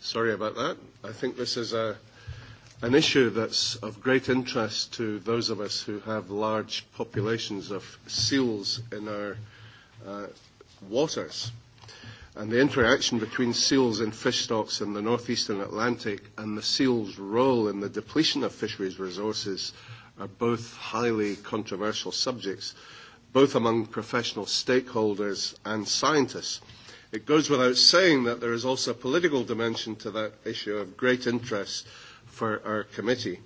Sorry about that. I think this is a, an issue that's of great interest to those of us who have large populations of seals in our uh, waters. And the interaction between seals and fish stocks in the northeastern Atlantic and the seals' role in the depletion of fisheries resources are both highly controversial subjects, both among professional stakeholders and scientists. It goes without saying that there is also a political dimension to that issue of great interest for our committee.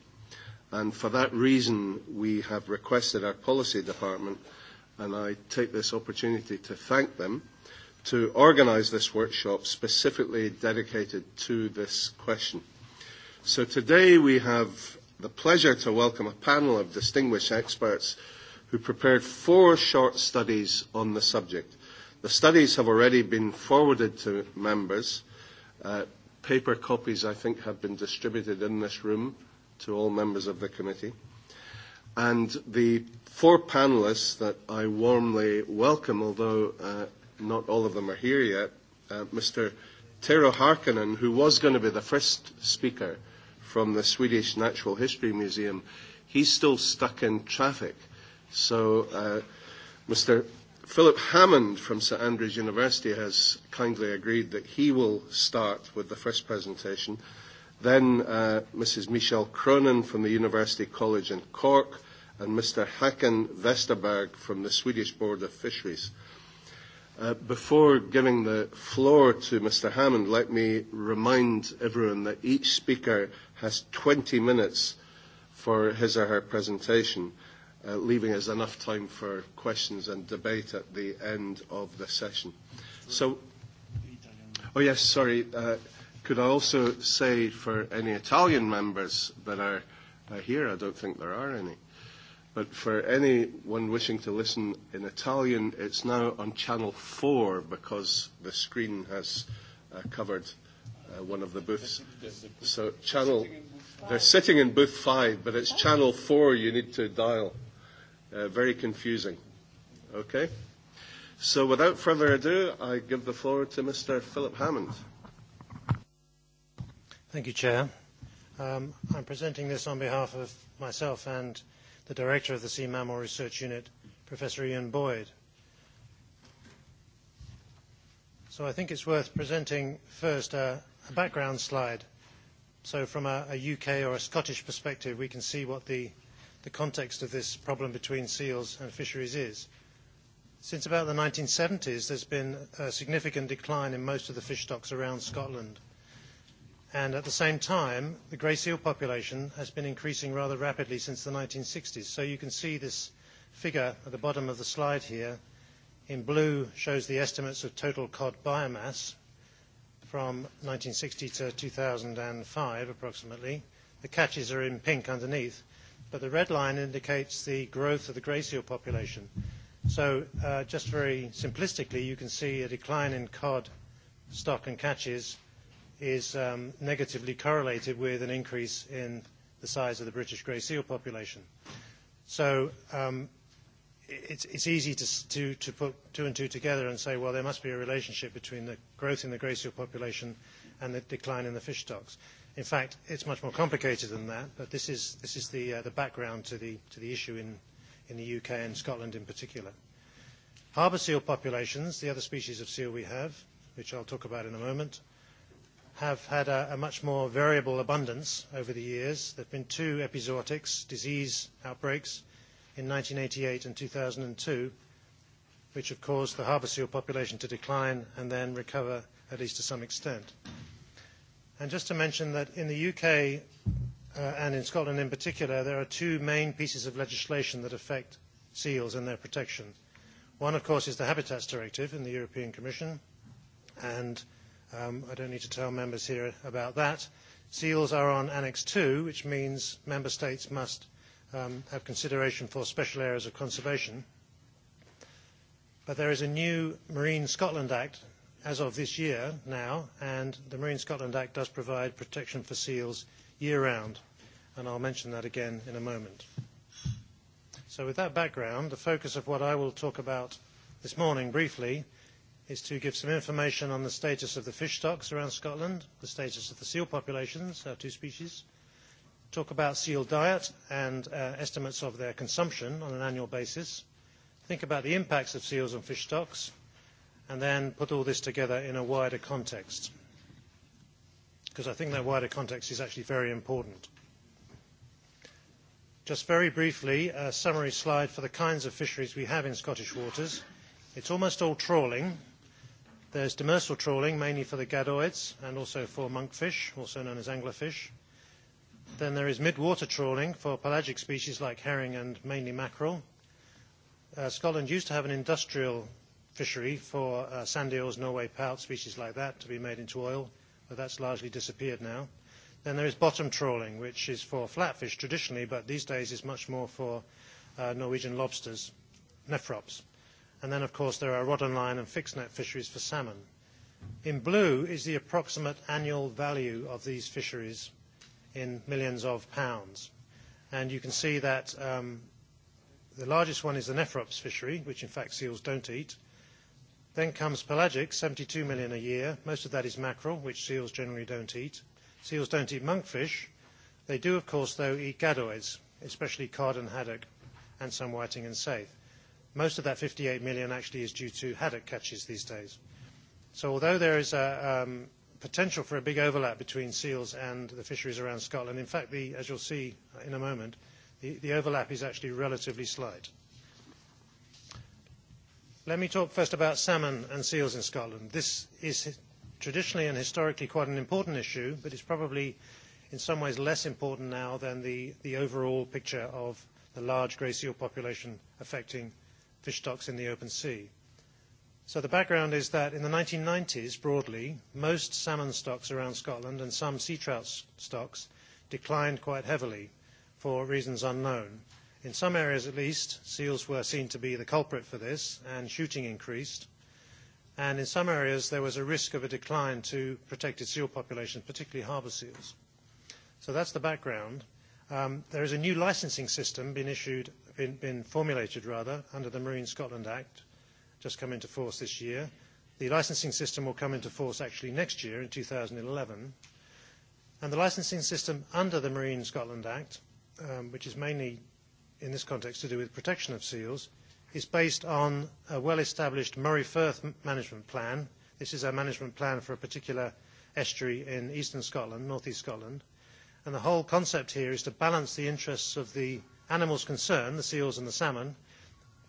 And for that reason, we have requested our policy department, and I take this opportunity to thank them, to organise this workshop specifically dedicated to this question. So today we have the pleasure to welcome a panel of distinguished experts who prepared four short studies on the subject. The studies have already been forwarded to members. Uh, paper copies, I think, have been distributed in this room to all members of the committee. And the four panelists that I warmly welcome, although uh, not all of them are here yet, uh, Mr. Tero Harkonnen, who was going to be the first speaker from the Swedish Natural History Museum, he's still stuck in traffic. So uh, Mr. Philip Hammond from St Andrews University has kindly agreed that he will start with the first presentation. Then uh, Mrs. Michelle Cronin from the University College in Cork and Mr. Hacken Vesterberg from the Swedish Board of Fisheries. Uh, before giving the floor to Mr. Hammond, let me remind everyone that each speaker has 20 minutes for his or her presentation uh, leaving us enough time for questions and debate at the end of the session. So, oh yes, sorry. Uh, could I also say for any Italian members that are uh, here, I don't think there are any, but for anyone wishing to listen in Italian, it's now on channel 4 because the screen has uh, covered uh, one of the booths. So channel, they're sitting in booth 5, but it's channel 4 you need to dial uh, very confusing. Okay? So without further ado, I give the floor to Mr. Philip Hammond. Thank you, Chair. Um, I'm presenting this on behalf of myself and the Director of the Sea Mammal Research Unit, Professor Ian Boyd. So I think it's worth presenting first a, a background slide. So from a, a UK or a Scottish perspective, we can see what the the context of this problem between seals and fisheries is. Since about the 1970s, there's been a significant decline in most of the fish stocks around Scotland. And at the same time, the grey seal population has been increasing rather rapidly since the 1960s. So you can see this figure at the bottom of the slide here. In blue shows the estimates of total cod biomass from 1960 to 2005 approximately. The catches are in pink underneath but the red line indicates the growth of the grey seal population. So uh, just very simplistically, you can see a decline in cod stock and catches is um, negatively correlated with an increase in the size of the British grey seal population. So um, it's, it's easy to, to, to put two and two together and say, well, there must be a relationship between the growth in the grey seal population and the decline in the fish stocks. In fact, it's much more complicated than that, but this is, this is the, uh, the background to the, to the issue in, in the UK and Scotland in particular. Harbour seal populations, the other species of seal we have, which I'll talk about in a moment, have had a, a much more variable abundance over the years. There have been two epizootics, disease outbreaks, in 1988 and 2002, which have caused the harbour seal population to decline and then recover at least to some extent. And just to mention that in the UK uh, and in Scotland in particular, there are two main pieces of legislation that affect seals and their protection. One, of course, is the Habitats Directive in the European Commission, and um, I don't need to tell members here about that. Seals are on Annex 2, which means member states must um, have consideration for special areas of conservation. But there is a new Marine Scotland Act as of this year now, and the Marine Scotland Act does provide protection for seals year-round, and I'll mention that again in a moment. So with that background, the focus of what I will talk about this morning briefly is to give some information on the status of the fish stocks around Scotland, the status of the seal populations, our two species, talk about seal diet and uh, estimates of their consumption on an annual basis, think about the impacts of seals on fish stocks, and then put all this together in a wider context. Because I think that wider context is actually very important. Just very briefly, a summary slide for the kinds of fisheries we have in Scottish waters. It's almost all trawling. There's demersal trawling, mainly for the gadoids and also for monkfish, also known as anglerfish. Then there is midwater trawling for pelagic species like herring and mainly mackerel. Scotland used to have an industrial fishery for uh, sand eels, Norway pout, species like that, to be made into oil, but that's largely disappeared now. Then there is bottom trawling, which is for flatfish traditionally, but these days is much more for uh, Norwegian lobsters, nephrops. And then, of course, there are rod and line and fixed net fisheries for salmon. In blue is the approximate annual value of these fisheries in millions of pounds. And you can see that um, the largest one is the nephrops fishery, which in fact seals don't eat, Then comes pelagic, 72 million a year. Most of that is mackerel, which seals generally don't eat. Seals don't eat monkfish. They do, of course, though, eat gadoids, especially cod and haddock, and some whiting and saithe. Most of that 58 million actually is due to haddock catches these days. So although there is a um, potential for a big overlap between seals and the fisheries around Scotland, in fact, the, as you'll see in a moment, the, the overlap is actually relatively slight. Let me talk first about salmon and seals in Scotland. This is traditionally and historically quite an important issue, but it's probably in some ways less important now than the, the overall picture of the large grey seal population affecting fish stocks in the open sea. So the background is that in the 1990s, broadly, most salmon stocks around Scotland and some sea trout stocks declined quite heavily for reasons unknown. In some areas at least, seals were seen to be the culprit for this, and shooting increased. And in some areas, there was a risk of a decline to protected seal populations, particularly harbour seals. So that's the background. Um, there is a new licensing system been issued, been, been formulated rather, under the Marine Scotland Act, just come into force this year. The licensing system will come into force actually next year in 2011. And the licensing system under the Marine Scotland Act, um, which is mainly in this context to do with protection of seals is based on a well-established Murray Firth management plan. This is a management plan for a particular estuary in eastern Scotland, north east Scotland. And the whole concept here is to balance the interests of the animals concerned, the seals and the salmon,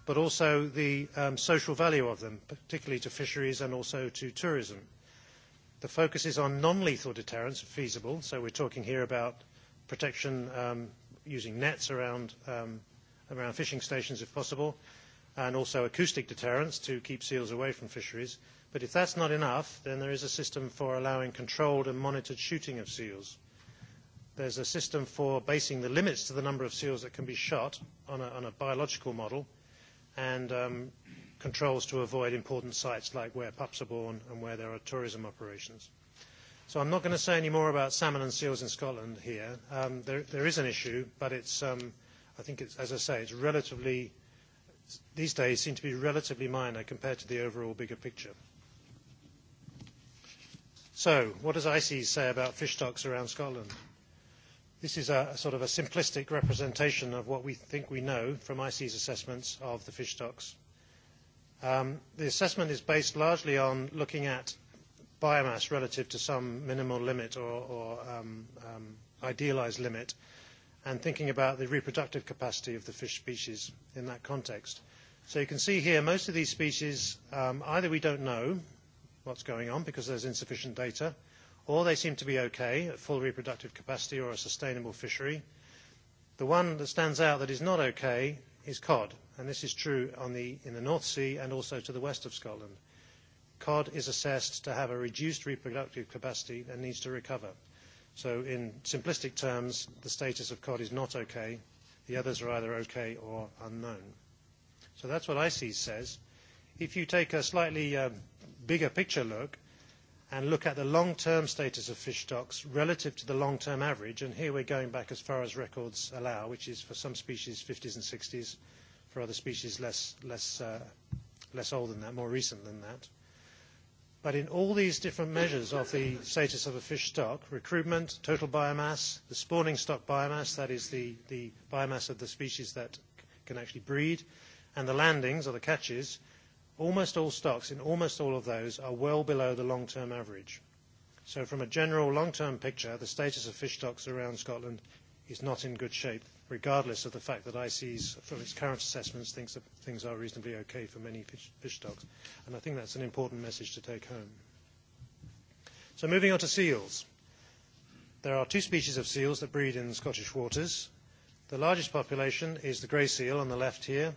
but also the social value of them, particularly to fisheries and also to tourism. The focus is on non-lethal deterrence, if feasible, so we're talking here about protection using nets around, um, around fishing stations if possible, and also acoustic deterrents to keep seals away from fisheries. But if that's not enough, then there is a system for allowing controlled and monitored shooting of seals. There's a system for basing the limits to the number of seals that can be shot on a, on a biological model and um, controls to avoid important sites like where pups are born and where there are tourism operations. So I'm not going to say any more about salmon and seals in Scotland here. Um, there, there is an issue, but it's, um, I think, it's, as I say, it's relatively, these days seem to be relatively minor compared to the overall bigger picture. So what does ICES say about fish stocks around Scotland? This is a sort of a simplistic representation of what we think we know from ICES assessments of the fish stocks. Um, the assessment is based largely on looking at biomass relative to some minimal limit or, or um, um, idealized limit, and thinking about the reproductive capacity of the fish species in that context. So you can see here, most of these species, um, either we don't know what's going on because there's insufficient data, or they seem to be okay at full reproductive capacity or a sustainable fishery. The one that stands out that is not okay is cod, and this is true on the, in the North Sea and also to the west of Scotland cod is assessed to have a reduced reproductive capacity and needs to recover. So in simplistic terms, the status of cod is not okay. The others are either okay or unknown. So that's what ICES says. If you take a slightly uh, bigger picture look and look at the long-term status of fish stocks relative to the long-term average, and here we're going back as far as records allow, which is for some species 50s and 60s, for other species less, less, uh, less old than that, more recent than that But in all these different measures of the status of a fish stock, recruitment, total biomass, the spawning stock biomass, that is the, the biomass of the species that can actually breed, and the landings or the catches, almost all stocks in almost all of those are well below the long-term average. So from a general long-term picture, the status of fish stocks around Scotland is not in good shape regardless of the fact that ICs, from its current assessments, thinks that things are reasonably okay for many fish, fish stocks. And I think that's an important message to take home. So moving on to seals. There are two species of seals that breed in Scottish waters. The largest population is the grey seal on the left here,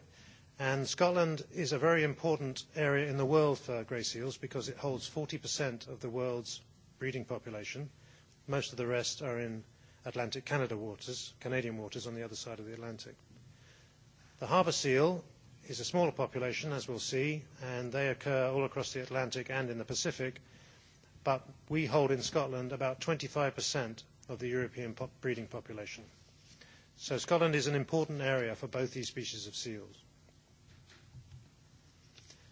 and Scotland is a very important area in the world for grey seals because it holds 40% of the world's breeding population. Most of the rest are in Atlantic Canada waters, Canadian waters on the other side of the Atlantic. The harbour seal is a smaller population, as we'll see, and they occur all across the Atlantic and in the Pacific, but we hold in Scotland about 25% of the European pop breeding population. So Scotland is an important area for both these species of seals.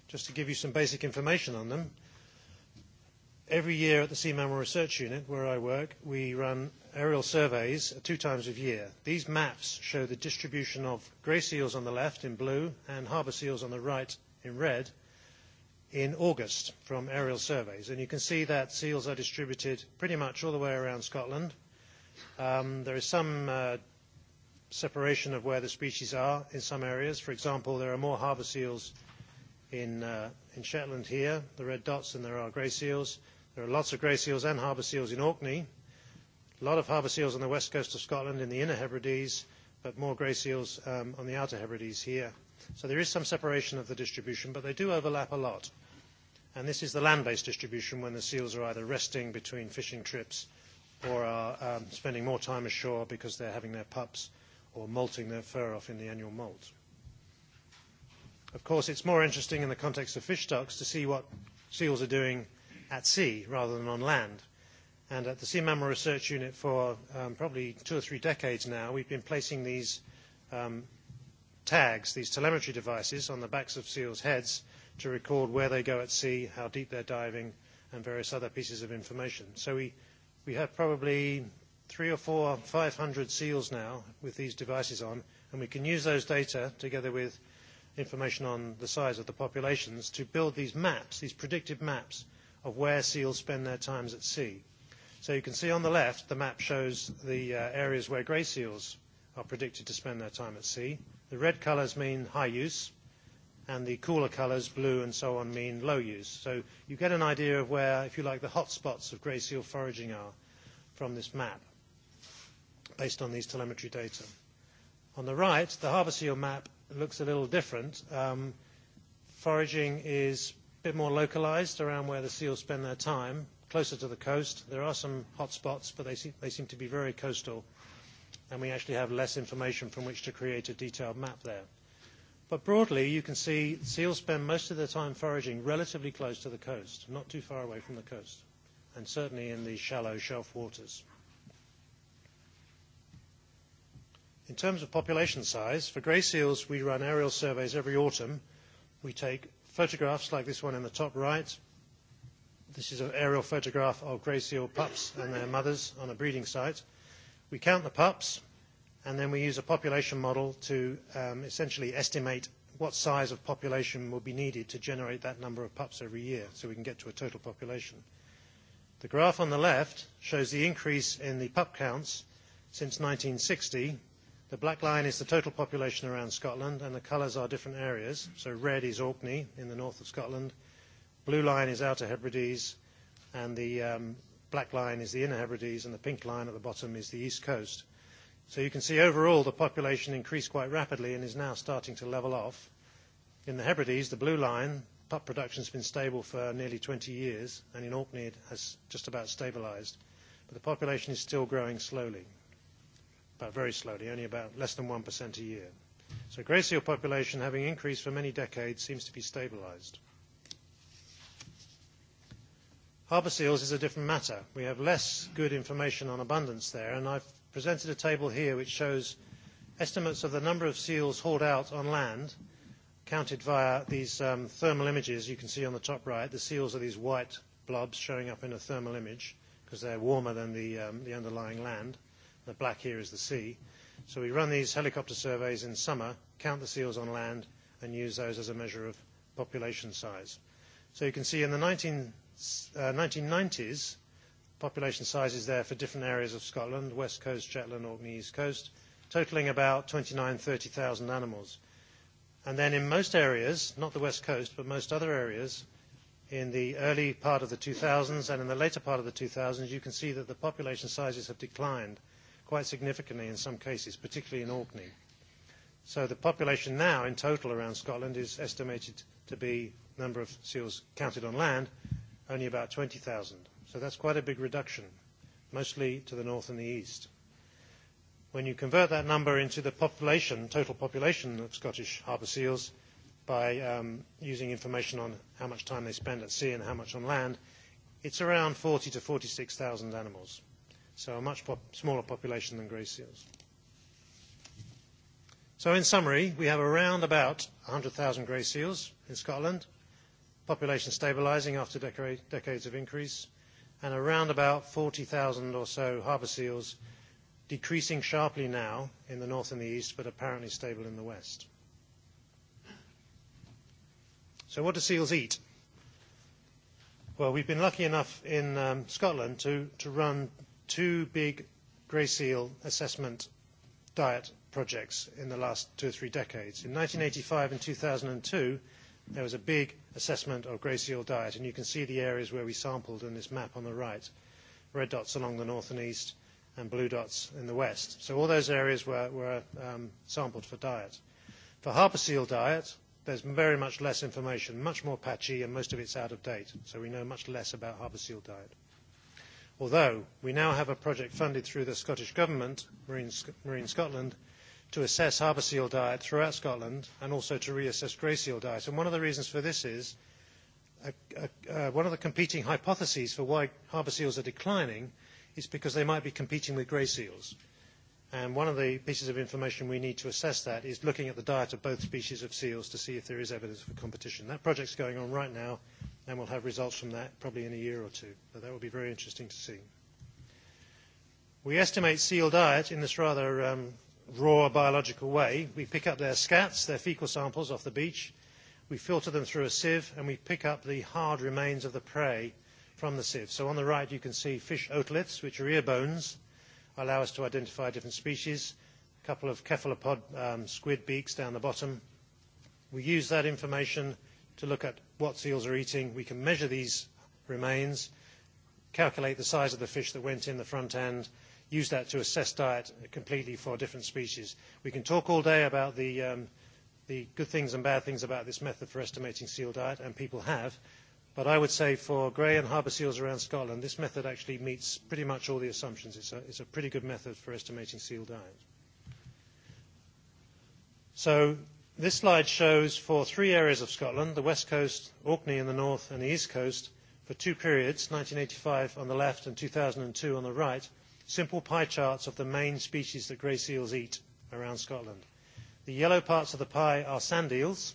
Just to give you some basic information on them, every year at the Sea Mammal Research Unit, where I work, we run aerial surveys two times a year. These maps show the distribution of grey seals on the left in blue and harbour seals on the right in red in August from aerial surveys. And you can see that seals are distributed pretty much all the way around Scotland. Um, there is some uh, separation of where the species are in some areas. For example, there are more harbour seals in, uh, in Shetland here, the red dots, than there are grey seals. There are lots of grey seals and harbour seals in Orkney A lot of harbour seals on the west coast of Scotland in the inner Hebrides, but more grey seals um, on the outer Hebrides here. So there is some separation of the distribution, but they do overlap a lot. And this is the land-based distribution when the seals are either resting between fishing trips or are um, spending more time ashore because they're having their pups or molting their fur off in the annual molt. Of course, it's more interesting in the context of fish stocks to see what seals are doing at sea rather than on land And at the Sea Mammal Research Unit for um, probably two or three decades now, we've been placing these um, tags, these telemetry devices, on the backs of seals' heads to record where they go at sea, how deep they're diving, and various other pieces of information. So we, we have probably three or four, 500 seals now with these devices on, and we can use those data together with information on the size of the populations to build these maps, these predictive maps of where seals spend their times at sea. So you can see on the left, the map shows the uh, areas where grey seals are predicted to spend their time at sea. The red colours mean high use, and the cooler colours, blue and so on, mean low use. So you get an idea of where, if you like, the hot spots of grey seal foraging are from this map, based on these telemetry data. On the right, the harbour seal map looks a little different. Um, foraging is a bit more localised around where the seals spend their time, closer to the coast. There are some hot spots, but they seem, they seem to be very coastal, and we actually have less information from which to create a detailed map there. But broadly, you can see seals spend most of their time foraging relatively close to the coast, not too far away from the coast, and certainly in the shallow shelf waters. In terms of population size, for grey seals, we run aerial surveys every autumn. We take photographs like this one in the top right, This is an aerial photograph of grey seal pups and their mothers on a breeding site. We count the pups, and then we use a population model to um, essentially estimate what size of population will be needed to generate that number of pups every year so we can get to a total population. The graph on the left shows the increase in the pup counts since 1960. The black line is the total population around Scotland, and the colours are different areas. So red is Orkney in the north of Scotland, blue line is Outer Hebrides, and the um, black line is the Inner Hebrides, and the pink line at the bottom is the East Coast. So you can see overall the population increased quite rapidly and is now starting to level off. In the Hebrides, the blue line, pup production has been stable for nearly 20 years, and in Orkney it has just about stabilized, But the population is still growing slowly, but very slowly, only about less than 1% a year. So gray seal population, having increased for many decades, seems to be stabilised. Harbour seals is a different matter. We have less good information on abundance there, and I've presented a table here which shows estimates of the number of seals hauled out on land, counted via these um, thermal images you can see on the top right. The seals are these white blobs showing up in a thermal image because they're warmer than the, um, the underlying land. The black here is the sea. So we run these helicopter surveys in summer, count the seals on land, and use those as a measure of population size. So you can see in the 19 uh, 1990s, population sizes there for different areas of Scotland, West Coast, Shetland, Orkney, East Coast, totaling about 29,000, 30,000 animals. And then in most areas, not the West Coast, but most other areas, in the early part of the 2000s and in the later part of the 2000s, you can see that the population sizes have declined quite significantly in some cases, particularly in Orkney. So the population now in total around Scotland is estimated to be number of seals counted on land only about 20,000. So that's quite a big reduction, mostly to the north and the east. When you convert that number into the population, total population of Scottish harbour seals, by um, using information on how much time they spend at sea and how much on land, it's around 40 to 46,000 animals. So a much pop- smaller population than grey seals. So in summary, we have around about 100,000 grey seals in Scotland, population stabilising after decades of increase, and around about 40,000 or so harbour seals decreasing sharply now in the north and the east, but apparently stable in the west. So what do seals eat? Well, we've been lucky enough in um, Scotland to, to run two big grey seal assessment diet projects in the last two or three decades. In 1985 and 2002, there was a big assessment of grey seal diet. And you can see the areas where we sampled in this map on the right, red dots along the north and east and blue dots in the west. So all those areas were, were um, sampled for diet. For harbour seal diet, there's very much less information, much more patchy, and most of it's out of date. So we know much less about harbour seal diet. Although we now have a project funded through the Scottish Government, Marine, Marine Scotland, to assess harbour seal diet throughout Scotland and also to reassess grey seal diet. And one of the reasons for this is one of the competing hypotheses for why harbour seals are declining is because they might be competing with grey seals. And one of the pieces of information we need to assess that is looking at the diet of both species of seals to see if there is evidence for competition. That project's going on right now, and we'll have results from that probably in a year or two. But that will be very interesting to see. We estimate seal diet in this rather um, raw biological way. We pick up their scats, their faecal samples off the beach, we filter them through a sieve, and we pick up the hard remains of the prey from the sieve. So on the right you can see fish otoliths, which are ear bones, allow us to identify different species, a couple of cephalopod um, squid beaks down the bottom. We use that information to look at what seals are eating. We can measure these remains, calculate the size of the fish that went in the front end, use that to assess diet completely for different species. We can talk all day about the, um, the good things and bad things about this method for estimating seal diet, and people have, but I would say for grey and harbour seals around Scotland, this method actually meets pretty much all the assumptions. It's a, it's a pretty good method for estimating seal diet. So this slide shows for three areas of Scotland, the west coast, Orkney in the north, and the east coast, for two periods, 1985 on the left and 2002 on the right, simple pie charts of the main species that grey seals eat around Scotland. The yellow parts of the pie are sand eels,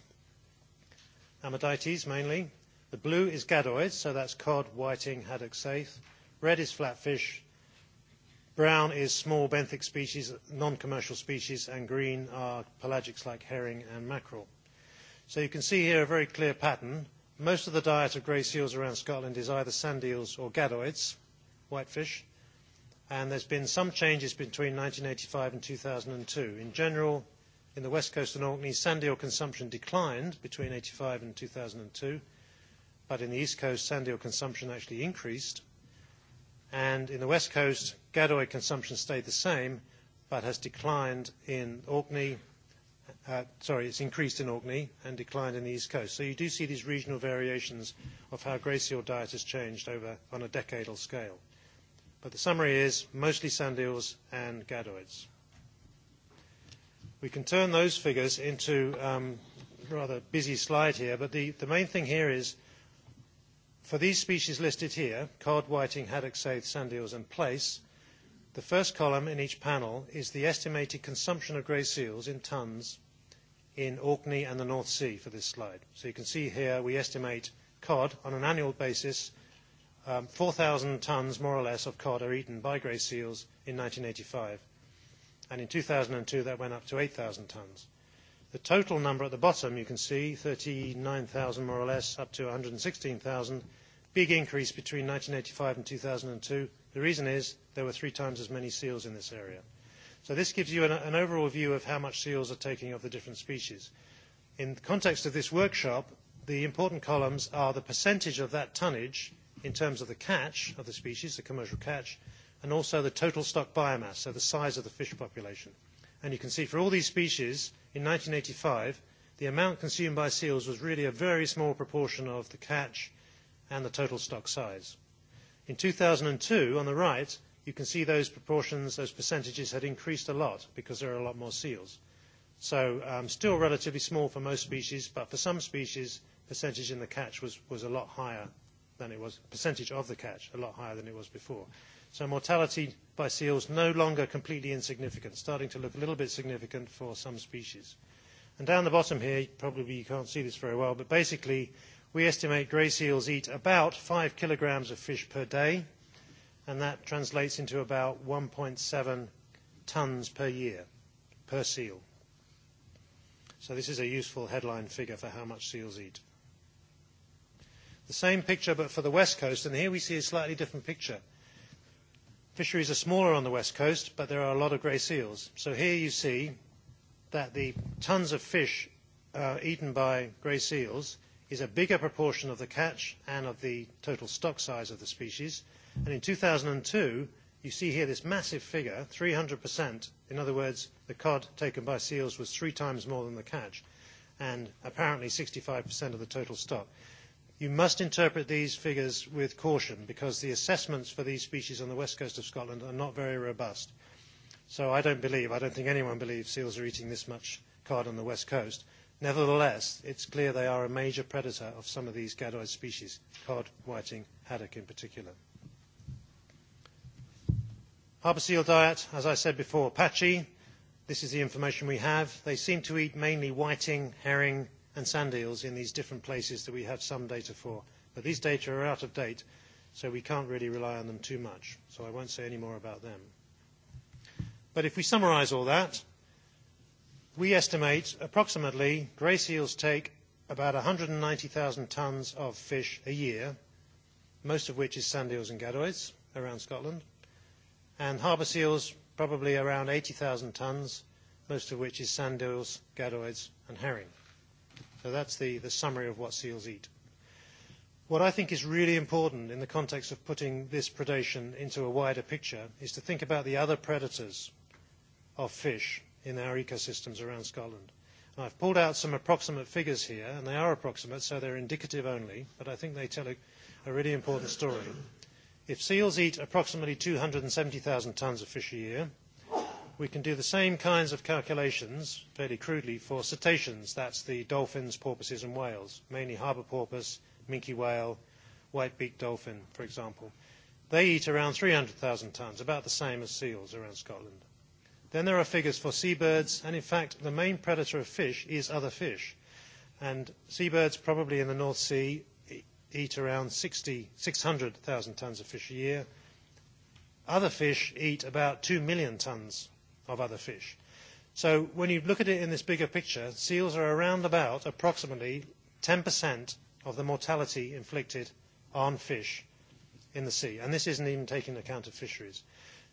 Amidites mainly. The blue is gadoids, so that's cod, whiting, haddock, saith, Red is flatfish. Brown is small benthic species, non-commercial species, and green are pelagics like herring and mackerel. So you can see here a very clear pattern. Most of the diet of grey seals around Scotland is either sand eels or gadoids, whitefish, and there's been some changes between 1985 and 2002. In general, in the west coast and Orkney, sand eel consumption declined between 85 and 2002, but in the east coast, sand eel consumption actually increased. And in the west coast, Gadoy consumption stayed the same, but has declined in Orkney, uh, sorry, it's increased in Orkney and declined in the east coast. So you do see these regional variations of how gray seal diet has changed over on a decadal scale. But the summary is mostly sand eels and gadoids. We can turn those figures into um, rather busy slide here, but the, the main thing here is for these species listed here, cod, whiting, haddock, saith, sand eels and place, the first column in each panel is the estimated consumption of grey seals in tonnes in Orkney and the North Sea for this slide. So you can see here we estimate cod on an annual basis um, 4,000 tonnes, more or less, of cod are eaten by grey seals in 1985. And in 2002, that went up to 8,000 tonnes. The total number at the bottom, you can see, 39,000 more or less, up to 116,000. Big increase between 1985 and 2002. The reason is there were three times as many seals in this area. So this gives you an, an overall view of how much seals are taking of the different species. In the context of this workshop, the important columns are the percentage of that tonnage in terms of the catch of the species, the commercial catch, and also the total stock biomass, so the size of the fish population. And you can see for all these species, in eighty five the amount consumed by seals was really a very small proportion of the catch and the total stock size. In two thousand two, on the right, you can see those proportions, those percentages had increased a lot because there are a lot more seals. So um, still relatively small for most species, but for some species, percentage in the catch was, was a lot higher than it was, percentage of the catch, a lot higher than it was before. So mortality by seals no longer completely insignificant, starting to look a little bit significant for some species. And down the bottom here, probably you can't see this very well, but basically we estimate grey seals eat about five kilograms of fish per day, and that translates into about 1.7 tons per year per seal. So this is a useful headline figure for how much seals eat. The same picture, but for the west coast, and here we see a slightly different picture. Fisheries are smaller on the west coast, but there are a lot of grey seals. So here you see that the tons of fish uh, eaten by grey seals is a bigger proportion of the catch and of the total stock size of the species. And in 2002, you see here this massive figure, 300%. In other words, the cod taken by seals was three times more than the catch, and apparently 65% of the total stock. You must interpret these figures with caution because the assessments for these species on the west coast of Scotland are not very robust. So I don't believe, I don't think anyone believes seals are eating this much cod on the west coast. Nevertheless, it's clear they are a major predator of some of these gadoid species, cod, whiting, haddock in particular. Harbour seal diet, as I said before, patchy. This is the information we have. They seem to eat mainly whiting, herring, and sand eels in these different places that we have some data for. But these data are out of date, so we can't really rely on them too much. So I won't say any more about them. But if we summarise all that, we estimate approximately grey seals take about one hundred and ninety 190,000 tons of fish a year, most of which is sand eels and gadoids around Scotland, and harbour seals probably around 80,000 tonnes, most of which is sand eels, gadoids and herring. So that's the, the summary of what seals eat. What I think is really important in the context of putting this predation into a wider picture is to think about the other predators of fish in our ecosystems around Scotland. And I've pulled out some approximate figures here, and they are approximate, so they're indicative only, but I think they tell a, a really important story. If seals eat approximately 270,000 tonnes of fish a year, we can do the same kinds of calculations, fairly crudely, for cetaceans. That's the dolphins, porpoises, and whales, mainly harbour porpoise, minke whale, white-beaked dolphin, for example. They eat around 300,000 tonnes, about the same as seals around Scotland. Then there are figures for seabirds, and in fact, the main predator of fish is other fish. And seabirds, probably in the North Sea, eat around 60, 600,000 tonnes of fish a year. Other fish eat about 2 million tonnes of other fish. So when you look at it in this bigger picture, seals are around about approximately 10% of the mortality inflicted on fish in the sea. And this isn't even taking account of fisheries.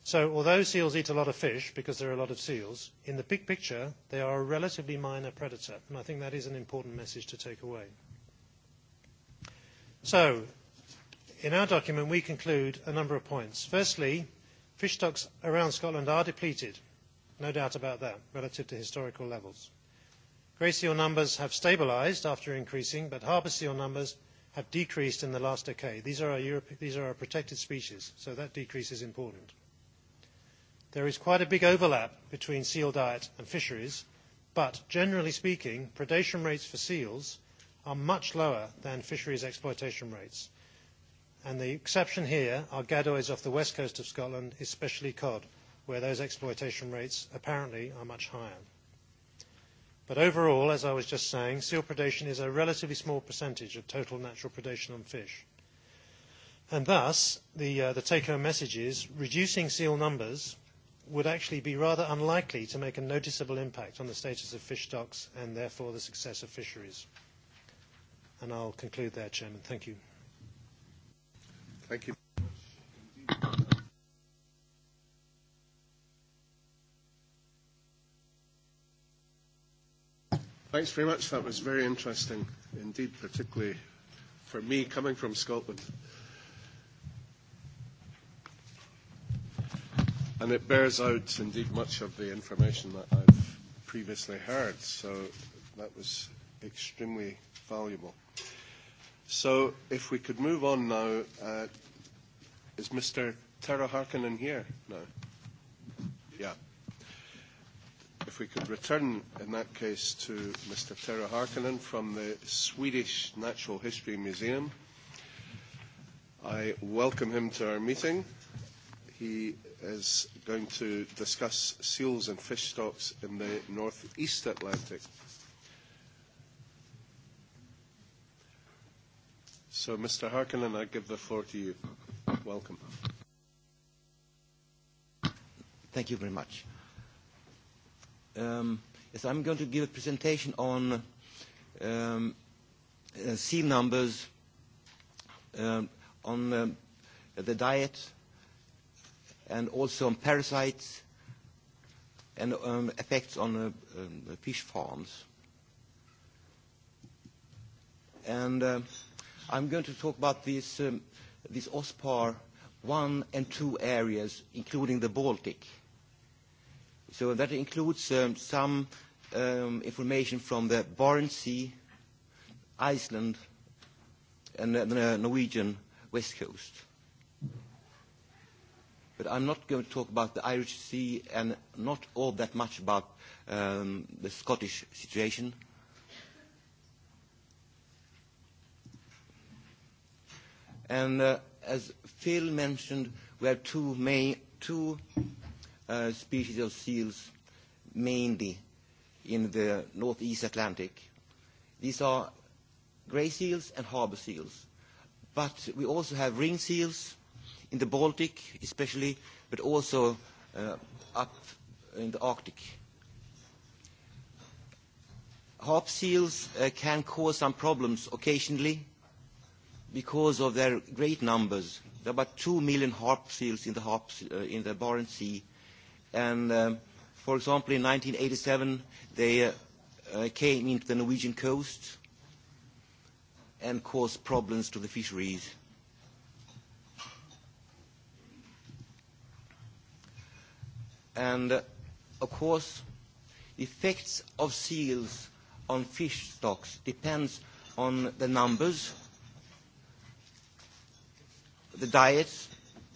So although seals eat a lot of fish because there are a lot of seals, in the big picture, they are a relatively minor predator. And I think that is an important message to take away. So in our document, we conclude a number of points. Firstly, fish stocks around Scotland are depleted No doubt about that, relative to historical levels. Grey seal numbers have stabilised after increasing, but harbour seal numbers have decreased in the last decade. These are, our Europe, these are our protected species, so that decrease is important. There is quite a big overlap between seal diet and fisheries, but generally speaking, predation rates for seals are much lower than fisheries exploitation rates. And the exception here are gadoids off the west coast of Scotland, especially cod where those exploitation rates apparently are much higher. But overall, as I was just saying, seal predation is a relatively small percentage of total natural predation on fish. And thus, the, uh, the take-home message is reducing seal numbers would actually be rather unlikely to make a noticeable impact on the status of fish stocks and therefore the success of fisheries. And I'll conclude there, Chairman. Thank you. Thank you. Thanks very much. That was very interesting indeed, particularly for me coming from Scotland. And it bears out indeed much of the information that I've previously heard, so that was extremely valuable. So if we could move on now, uh, is Mr. Tara Harkin in here? No. Yeah. If we could return, in that case, to Mr. Tera Harkonnen from the Swedish Natural History Museum. I welcome him to our meeting. He is going to discuss seals and fish stocks in the northeast Atlantic. So, Mr. Harkonnen, I give the floor to you. Welcome. Thank you very much. Um, yes, I'm going to give a presentation on um, uh, C numbers, um, on um, the diet, and also on parasites and um, effects on uh, um, fish farms. And uh, I'm going to talk about these, um, these OSPAR 1 and 2 areas, including the Baltic So that includes um, some um, information from the Barents Sea, Iceland, and the Norwegian west coast. But I'm not going to talk about the Irish Sea and not all that much about um, the Scottish situation. And uh, as Phil mentioned, we have two main, two uh, species of seals mainly in the northeast Atlantic. These are grey seals and harbour seals. But we also have ring seals in the Baltic especially, but also uh, up in the Arctic. Harp seals uh, can cause some problems occasionally because of their great numbers. There are about two million harp seals in the, harp, uh, in the Barents Sea And um, for example, in 1987, they uh, uh, came into the Norwegian coast and caused problems to the fisheries. And uh, of course, the effects of seals on fish stocks depends on the numbers, the diets,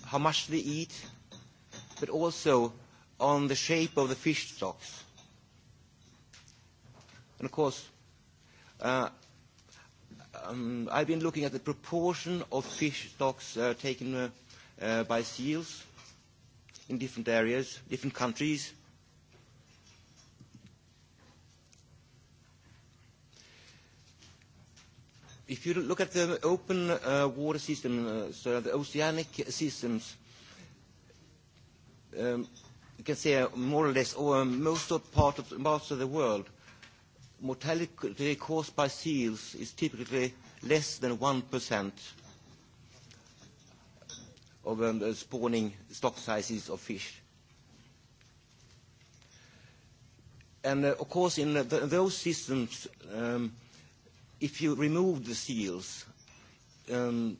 how much they eat, but also on the shape of the fish stocks. And of course, uh, um, I've been looking at the proportion of fish stocks uh, taken uh, uh, by seals in different areas, different countries. If you look at the open uh, water system, uh, so the oceanic systems, um, you can say more or less over most of part of, most of the world, mortality caused by seals is typically less than 1% of um, spawning stock sizes of fish. And uh, of course, in the, those systems, um, if you remove the seals, um,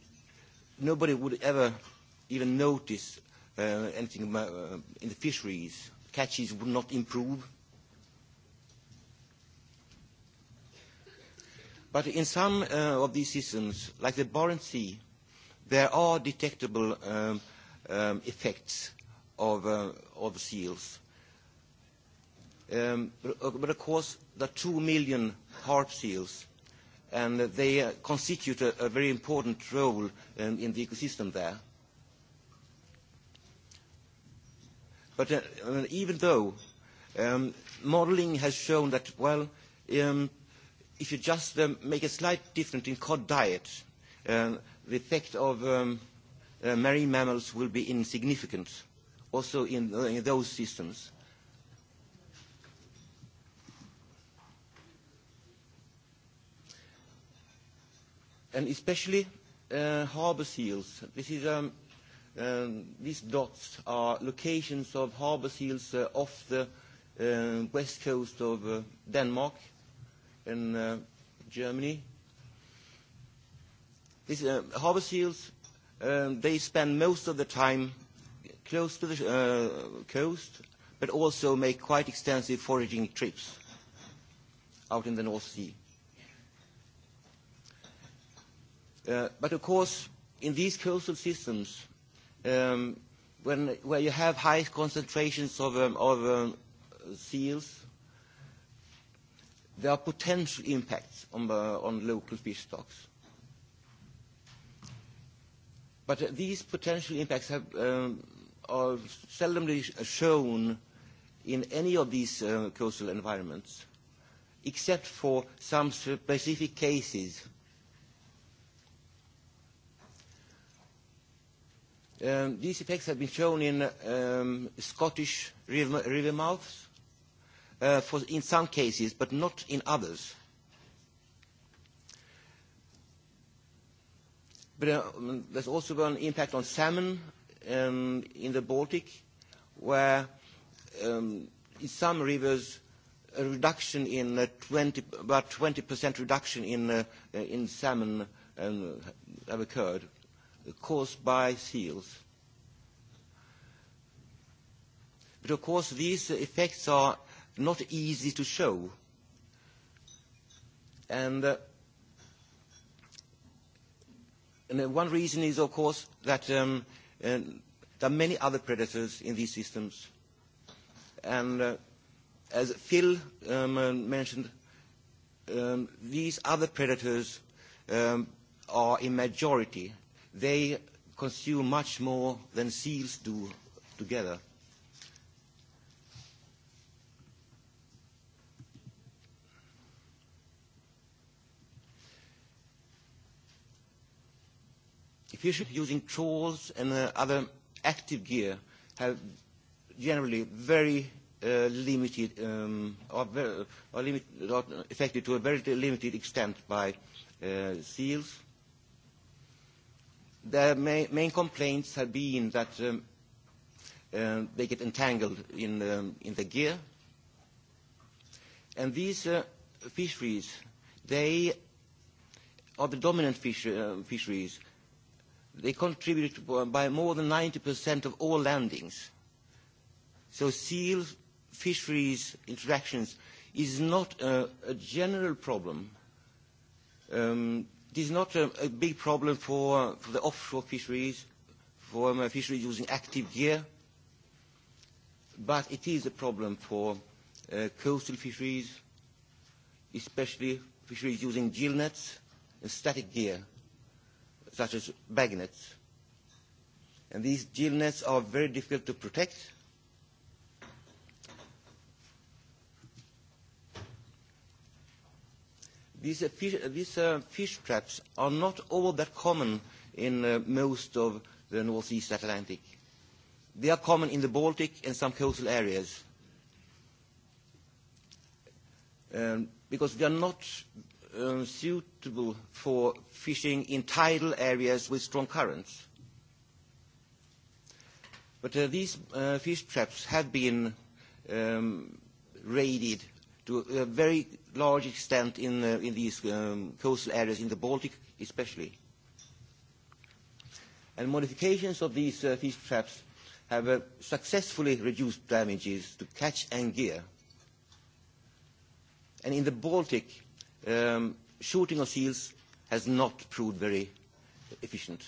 nobody would ever even notice uh, anything uh, in the fisheries, catches would not improve. But in some uh, of these systems, like the Barents Sea, there are detectable um, um, effects of, uh, of seals. Um, but of course, there are two million harp seals, and they uh, constitute a, a very important role um, in the ecosystem there But uh, even though um, modeling has shown that, well, um, if you just um, make a slight difference in cod diet, the effect of um, uh, marine mammals will be insignificant, also in, uh, in those systems. And especially uh, harbor seals. This is um, These dots are locations of harbour seals uh off the west coast of uh Denmark and Germany. These uh harbour seals, they spend most of the time close to the uh coast, but also make quite extensive foraging trips out in the North Sea. But of course, in these coastal systems, um, when, where you have high concentrations of, um, of um, seals, there are potential impacts on, the, on local fish stocks. But uh, these potential impacts have, um, are seldomly shown in any of these uh, coastal environments, except for some specific cases Um, these effects have been shown in um, Scottish river, river mouths uh, for, in some cases, but not in others. But uh, there's also an impact on salmon um, in the Baltic, where um, in some rivers a reduction in uh, 20, about 20% reduction in, uh, in salmon um, have occurred caused by seals. But of course, these effects are not easy to show. And uh, and one reason is, of course, that um, there are many other predators in these systems. And uh, as Phil um, mentioned, um, these other predators um, are in majority They consume much more than seals do together. Fish using trawls and uh, other active gear have generally very uh, limited um, or, very, or, limit, or affected to a very limited extent by uh, seals The main complaints have been that um, uh, they get entangled in, um, in the gear. And these uh, fisheries, they are the dominant fish, uh, fisheries. They contribute by more than 90% of all landings. So seal fisheries interactions is not a, a general problem. Um, It is not a, a big problem for, for the offshore fisheries, for um, fisheries using active gear, but it is a problem for uh, coastal fisheries, especially fisheries using gill nets and static gear, such as bag nets. And these gill nets are very difficult to protect these, fish, these uh, fish traps are not all that common in uh, most of the North East Atlantic. They are common in the Baltic and some coastal areas. Um, because they are not um, suitable for fishing in tidal areas with strong currents. But uh, these uh, fish traps have been um, raided to a very large extent in, uh, in these um, coastal areas, in the Baltic especially. And modifications of these uh, fish traps have uh, successfully reduced damages to catch and gear. And in the Baltic, um, shooting of seals has not proved very efficient.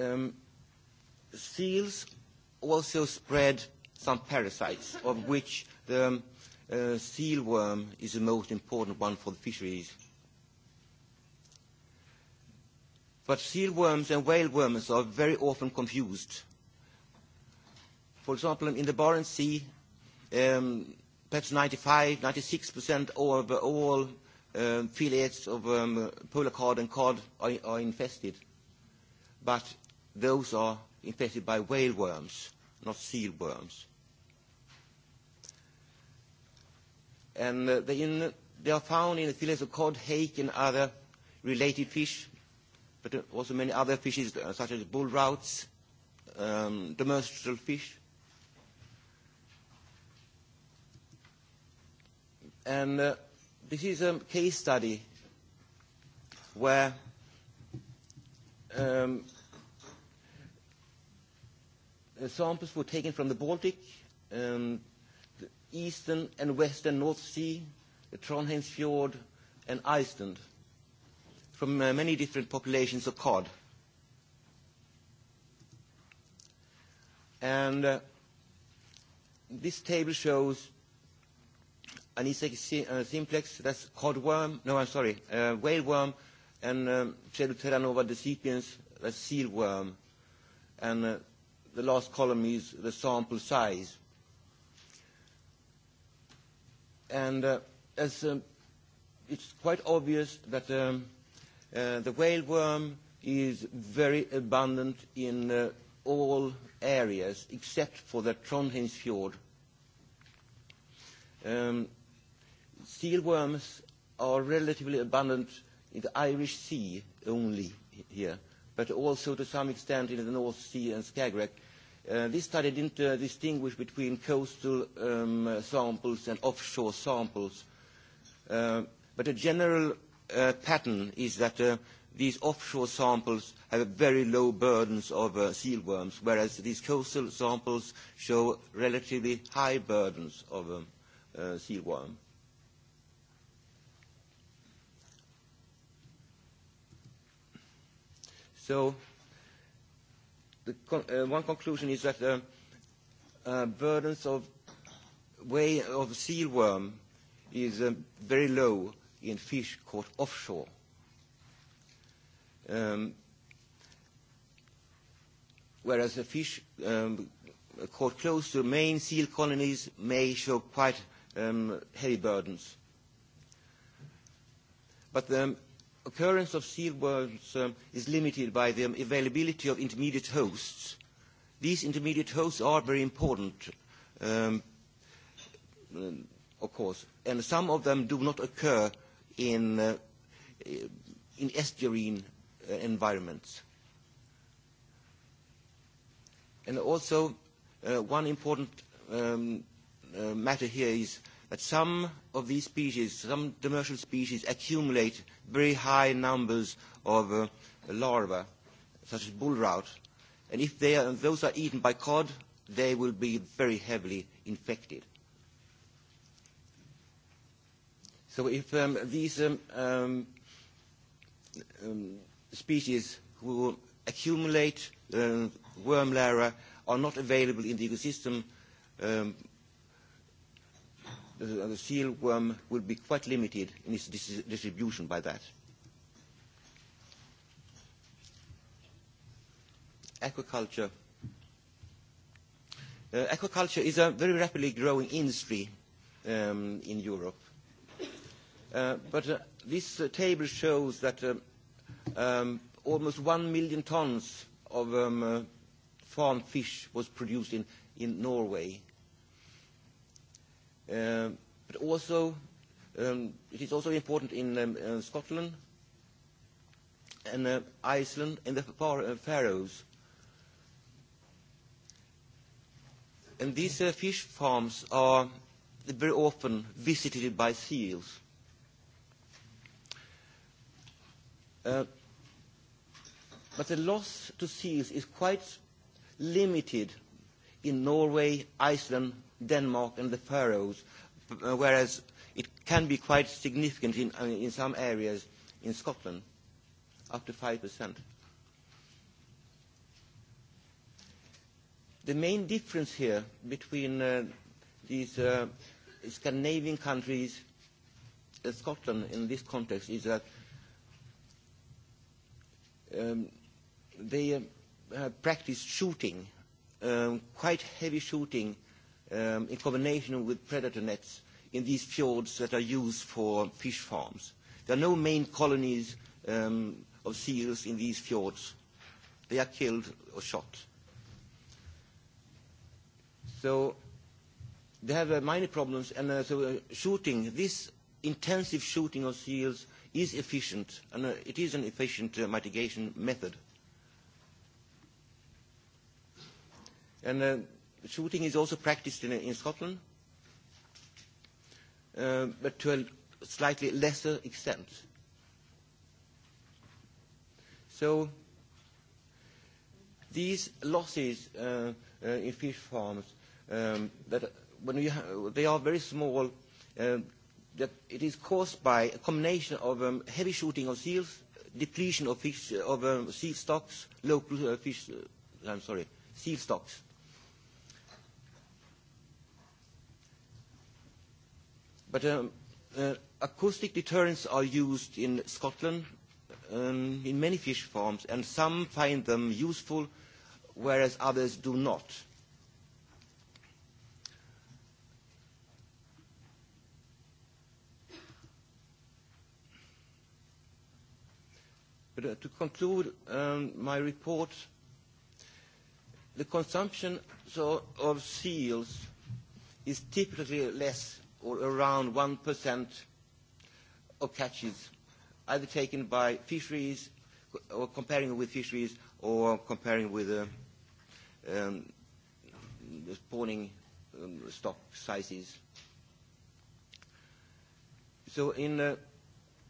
Um, seals also spread some parasites, of which the uh, seal worm is the most important one for the fisheries. But seal worms and whale worms are very often confused. For example, in the Barents Sea, um, perhaps 95, 96% of all um, fillets of um, polar cod and cod are, are infested. But those are infested by whale worms not seal worms. And uh, they, in, they are found in the fillets of cod, hake, and other related fish, but also many other fishes such as bull routes, um, demersal fish. And uh, this is a case study where um, samples were taken from the Baltic, um, the eastern and western North Sea, the Trondheim Fjord, and Iceland, from uh, many different populations of cod. And uh, this table shows an insect simplex, that's cod worm, no, I'm sorry, uh, whale worm, and um, nova decipiens, that's seal worm. And uh, the last column is the sample size. And uh, as um, it's quite obvious that um, uh, the whale worm is very abundant in uh, all areas except for the Trondheimsfjord. Um, seal worms are relatively abundant in the Irish Sea only here, but also to some extent in the North Sea and Skagerrak, this study didn't uh, distinguish between coastal um, samples and offshore samples, uh, but a general uh, pattern is that uh, these offshore samples have very low burdens of uh, sealworms, whereas these coastal samples show relatively high burdens of um, uh, sealworm. So the con- uh, one conclusion is that the uh, burdens of way of sealworm is uh very low in fish caught offshore. Um, whereas the fish um, caught close to main seal colonies may show quite um, heavy burdens. But the occurrence of silkworms um, is limited by the availability of intermediate hosts. These intermediate hosts are very important, um, of course, and some of them do not occur in, uh, in estuarine uh, environments. And also, uh, one important um, uh, matter here is that some of these species, some demersal species, accumulate very high numbers of uh, larvae, such as bull rout. And if they are, those are eaten by cod, they will be very heavily infected. So if um, these um, um, um, species who accumulate um, worm larvae are not available in the ecosystem, um, the seal worm will be quite limited in its distribution by that. Aquaculture. Uh, aquaculture is a very rapidly growing industry um, in Europe. Uh, but uh, this uh, table shows that uh, um, almost one million tons of um, uh, farmed fish was produced in, in Norway but also um, it is also important in um, uh, Scotland and uh, Iceland and the Far uh, Faroes. And these uh, fish farms are very often visited by seals. Uh, but the loss to seals is quite limited in Norway, Iceland, Denmark and the Faroes, whereas it can be quite significant in, in some areas in Scotland, up to 5%. The main difference here between uh, these uh, Scandinavian countries and Scotland in this context is that um, they uh, practice shooting, um, quite heavy shooting um, in combination with predator nets in these fjords that are used for fish farms. There are no main colonies um, of seals in these fjords. They are killed or shot. So they have uh, minor problems, and uh, so uh, shooting, this intensive shooting of seals is efficient, and uh, it is an efficient uh, mitigation method. And shooting is also practiced in, in Scotland, uh, but to a slightly lesser extent. So these losses uh, uh, in fish farms, um, that when you ha- they are very small, um, that it is caused by a combination of um, heavy shooting of seals, depletion of fish of um, seal stocks, local uh, fish. Uh, I'm sorry, seal stocks. But um, uh, acoustic deterrents are used in Scotland um, in many fish farms, and some find them useful, whereas others do not. But uh, to conclude um, my report, the consumption so, of seals is typically less or around 1% of catches, either taken by fisheries or comparing with fisheries or comparing with uh, um, the spawning um, stock sizes. So in, uh,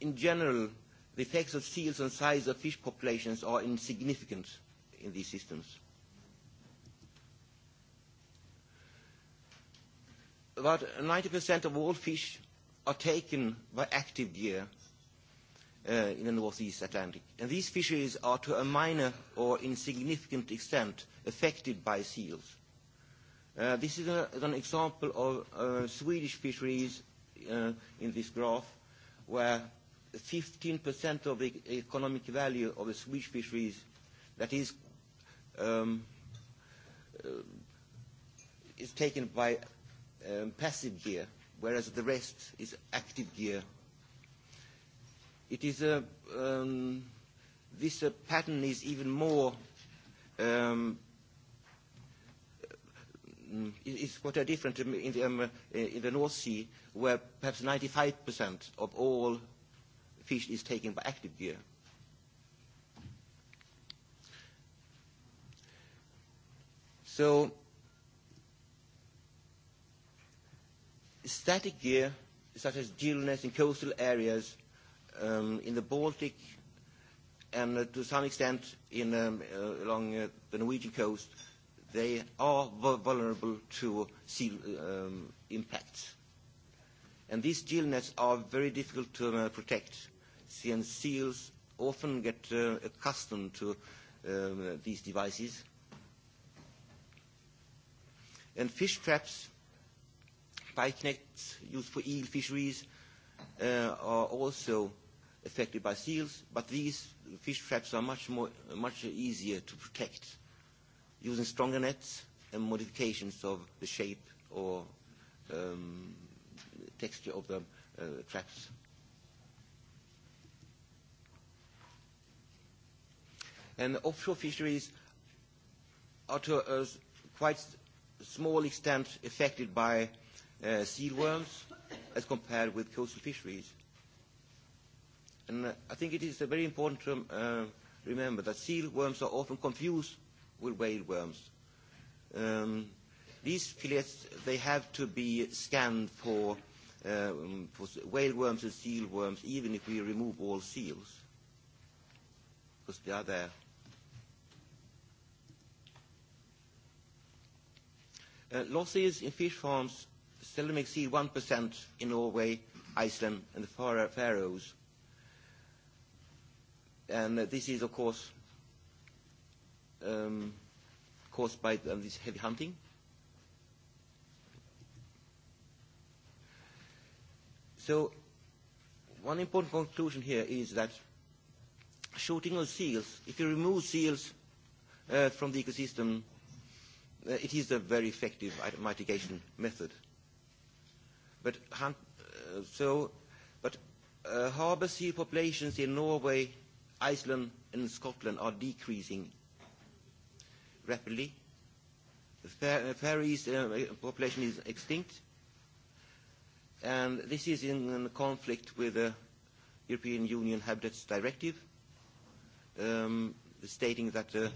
in general, the effects of seals on size of fish populations are insignificant in these systems. about 90% of all fish are taken by active gear uh, in the North East Atlantic. And these fisheries are to a minor or insignificant extent affected by seals. Uh, this is, a, is an example of uh, Swedish fisheries uh, in this graph, where 15% of the economic value of the Swedish fisheries, that is, um, uh, is taken by um, passive gear, whereas the rest is active gear. It is a, um, this uh, pattern is even more, um, is quite different in the, um, in the North Sea, where perhaps 95% of all fish is taken by active gear. So static gear, such as gill nets in coastal areas um, in the Baltic and uh, to some extent in, um, uh, along uh, the Norwegian coast, they are vulnerable to seal um, impacts. And these gill nets are very difficult to uh, protect, since seals often get uh, accustomed to um, these devices. And fish traps pike nets used for eel fisheries uh, are also affected by seals, but these fish traps are much, more, much easier to protect using stronger nets and modifications of the shape or um, texture of the uh, traps. And offshore fisheries are to a quite small extent affected by sealworms as compared with coastal fisheries. And I think it is very important to remember that sealworms are often confused with whale worms. these fillets, they have to be scanned for, whale worms and sealworms, even if we remove all seals, because they are there. losses in fish farms seldom exceed 1% in Norway, Iceland and the Faroes. And this is, of course, um, caused by um, this heavy hunting. So one important conclusion here is that shooting of seals, if you remove seals uh, from the ecosystem, uh, it is a very effective mitigation method. But, uh, so, but uh, harbour seal populations in Norway, Iceland and Scotland are decreasing rapidly. The Faroese uh, population is extinct. And this is in conflict with the European Union Habitats Directive, um, stating that uh,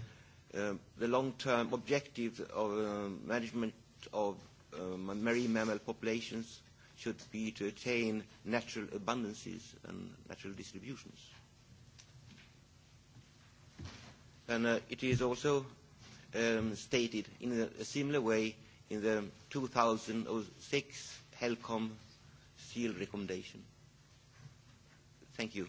uh, the long-term objective of uh, management of uh, marine mammal populations should be to attain natural abundances and natural distributions. And uh, it is also um, stated in a, a similar way in the 2006 HELCOM seal recommendation. Thank you.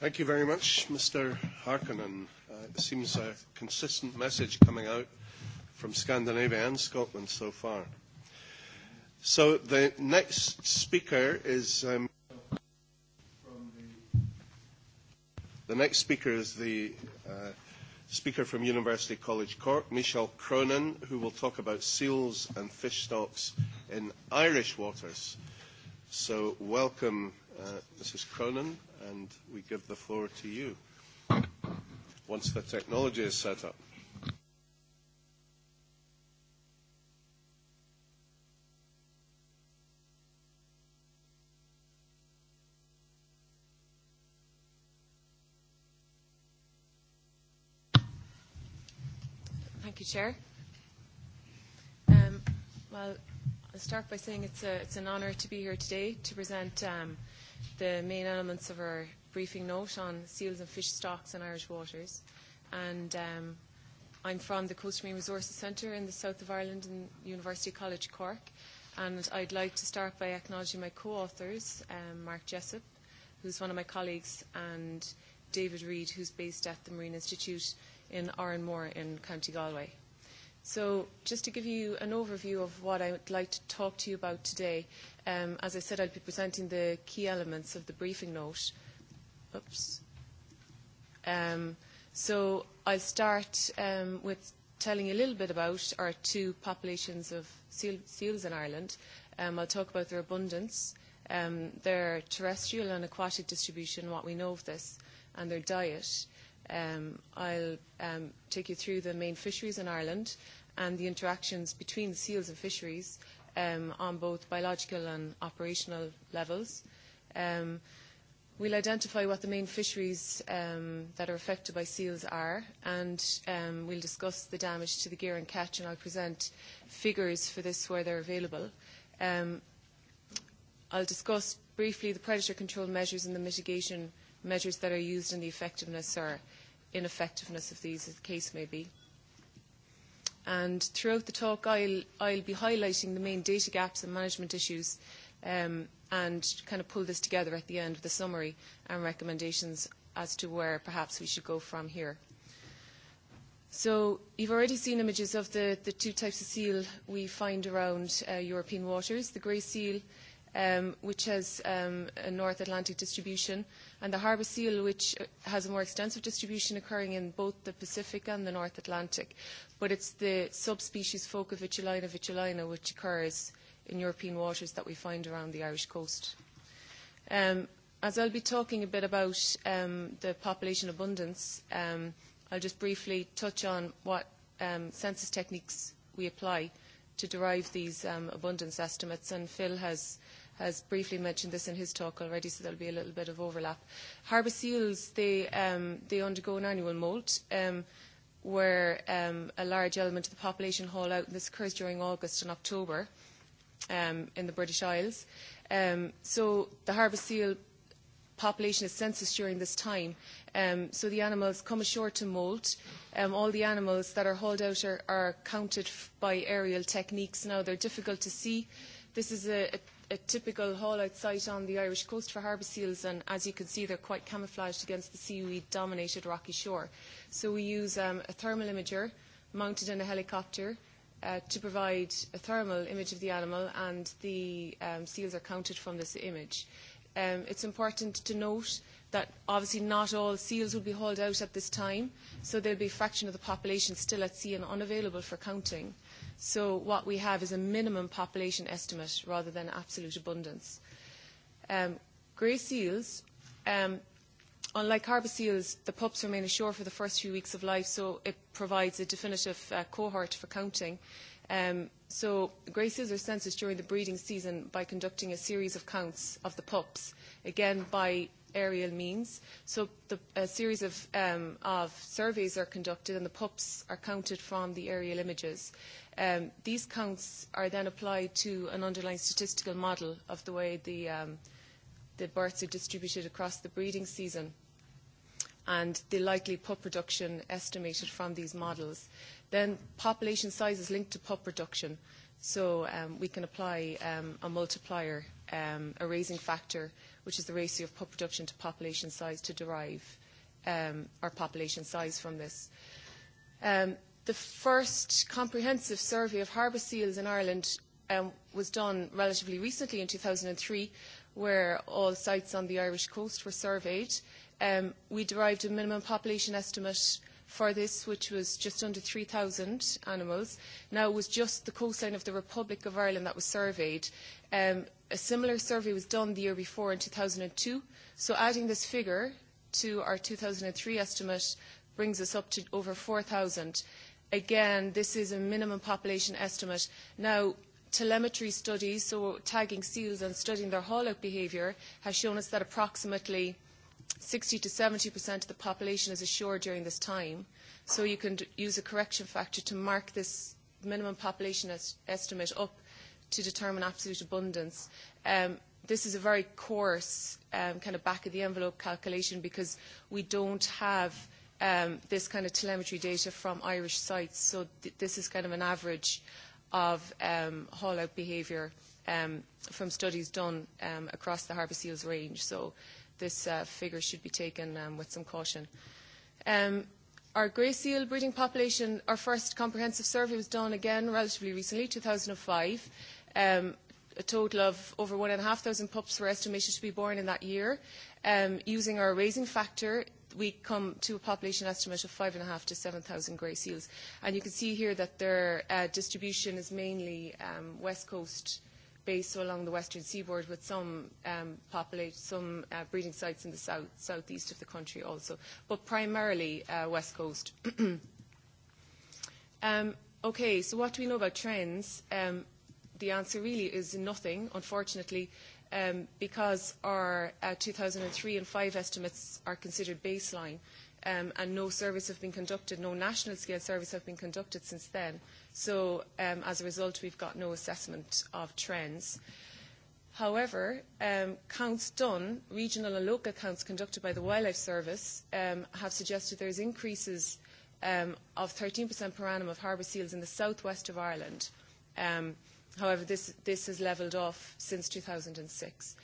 Thank you very much, Mr. Harkonnen. Uh, it seems a consistent message coming out from Scandinavia and Scotland so far. So the next speaker is um, from the, the next speaker is the uh, speaker from University College Cork, Michelle Cronin, who will talk about seals and fish stocks in Irish waters. So welcome, uh, Mrs. Cronin, and we give the floor to you once the technology is set up. you, Chair. Um, well, I'll start by saying it's, a, it's an honour to be here today to present um, the main elements of our briefing note on seals and fish stocks in Irish waters. And um, I'm from the Coast Marine Resources Centre in the south of Ireland in University College Cork. And I'd like to start by acknowledging my co-authors, um, Mark Jessup, who's one of my colleagues, and David Reid, who's based at the Marine Institute in Oranmore in County Galway. So just to give you an overview of what I would like to talk to you about today, um, as I said, I'll be presenting the key elements of the briefing note. Oops. Um, so I'll start um, with telling you a little bit about our two populations of seal, seals in Ireland. Um, I'll talk about their abundance, um, their terrestrial and aquatic distribution, what we know of this, and their diet Um, I'll um, take you through the main fisheries in Ireland and the interactions between seals and fisheries um, on both biological and operational levels. Um, we'll identify what the main fisheries um, that are affected by seals are and um, we'll discuss the damage to the gear and catch and I'll present figures for this where they're available. Um, I'll discuss briefly the predator control measures and the mitigation measures that are used and the effectiveness are ineffectiveness of these, as the case may be. And throughout the talk, I'll, I'll be highlighting the main data gaps and management issues um, and kind of pull this together at the end with a summary and recommendations as to where perhaps we should go from here. So you've already seen images of the, the two types of seal we find around uh, European waters. The grey seal which has a North Atlantic distribution, and the harbour seal, which has a more extensive distribution occurring in both the Pacific and the North Atlantic. But it's the subspecies Foca vitulina vitulina, which occurs in European waters that we find around the Irish coast. as I'll be talking a bit about the population abundance, um, I'll just briefly touch on what census techniques we apply to derive these abundance estimates, and Phil has has briefly mentioned this in his talk already, so there'll be a little bit of overlap. Harbour seals, they, um, they undergo an annual molt um, where um, a large element of the population haul out, and this occurs during August and October um, in the British Isles. Um, so the harbour seal population is census during this time. Um, so the animals come ashore to molt. Um, all the animals that are hauled out are, are counted by aerial techniques. Now, they're difficult to see. This is a, a a typical haul-out site on the Irish coast for harbour seals, and as you can see, they're quite camouflaged against the seaweed-dominated rocky shore. So we use um, a thermal imager mounted in a helicopter uh, to provide a thermal image of the animal, and the um, seals are counted from this image. Um, it's important to note that obviously not all seals will be hauled out at this time, so there'll be a fraction of the population still at sea and unavailable for counting. So what we have is a minimum population estimate rather than absolute abundance. Um, grey seals, um, unlike harbour seals, the pups remain ashore for the first few weeks of life, so it provides a definitive uh, cohort for counting. Um, so grey seals are census during the breeding season by conducting a series of counts of the pups, again by aerial means. So the, a series of, um, of surveys are conducted and the pups are counted from the aerial images these counts are then applied to an underlying statistical model of the way the, um, the births are distributed across the breeding season and the likely pup production estimated from these models. Then population size is linked to pup production, so um, we can apply um, a multiplier, um, a raising factor, which is the ratio of pup production to population size to derive um, our population size from this. Um, the first comprehensive survey of harbour seals in Ireland um, was done relatively recently in 2003, where all sites on the Irish coast were surveyed. Um, we derived a minimum population estimate for this, which was just under 3,000 animals. Now, it was just the coastline of the Republic of Ireland that was surveyed. Um, a similar survey was done the year before in 2002. So adding this figure to our 2003 estimate brings us up to over 4,000 again, this is a minimum population estimate. Now, telemetry studies, so tagging seals and studying their haul-out behaviour, has shown us that approximately 60 to 70% of the population is ashore during this time. So you can use a correction factor to mark this minimum population estimate up to determine absolute abundance. Um, this is a very coarse um, kind of back of the envelope calculation because we don't have um, this kind of telemetry data from Irish sites. So th- this is kind of an average of um, haul-out behaviour um, from studies done um, across the harbour seals range. So this uh, figure should be taken um, with some caution. Um, our grey seal breeding population, our first comprehensive survey was done again relatively recently, 2005. Um, a total of over 1,500 pups were estimated to be born in that year. Um, using our raising factor, we come to a population estimate of five and a half to seven thousand grey seals. And you can see here that their uh, distribution is mainly um, west coast based, so along the western seaboard, with some um, populate, some uh, breeding sites in the south southeast of the country also, but primarily uh, west coast. um, okay, so what do we know about trends? Um, the answer really is nothing, unfortunately um, because our uh, 2003 and 5 estimates are considered baseline um, and no surveys have been conducted, no national scale surveys have been conducted since then. So um, as a result, we've got no assessment of trends. However, um, counts done, regional and local counts conducted by the Wildlife Service, um, have suggested there's increases um, of 13% per annum of harbour seals in the southwest of Ireland. Um, However, this, this has levelled off since 2006.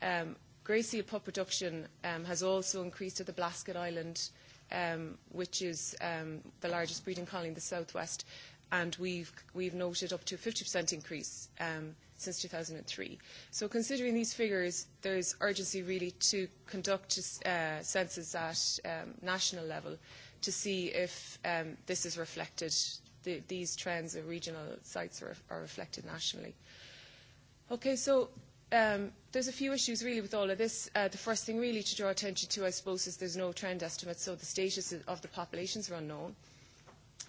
Um, grey seal pup production um, has also increased at the Blasket Island, um, which is um, the largest breeding colony in the southwest, and we've, we've noted up to a 50% increase um, since 2003. So considering these figures, there is urgency really to conduct uh, census at um, national level to see if um, this is reflected the, these trends of regional sites are, are reflected nationally. Okay, so um, there's a few issues really with all of this. Uh, the first thing really to draw attention to, I suppose, is there's no trend estimate, so the status of the populations are unknown.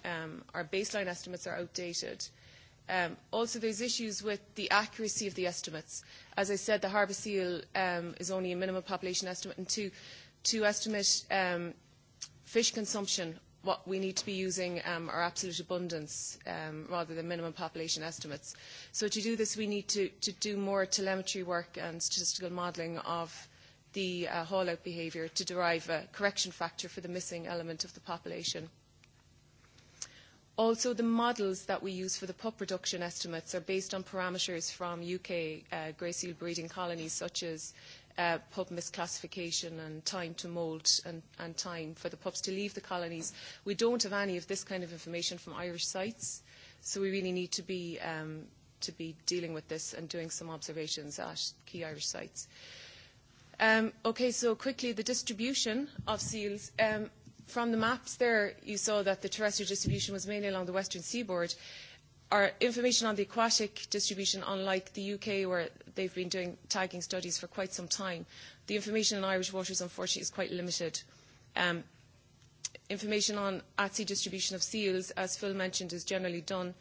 Um, our baseline estimates are outdated. Um, also, there's issues with the accuracy of the estimates. As I said, the harbour seal um, is only a minimum population estimate, and to, to estimate um, fish consumption what we need to be using um, our absolute abundance um, rather than minimum population estimates. So to do this, we need to, to do more telemetry work and statistical modelling of the uh, haul-out behaviour to derive a correction factor for the missing element of the population. Also, the models that we use for the pup reduction estimates are based on parameters from UK uh, grey seal breeding colonies, such as pub misclassification and time to moult and, and time for the pups to leave the colonies. We don't have any of this kind of information from Irish sites, so we really need to be, um, to be dealing with this and doing some observations at key Irish sites. Um, okay, so quickly, the distribution of seals. Um, from the maps there, you saw that the terrestrial distribution was mainly along the western seaboard our information on the aquatic distribution, unlike the UK, where they've been doing tagging studies for quite some time, the information in Irish waters, unfortunately, is quite limited. Um, information on at-sea distribution of seals, as Phil mentioned, is generally done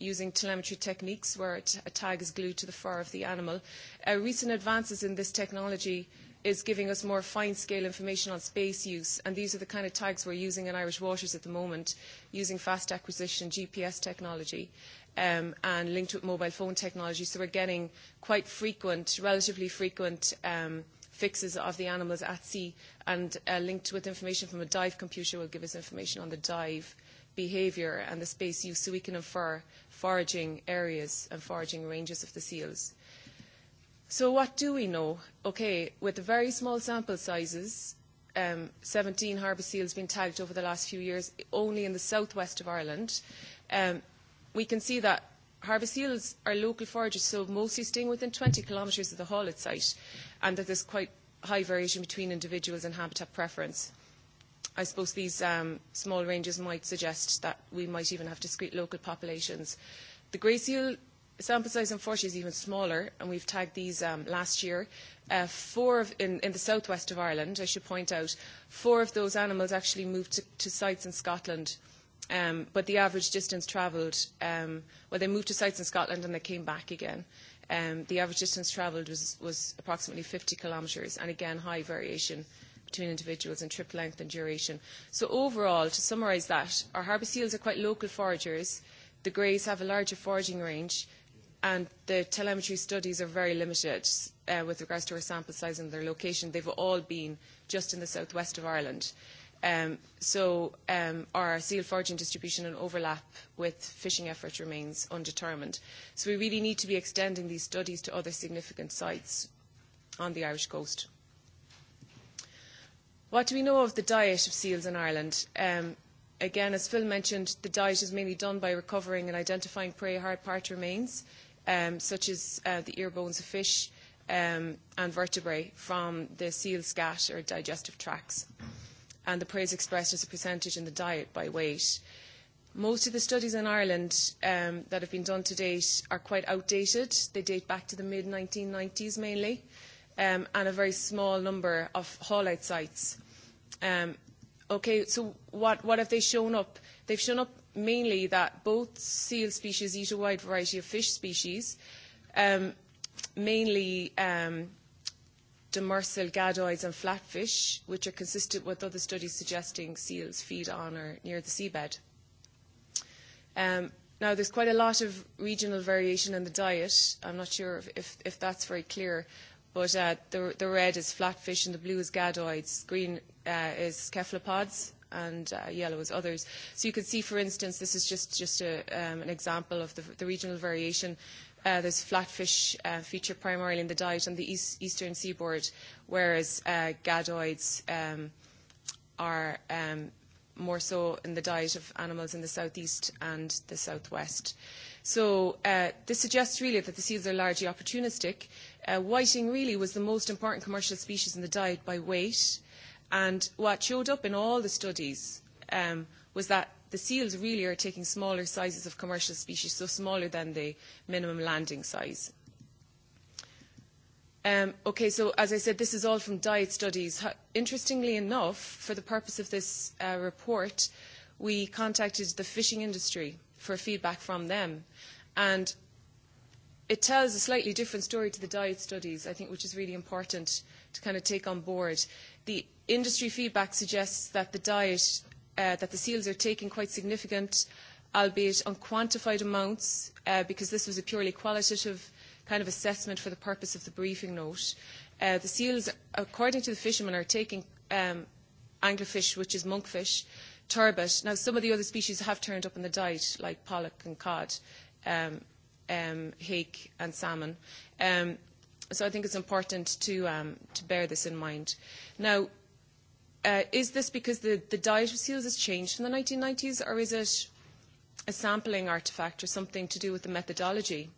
using telemetry techniques where a tag is glued to the fur of the animal. Uh, recent advances in this technology – is giving us more fine-scale information on space use, and these are the kind of tags we're using in Irish waters at the moment, using fast acquisition GPS technology um, and linked with mobile phone technology. So we're getting quite frequent, relatively frequent um, fixes of the animals at sea, and uh, linked with information from a dive computer will give us information on the dive behaviour and the space use so we can infer foraging areas and foraging ranges of the seals. So what do we know? Okay, with the very small sample sizes, um, 17 harbour seals being tagged over the last few years, only in the southwest of Ireland. Um, we can see that harbour seals are local foragers, so mostly staying within 20 kilometres of the Hawlett site, and that there's quite high variation between individuals and habitat preference. I suppose these um, small ranges might suggest that we might even have discrete local populations. The grey seal sample size in Forty is even smaller, and we've tagged these um, last year. Uh, four of, in, in the southwest of Ireland, I should point out, four of those animals actually moved to, to sites in Scotland, um, but the average distance travelled, um, well, they moved to sites in Scotland and they came back again. Um, the average distance travelled was, was approximately 50 kilometres, and again, high variation between individuals in trip length and duration. So overall, to summarise that, our harbour seals are quite local foragers. The greys have a larger foraging range, and the telemetry studies are very limited uh, with regards to our sample size and their location. They've all been just in the southwest of Ireland. Um, so um, our seal foraging distribution and overlap with fishing effort remains undetermined. So we really need to be extending these studies to other significant sites on the Irish coast. What do we know of the diet of seals in Ireland? Um, again, as Phil mentioned, the diet is mainly done by recovering and identifying prey hard part remains um, such as uh, the ear bones of fish um, and vertebrae from the seal scat or digestive tracts. And the prey is expressed as a percentage in the diet by weight. Most of the studies in Ireland um, that have been done to date are quite outdated. They date back to the mid 1990s mainly, um, and a very small number of haul out sites. Um, okay, so what, what have they shown up? They've shown up mainly that both seal species eat a wide variety of fish species, um, mainly um, demersal gadoids and flatfish, which are consistent with other studies suggesting seals feed on or near the seabed. Um, now, there's quite a lot of regional variation in the diet. I'm not sure if, if, if that's very clear, but uh, the, the red is flatfish and the blue is gadoids, green uh, is cephalopods, and uh, yellow is others. So you can see, for instance, this is just, just a, um, an example of the, the regional variation. Uh, there's flatfish uh, feature primarily in the diet on the east, eastern seaboard, whereas uh, gadoids um, are um, more so in the diet of animals in the southeast and the southwest. So uh, this suggests really that the seals are largely opportunistic. Uh, whiting really was the most important commercial species in the diet by weight And what showed up in all the studies um, was that the seals really are taking smaller sizes of commercial species, so smaller than the minimum landing size. Um, okay, so as I said, this is all from diet studies. Interestingly enough, for the purpose of this uh, report, we contacted the fishing industry for feedback from them. And it tells a slightly different story to the diet studies, I think, which is really important to kind of take on board the industry feedback suggests that the diet that the seals are taking quite significant, albeit unquantified amounts, because this was a purely qualitative kind of assessment for the purpose of the briefing note. the seals, according to the fishermen, are taking um anglerfish, which is monkfish, turbot. Now, some of the other species have turned up in the diet, like pollock and cod, hake and salmon. Um, so I think it's important to, um, to bear this in mind. Now, uh, is this because the, the diet of seals has changed in the 1990s, or is it a sampling artifact or something to do with the methodology,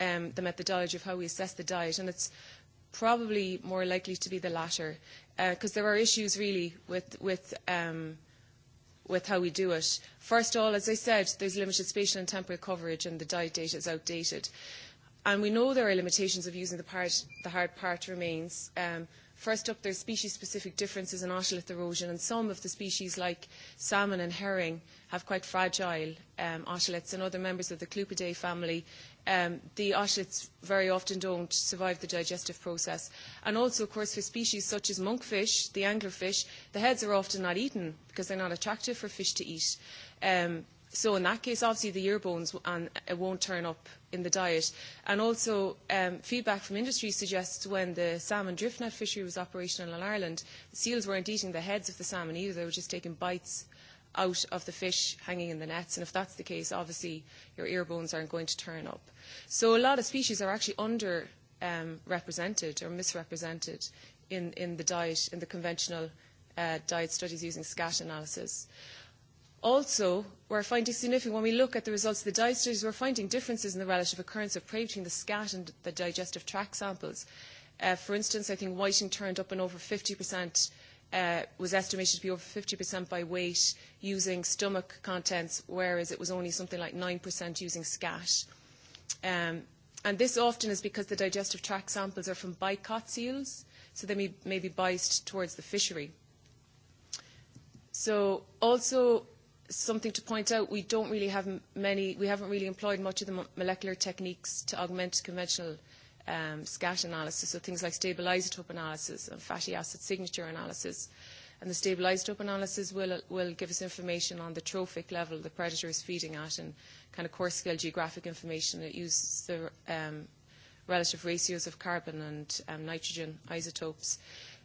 um, the methodology of how we assess the diet? And it's probably more likely to be the latter, because there are issues really with, with um, with how we do it. First of all, as I said, there's limited spatial and temporal coverage and the diet data is outdated. And we know there are limitations of using the, part, the hard part remains. Um, First up, there's species-specific differences in otolith erosion, and some of the species, like salmon and herring, have quite fragile um, otoliths, and other members of the Clupidae family, um, the otoliths very often don't survive the digestive process. And also, of course, for species such as monkfish, the anglerfish, the heads are often not eaten because they're not attractive for fish to eat. Um, so in that case, obviously, the ear bones and, uh, won't turn up in the diet. And also um, feedback from industry suggests when the salmon drift net fishery was operational in Ireland, the seals weren't eating the heads of the salmon either, they were just taking bites out of the fish hanging in the nets. And if that's the case, obviously your ear bones aren't going to turn up. So a lot of species are actually under um, represented or misrepresented in, in the diet, in the conventional uh, diet studies using SCAT analysis. Also, we're finding significant, when we look at the results of the diet studies, we're finding differences in the relative occurrence of prey between the scat and the digestive tract samples. Uh, for instance, I think whiting turned up in over 50%, uh, was estimated to be over 50% by weight using stomach contents, whereas it was only something like 9% using scat. Um, and this often is because the digestive tract samples are from bicot seals, so they may, may be biased towards the fishery. So also something to point out, we don't really have many, we haven't really employed much of the molecular techniques to augment conventional um, SCAT analysis, so things like stable isotope analysis and fatty acid signature analysis. And the stable isotope analysis will, will give us information on the trophic level the predator is feeding at and kind of coarse scale geographic information. that uses the um, relative ratios of carbon and um, nitrogen isotopes.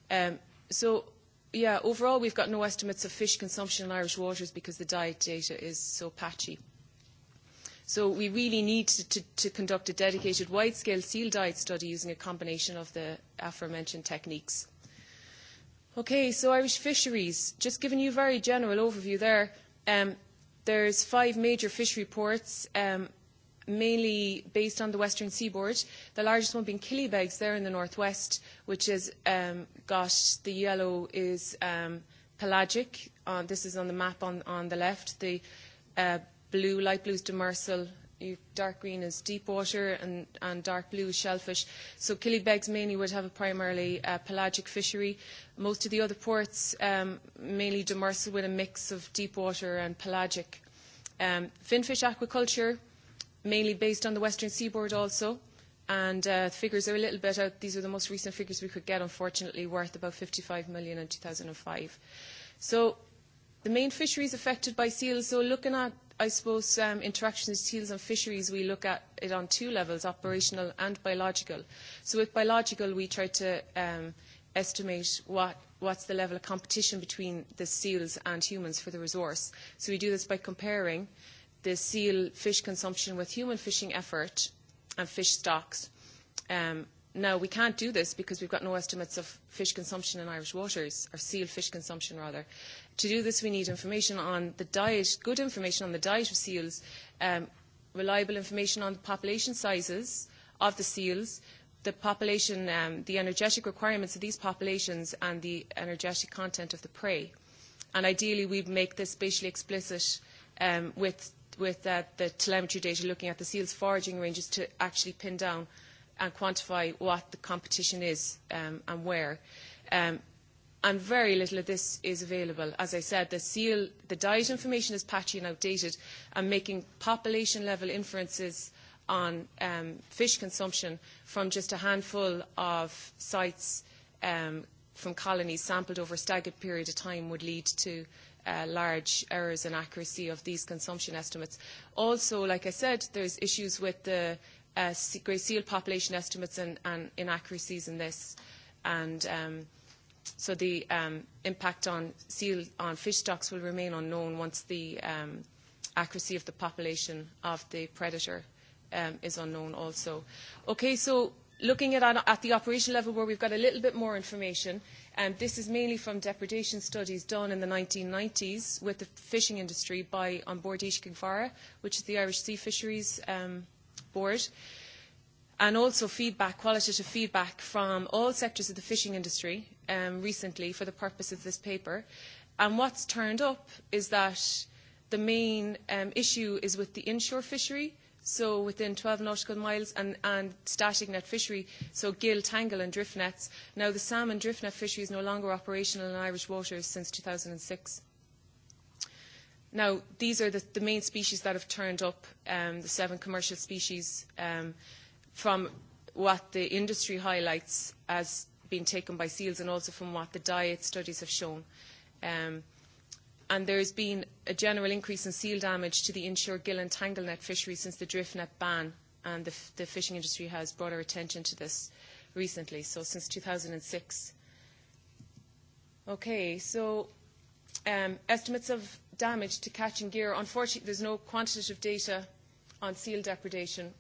Um, so Yeah, overall we've got no estimates of fish consumption in Irish waters because the diet data is so patchy. So we really need to, to, to conduct a dedicated wide-scale seal diet study using a combination of the aforementioned techniques. Okay, so Irish fisheries, just giving you a very general overview there. Um, there's five major fishery ports. Um, mainly based on the western seaboard. The largest one being Killybegs there in the northwest, which has um, got the yellow is um, pelagic. On, this is on the map on, on the left. The uh, blue, light blue is demersal. Dark green is deep water and, and dark blue is shellfish. So Killybegs mainly would have a primarily uh, pelagic fishery. Most of the other ports, um, mainly demersal with a mix of deep water and pelagic. Um, finfish aquaculture, mainly based on the Western Seaboard also. And uh, the figures are a little bit out. These are the most recent figures we could get, unfortunately, worth about 55 million in 2005. So the main fisheries affected by seals, so looking at, I suppose, um, interactions with seals and fisheries, we look at it on two levels, operational and biological. So with biological, we try to um, estimate what what's the level of competition between the seals and humans for the resource. So we do this by comparing the seal fish consumption with human fishing effort and fish stocks. Um, now, we can't do this because we've got no estimates of fish consumption in Irish waters, or seal fish consumption rather. To do this, we need information on the diet, good information on the diet of seals, um, reliable information on the population sizes of the seals, the population, um, the energetic requirements of these populations, and the energetic content of the prey. And ideally, we'd make this spatially explicit um, with with uh the telemetry data looking at the seals foraging ranges to actually pin down and quantify what the competition is um, and where. Um, and very little of this is available. As I said, the seal, the diet information is patchy and outdated, and making population level inferences on um, fish consumption from just a handful of sites um, from colonies sampled over a staggered period of time would lead to large errors in accuracy of these consumption estimates. Also, like I said, there's issues with the uh, grey seal population estimates and, and inaccuracies in this. And um, so the um, impact on seal on fish stocks will remain unknown once the um, accuracy of the population of the predator um, is unknown also. Okay, so looking at, at the operational level where we've got a little bit more information, this is mainly from depredation studies done in the 1990s with the fishing industry by on board Ishkigvara, which is the Irish Sea Fisheries um, Board, and also feedback, qualitative feedback from all sectors of the fishing industry um, recently for the purpose of this paper. And what's turned up is that the main um, issue is with the inshore fishery so within 12 nautical miles, and, and static net fishery, so gill, tangle and drift nets. Now the salmon drift net fishery is no longer operational in Irish waters since 2006. Now, these are the, the main species that have turned up, um, the seven commercial species um, from what the industry highlights as being taken by seals and also from what the diet studies have shown. Um, and there has been a general increase in seal damage to the inshore gill and tanglenet fishery since the drift net ban, and the, the fishing industry has brought our attention to this recently, so since 2006. Okay, so um, estimates of damage to catching gear. Unfortunately, there's no quantitative data on seal depredation.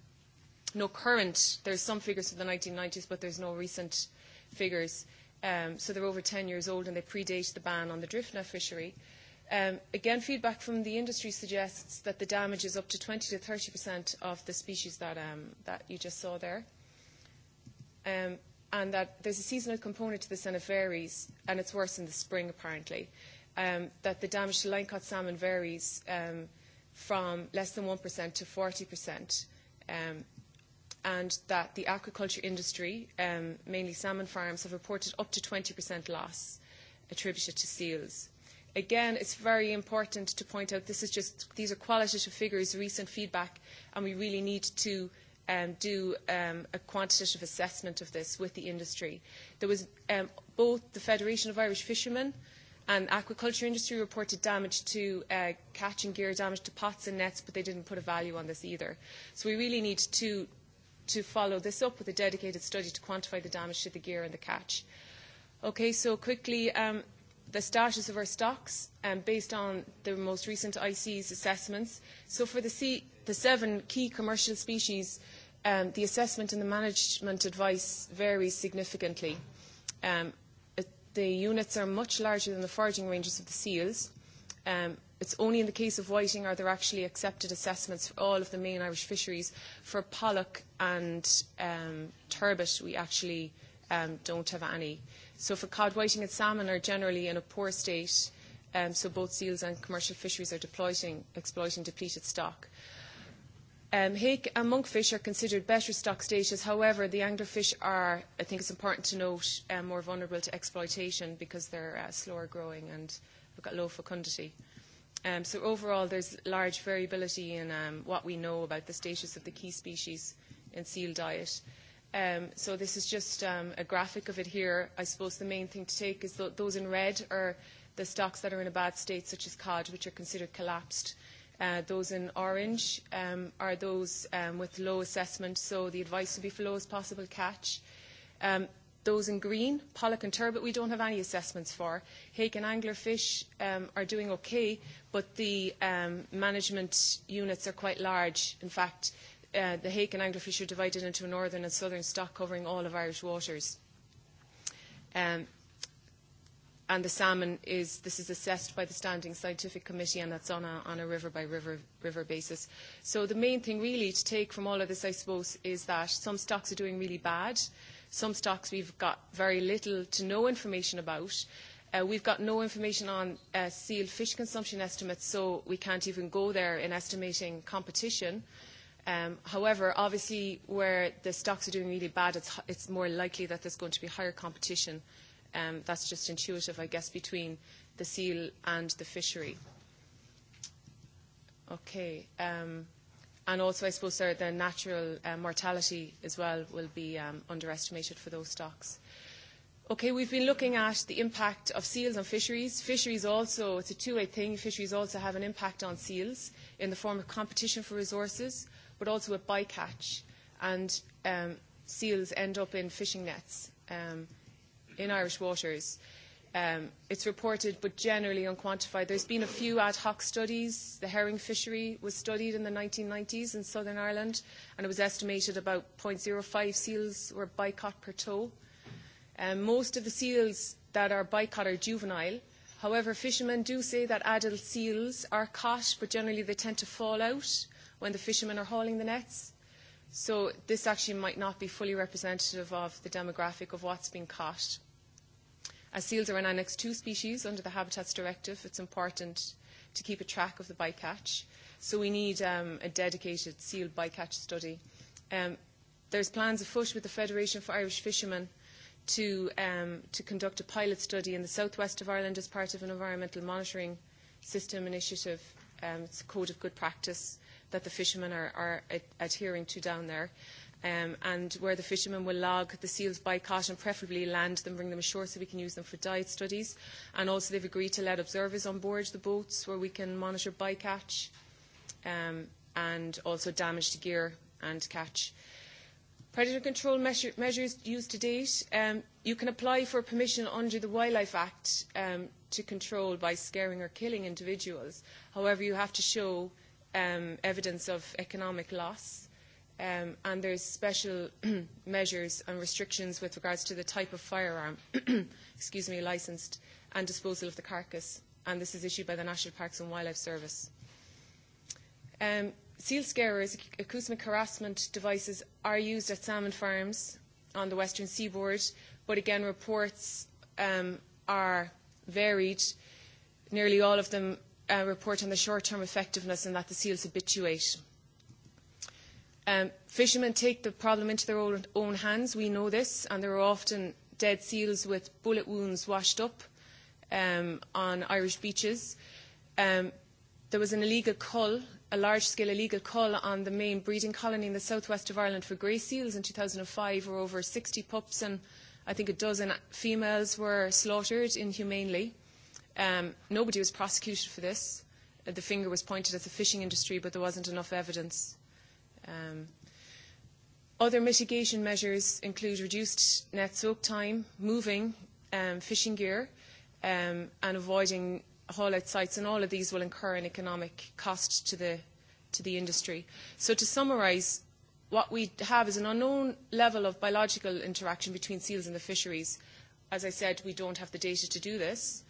No current, there's some figures from the 1990s, but there's no recent figures. Um, so they're over 10 years old and they predate the ban on the drift net fishery again, feedback from the industry suggests that the damage is up to 20 to 30% of the species that, um, that you just saw there. Um, and that there's a seasonal component to this and it varies, and it's worse in the spring apparently. Um, that the damage to line caught salmon varies um, from less than 1% to 40%. Um, and that the aquaculture industry, um, mainly salmon farms, have reported up to 20% loss attributed to seals again, it's very important to point out this is just, these are qualitative figures, recent feedback, and we really need to um, do um, a quantitative assessment of this with the industry. There was um, both the Federation of Irish Fishermen and aquaculture industry reported damage to uh, catch and gear, damage to pots and nets, but they didn't put a value on this either. So we really need to, to follow this up with a dedicated study to quantify the damage to the gear and the catch. Okay, so quickly, um, the status of our stocks based on the most recent IC's assessments. So for the, the seven key commercial species, the assessment and the management advice varies significantly. the units are much larger than the foraging ranges of the seals. it's only in the case of whiting are there actually accepted assessments for all of the main Irish fisheries. For pollock and turbot, we actually don't have any. So for cod, whiting and salmon are generally in a poor state, um, so both seals and commercial fisheries are deploying, exploiting depleted stock. Um, hake and monkfish are considered better stock status. However, the anglerfish are, I think it's important to note, um, more vulnerable to exploitation because they're uh, slower growing and have got low fecundity. Um, so overall, there's large variability in um, what we know about the status of the key species in seal diet. Um, so this is just um, a graphic of it here. I suppose the main thing to take is that those in red are the stocks that are in a bad state, such as cod, which are considered collapsed. Uh, those in orange um, are those um, with low assessment, so the advice would be for lowest possible catch. Um, those in green, pollock and turbot, we don't have any assessments for. Hake and anglerfish um, are doing okay, but the um, management units are quite large. In fact, uh, the hake and anglerfish are divided into a northern and southern stock covering all of Irish waters. Um, and the salmon is, this is assessed by the Standing Scientific Committee and that's on a, on a river by river, river basis. So the main thing really to take from all of this, I suppose, is that some stocks are doing really bad. Some stocks we've got very little to no information about. Uh, we've got no information on uh, seal fish consumption estimates, so we can't even go there in estimating competition. Uh, Um, however, obviously, where the stocks are doing really bad, it's, it's more likely that there's going to be higher competition. Um, that's just intuitive, I guess, between the seal and the fishery. Okay. Um, and also, I suppose, sir, the natural uh, mortality as well will be um, underestimated for those stocks. Okay, we've been looking at the impact of seals on fisheries. Fisheries also, it's a two-way thing, fisheries also have an impact on seals in the form of competition for resources but also a bycatch, and um, seals end up in fishing nets um, in Irish waters. Um, it's reported, but generally unquantified. There's been a few ad hoc studies. The herring fishery was studied in the 1990s in Southern Ireland, and it was estimated about 0.05 seals were bycaught per tow. Um, most of the seals that are bycaught are juvenile. However, fishermen do say that adult seals are caught, but generally they tend to fall out when the fishermen are hauling the nets. So this actually might not be fully representative of the demographic of what's being caught. As seals are an Annex II species under the Habitats Directive, it's important to keep a track of the bycatch. So we need um, a dedicated seal bycatch study. Um, there's plans afoot with the Federation for Irish Fishermen to, um, to conduct a pilot study in the southwest of Ireland as part of an environmental monitoring system initiative. Um, it's a code of good practice that the fishermen are, are adhering to down there. Um, and where the fishermen will log the seals by cot and preferably land them, bring them ashore so we can use them for diet studies. And also they've agreed to let observers on board the boats where we can monitor bycatch um, and also damage to gear and catch. Predator control measure, measures used to date, um, you can apply for permission under the Wildlife Act um, to control by scaring or killing individuals. However, you have to show um, evidence of economic loss. Um, and there's special measures and restrictions with regards to the type of firearm, excuse me, licensed and disposal of the carcass. And this is issued by the National Parks and Wildlife Service. Um, seal scarers, acoustic harassment devices are used at salmon farms on the western seaboard, but again, reports um, are varied. Nearly all of them uh, report on the short-term effectiveness and that the seals habituate. Um, fishermen take the problem into their own, own hands. We know this, and there are often dead seals with bullet wounds washed up um, on Irish beaches. Um, there was an illegal cull, a large-scale illegal cull on the main breeding colony in the southwest of Ireland for grey seals in 2005, where over 60 pups and I think a dozen females were slaughtered inhumanely. Um, nobody was prosecuted for this. The finger was pointed at the fishing industry, but there wasn't enough evidence. Um, other mitigation measures include reduced net soak time, moving um, fishing gear, um, and avoiding haul-out sites, and all of these will incur an economic cost to the, to the industry. So to summarise, what we have is an unknown level of biological interaction between seals and the fisheries. As I said, we don't have the data to do this.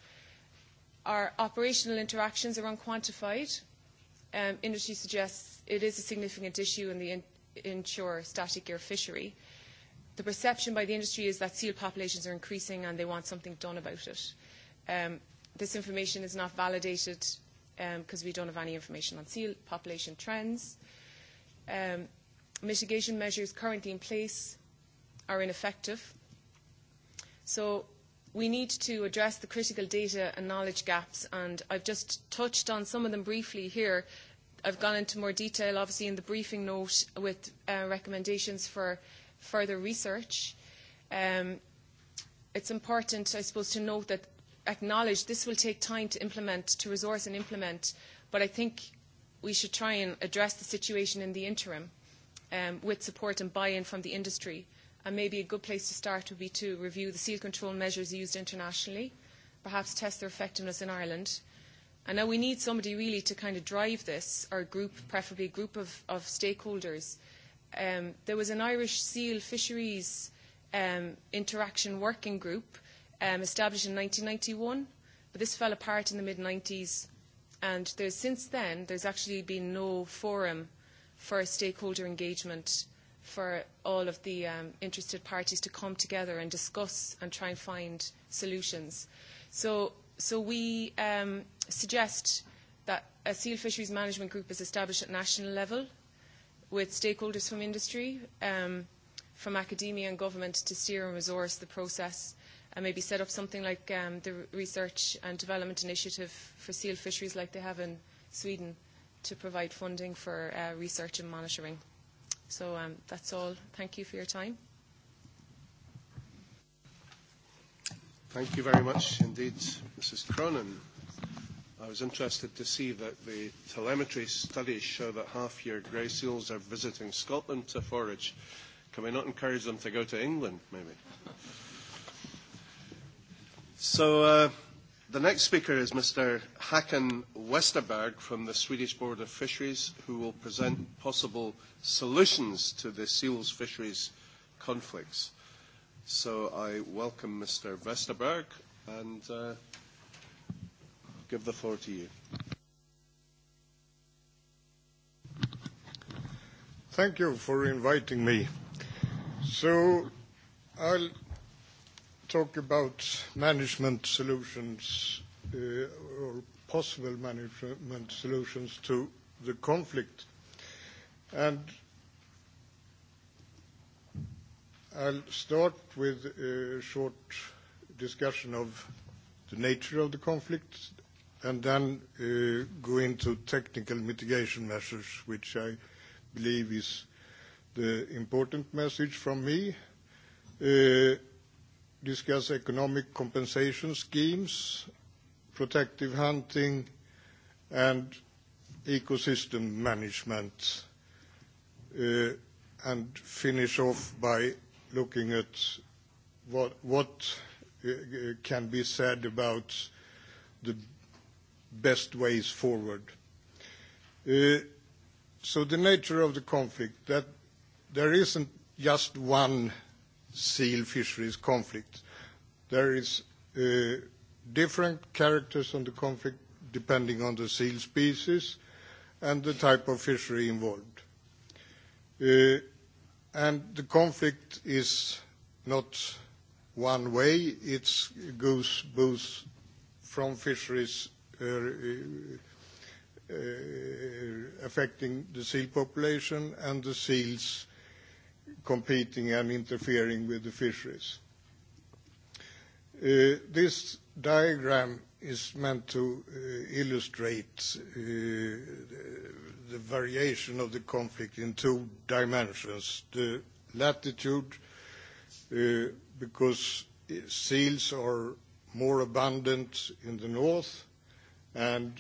Our operational interactions are unquantified. Um, industry suggests it is a significant issue in the in- inshore static gear fishery. The perception by the industry is that seal populations are increasing and they want something done about it. Um, this information is not validated because we don't have any information on seal population trends. Um, mitigation measures currently in place are ineffective. So we need to address the critical data and knowledge gaps, and I've just touched on some of them briefly here. I've gone into more detail, obviously, in the briefing note with uh, recommendations for further research. Um, it's important, I suppose, to note that acknowledge this will take time to implement, to resource and implement, but I think we should try and address the situation in the interim um, with support and buy-in from the industry. Uh, And maybe a good place to start would be to review the seal control measures used internationally, perhaps test their effectiveness in Ireland. And now we need somebody really to kind of drive this, or a group, preferably a group of, of stakeholders. Um, there was an Irish seal fisheries um, interaction working group um, established in 1991, but this fell apart in the mid-90s. And there's, since then, there's actually been no forum for stakeholder engagement for all of the um, interested parties to come together and discuss and try and find solutions. So, so we um, suggest that a seal fisheries management group is established at national level with stakeholders from industry, um, from academia and government to steer and resource the process and maybe set up something like um, the Research and Development Initiative for seal fisheries like they have in Sweden to provide funding for uh, research and monitoring. So um, that's all. Thank you for your time. Thank you very much indeed, Mrs. Cronin. I was interested to see that the telemetry studies show that half-year grey seals are visiting Scotland to forage. Can we not encourage them to go to England, maybe? So uh, The next speaker is Mr. Hakan Westerberg from the Swedish Board of Fisheries, who will present possible solutions to the seals fisheries conflicts. So I welcome Mr. Westerberg and uh, give the floor to you. Thank you for inviting me. So I'll talk about management solutions or possible management solutions to the conflict. I'll start with a short discussion of the nature of the conflict and then go into technical mitigation measures, which I believe is the important message from me discuss economic compensation schemes, protective hunting, and ecosystem management, and finish off by looking at what what can be said about the best ways forward. So the nature of the conflict, that there isn't just one seal fisheries conflict. There is uh, different characters on the conflict depending on the seal species and the type of fishery involved. Uh, and the conflict is not one way, it goes both from fisheries uh, uh, affecting the seal population and the seals competing and interfering with the fisheries. This diagram is meant to illustrate the variation of the conflict in two dimensions. The latitude, because seals are more abundant in the north, and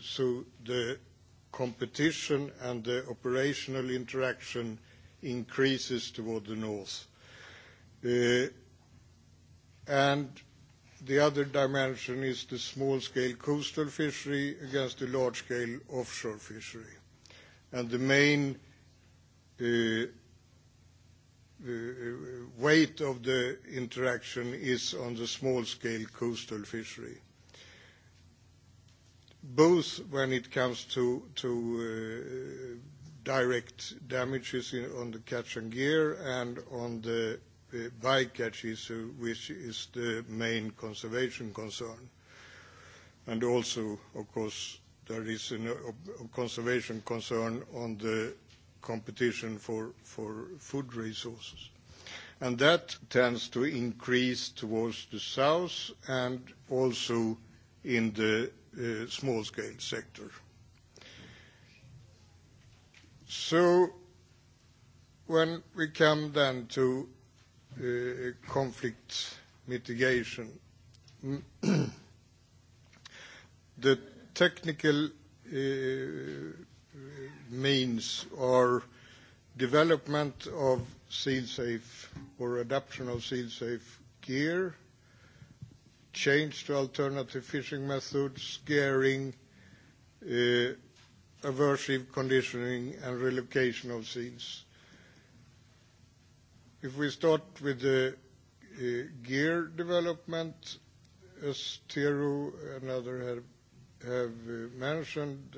so the competition and the operational interaction increases toward the north. And The other dimension is the small-scale coastal fishery against the large-scale offshore fishery. And The main weight of the interaction is on the small-scale coastal fishery both when it comes to to direct damages on the catch and gear and on the bycatch issue, which is the main conservation concern. And also, of course, there is a conservation concern on the competition for for food resources. And that tends to increase towards the south and also in the small-scale sector. So when we come then to conflict mitigation, the technical means are development of seal-safe or adoption of seal-safe gear, change to alternative fishing methods, uh, aversive conditioning, and relocation of seals. If we start with the uh gear development, as Tero and others have mentioned,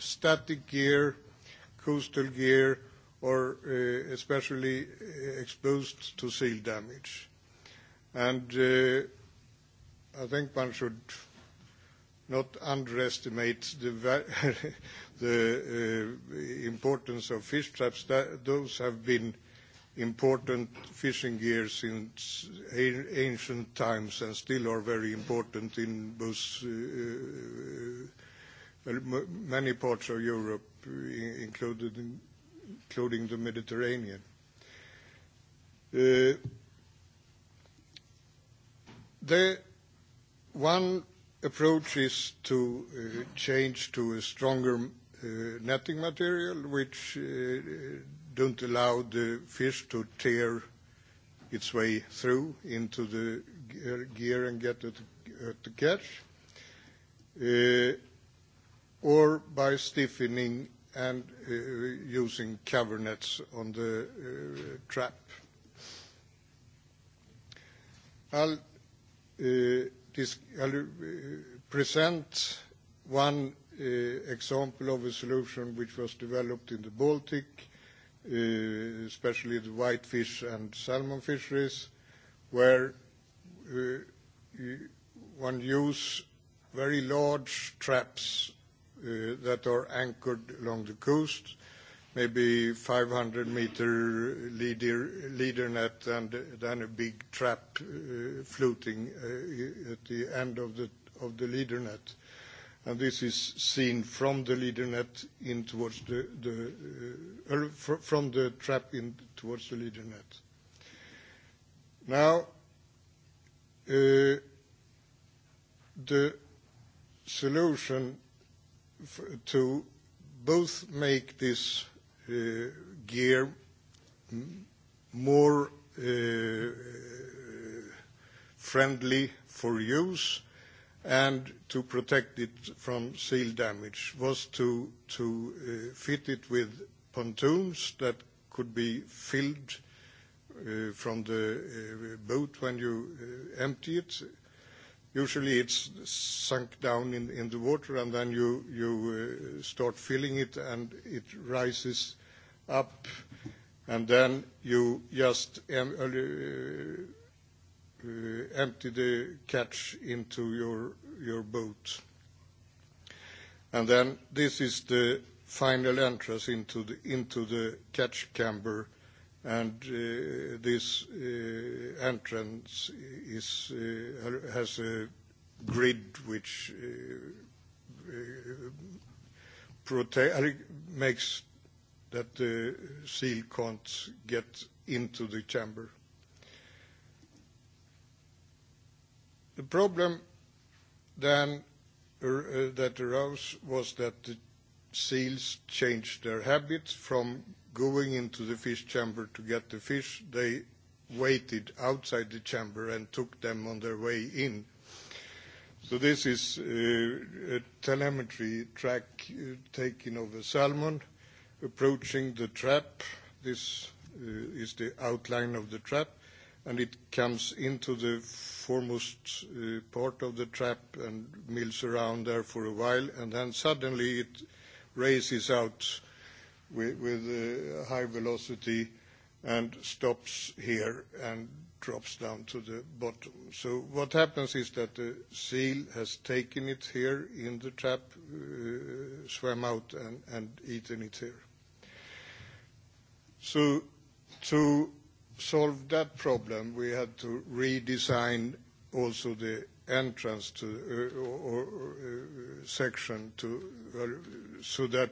static gear, coastal gear, or especially exposed to seal damage. And uh I think one should not underestimate the the importance of fish traps. That Those have been important fishing gear since ancient times and still are very important in both many parts of Europe, including the Mediterranean. The One approach is to change to a stronger netting material, which don't allow the fish to tear its way through into the gear and get at the catch, or by stiffening and using cover nets on the trap. I'll present one example of a solution which was developed in the Baltic, especially the whitefish and salmon fisheries, where one use very large traps that are anchored along the coast maybe 500 meter leader, leader net and then a big trap uh, floating uh, at the end of the, of the leader net. And this is seen from the leader net in towards the, the uh, from the trap in towards the leader net. Now, uh, the solution f to both make this gear more friendly for use and to protect it from seal damage was to fit it with pontoons that could be filled from the boat when you empty it Usually it's sunk down in, in the water and then you, you uh, start filling it and it rises up and then you just em- uh, uh, empty the catch into your, your boat. And then this is the final entrance into the, into the catch camber and this entrance is has a grid which makes that the seal can't get into the chamber. The problem then that arose was that the seals changed their habit from going into the fish chamber to get the fish. They waited outside the chamber and took them on their way in. So this is uh, a telemetry track uh, taken of a salmon approaching the trap. This uh, is the outline of the trap, and it comes into the foremost uh, part of the trap and mills around there for a while, and then suddenly it raises out with high velocity and stops here and drops down to the bottom. So What happens is that the seal has taken it here in the trap, swam out, and eaten it here. So To solve that problem, we had to redesign also the entrance to or section to so that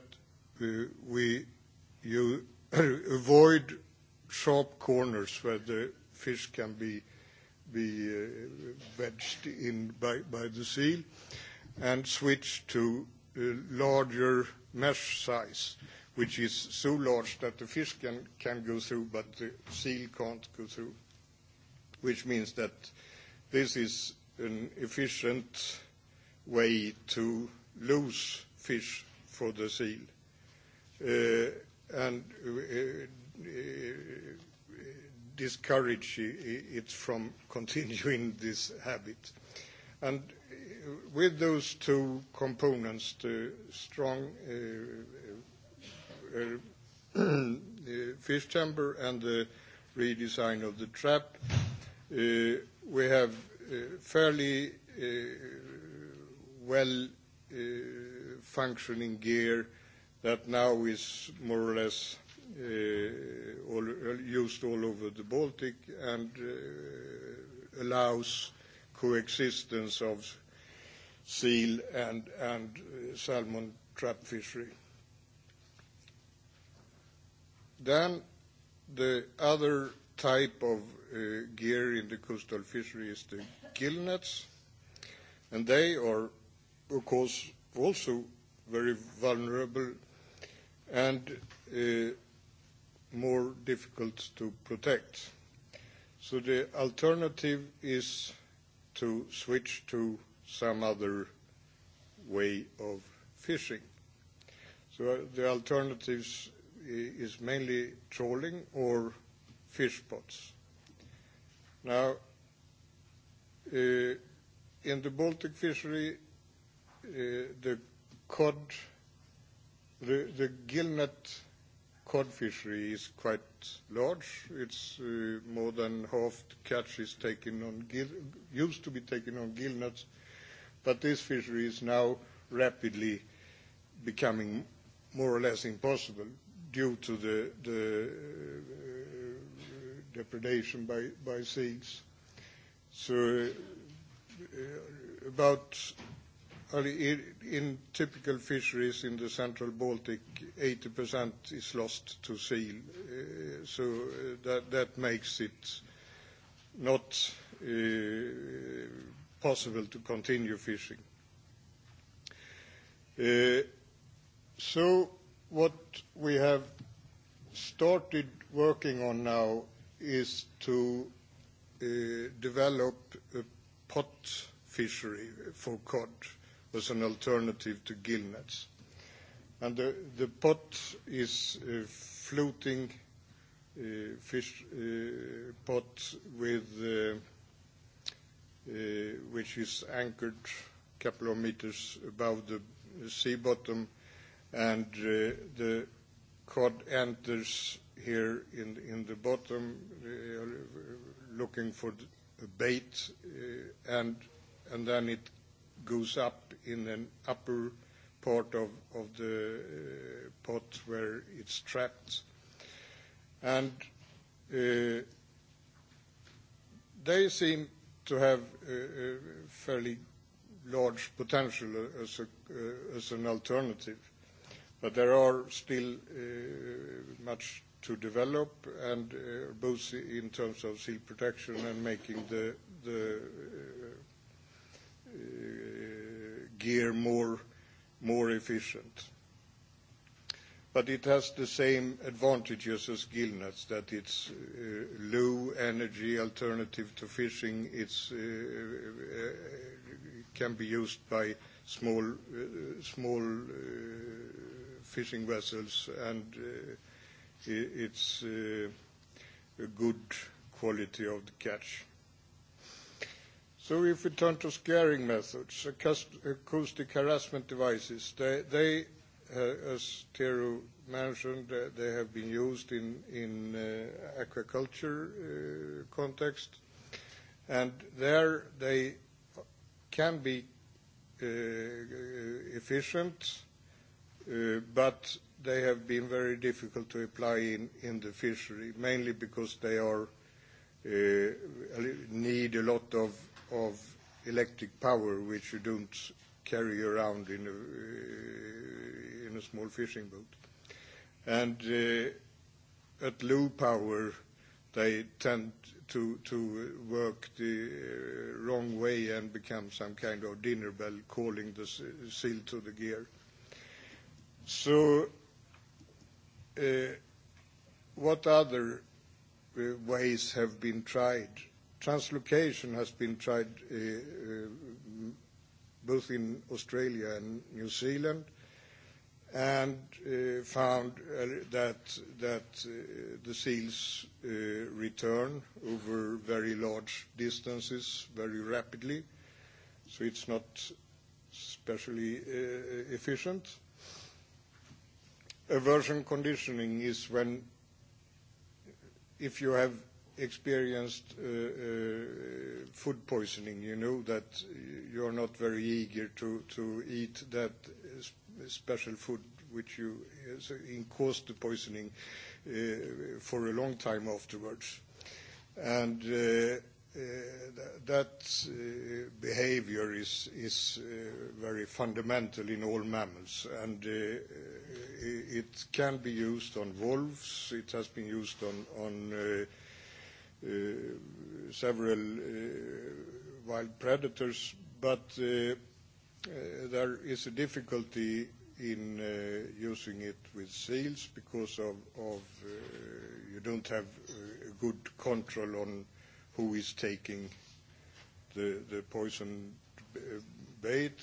we you avoid sharp corners where the fish can be be uh, wedged in by, by the seal and switch to uh, larger mesh size, which is so large that the fish can, can go through but the seal can't go through, which means that this is an efficient way to lose fish for the seal and discourage it from continuing this habit. And with those two components, the strong fish chamber and the redesign of the trap, we have fairly well functioning gear that now is more or less used all over the Baltic and allows coexistence of seal and salmon trap fishery. Then the other type of gear in the coastal fishery is the gill nets, and they are, of course, also very vulnerable and more difficult to protect. So the alternative is to switch to some other way of fishing. So the alternatives is mainly trawling or fish pots. Now, in the Baltic fishery, the cod The, the gillnet cod fishery is quite large. It's uh, more than half the catch is taken on gill, used to be taken on gillnets, but this fishery is now rapidly becoming more or less impossible due to the, the uh, depredation by, by seals. So uh, about In typical fisheries in the Central Baltic, 80% is lost to seal. so That makes it not possible to continue fishing. So What we have started working on now is to develop a pot fishery for cod as an alternative to gill nets. And the, the pot is a floating uh, fish uh, pot with, uh, uh, which is anchored a couple of meters above the sea bottom, and uh, the cod enters here in, in the bottom uh, looking for a bait, uh, and, and then it goes up in an upper part of of the pot where it's trapped. And they seem to have a fairly large potential as a as an alternative. But there are still uh much to develop, and uh both in terms of seal protection and making the the gear more efficient. But It has the same advantages as gillnets, that it's low energy alternative to fishing. It's can be used by small fishing vessels, and it's a good quality of the catch. So if we turn to scaring methods, acoustic harassment devices, they, they uh, as Tero mentioned, uh, they have been used in, in uh, aquaculture uh, context, and there they can be uh, efficient, uh, but they have been very difficult to apply in, in the fishery, mainly because they are uh, need a lot of of electric power which you don't carry around in a, in a small fishing boat. And uh, at low power, they tend to, to work the wrong way and become some kind of dinner bell calling the seal to the gear. So, uh, what other ways have been tried Translocation has been tried both in Australia and New Zealand and found that the seals return over very large distances very rapidly, so it's not especially efficient. Aversion conditioning is when if you have experienced food poisoning, you know that you're not very eager to, to eat that special food which you caused the poisoning for a long time afterwards. And that behavior is, is very fundamental in all mammals, and it can be used on wolves, it has been used on, on several wild predators, but there is a difficulty in using it with seals because of you don't have good control on who is taking the poison bait,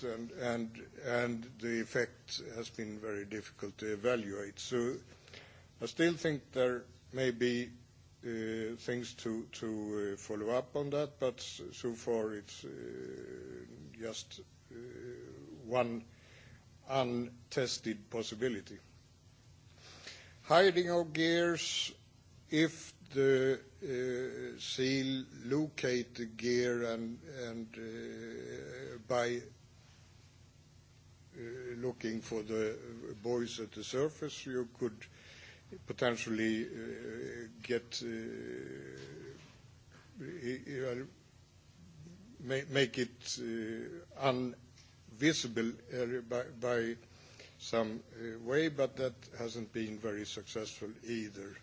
and the effect has been very difficult to evaluate. So I still think there may be things to follow up on that, but so far it's just one untested possibility. Hiding of gears, if the seal locate the gear and by looking for the buoys at the surface, you could potentially get make it unvisible by some way, but that hasn't been very successful either.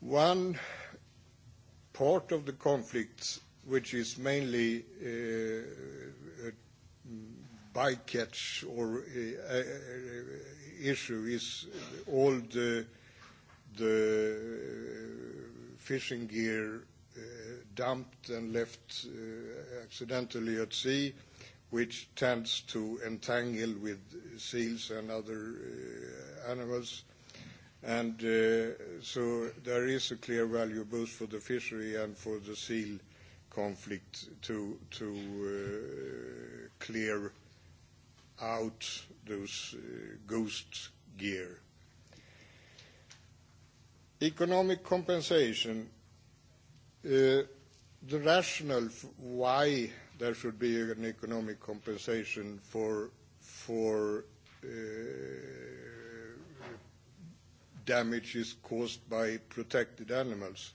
One part of the conflict, which is mainly a bycatch or issue is all the, the fishing gear uh, dumped and left uh, accidentally at sea, which tends to entangle with seals and other uh, animals. And uh, so there is a clear value both for the fishery and for the seal conflict to, to uh, clear out those uh, ghost gear. Economic compensation. Uh, the rationale f- why there should be an economic compensation for for uh, damages caused by protected animals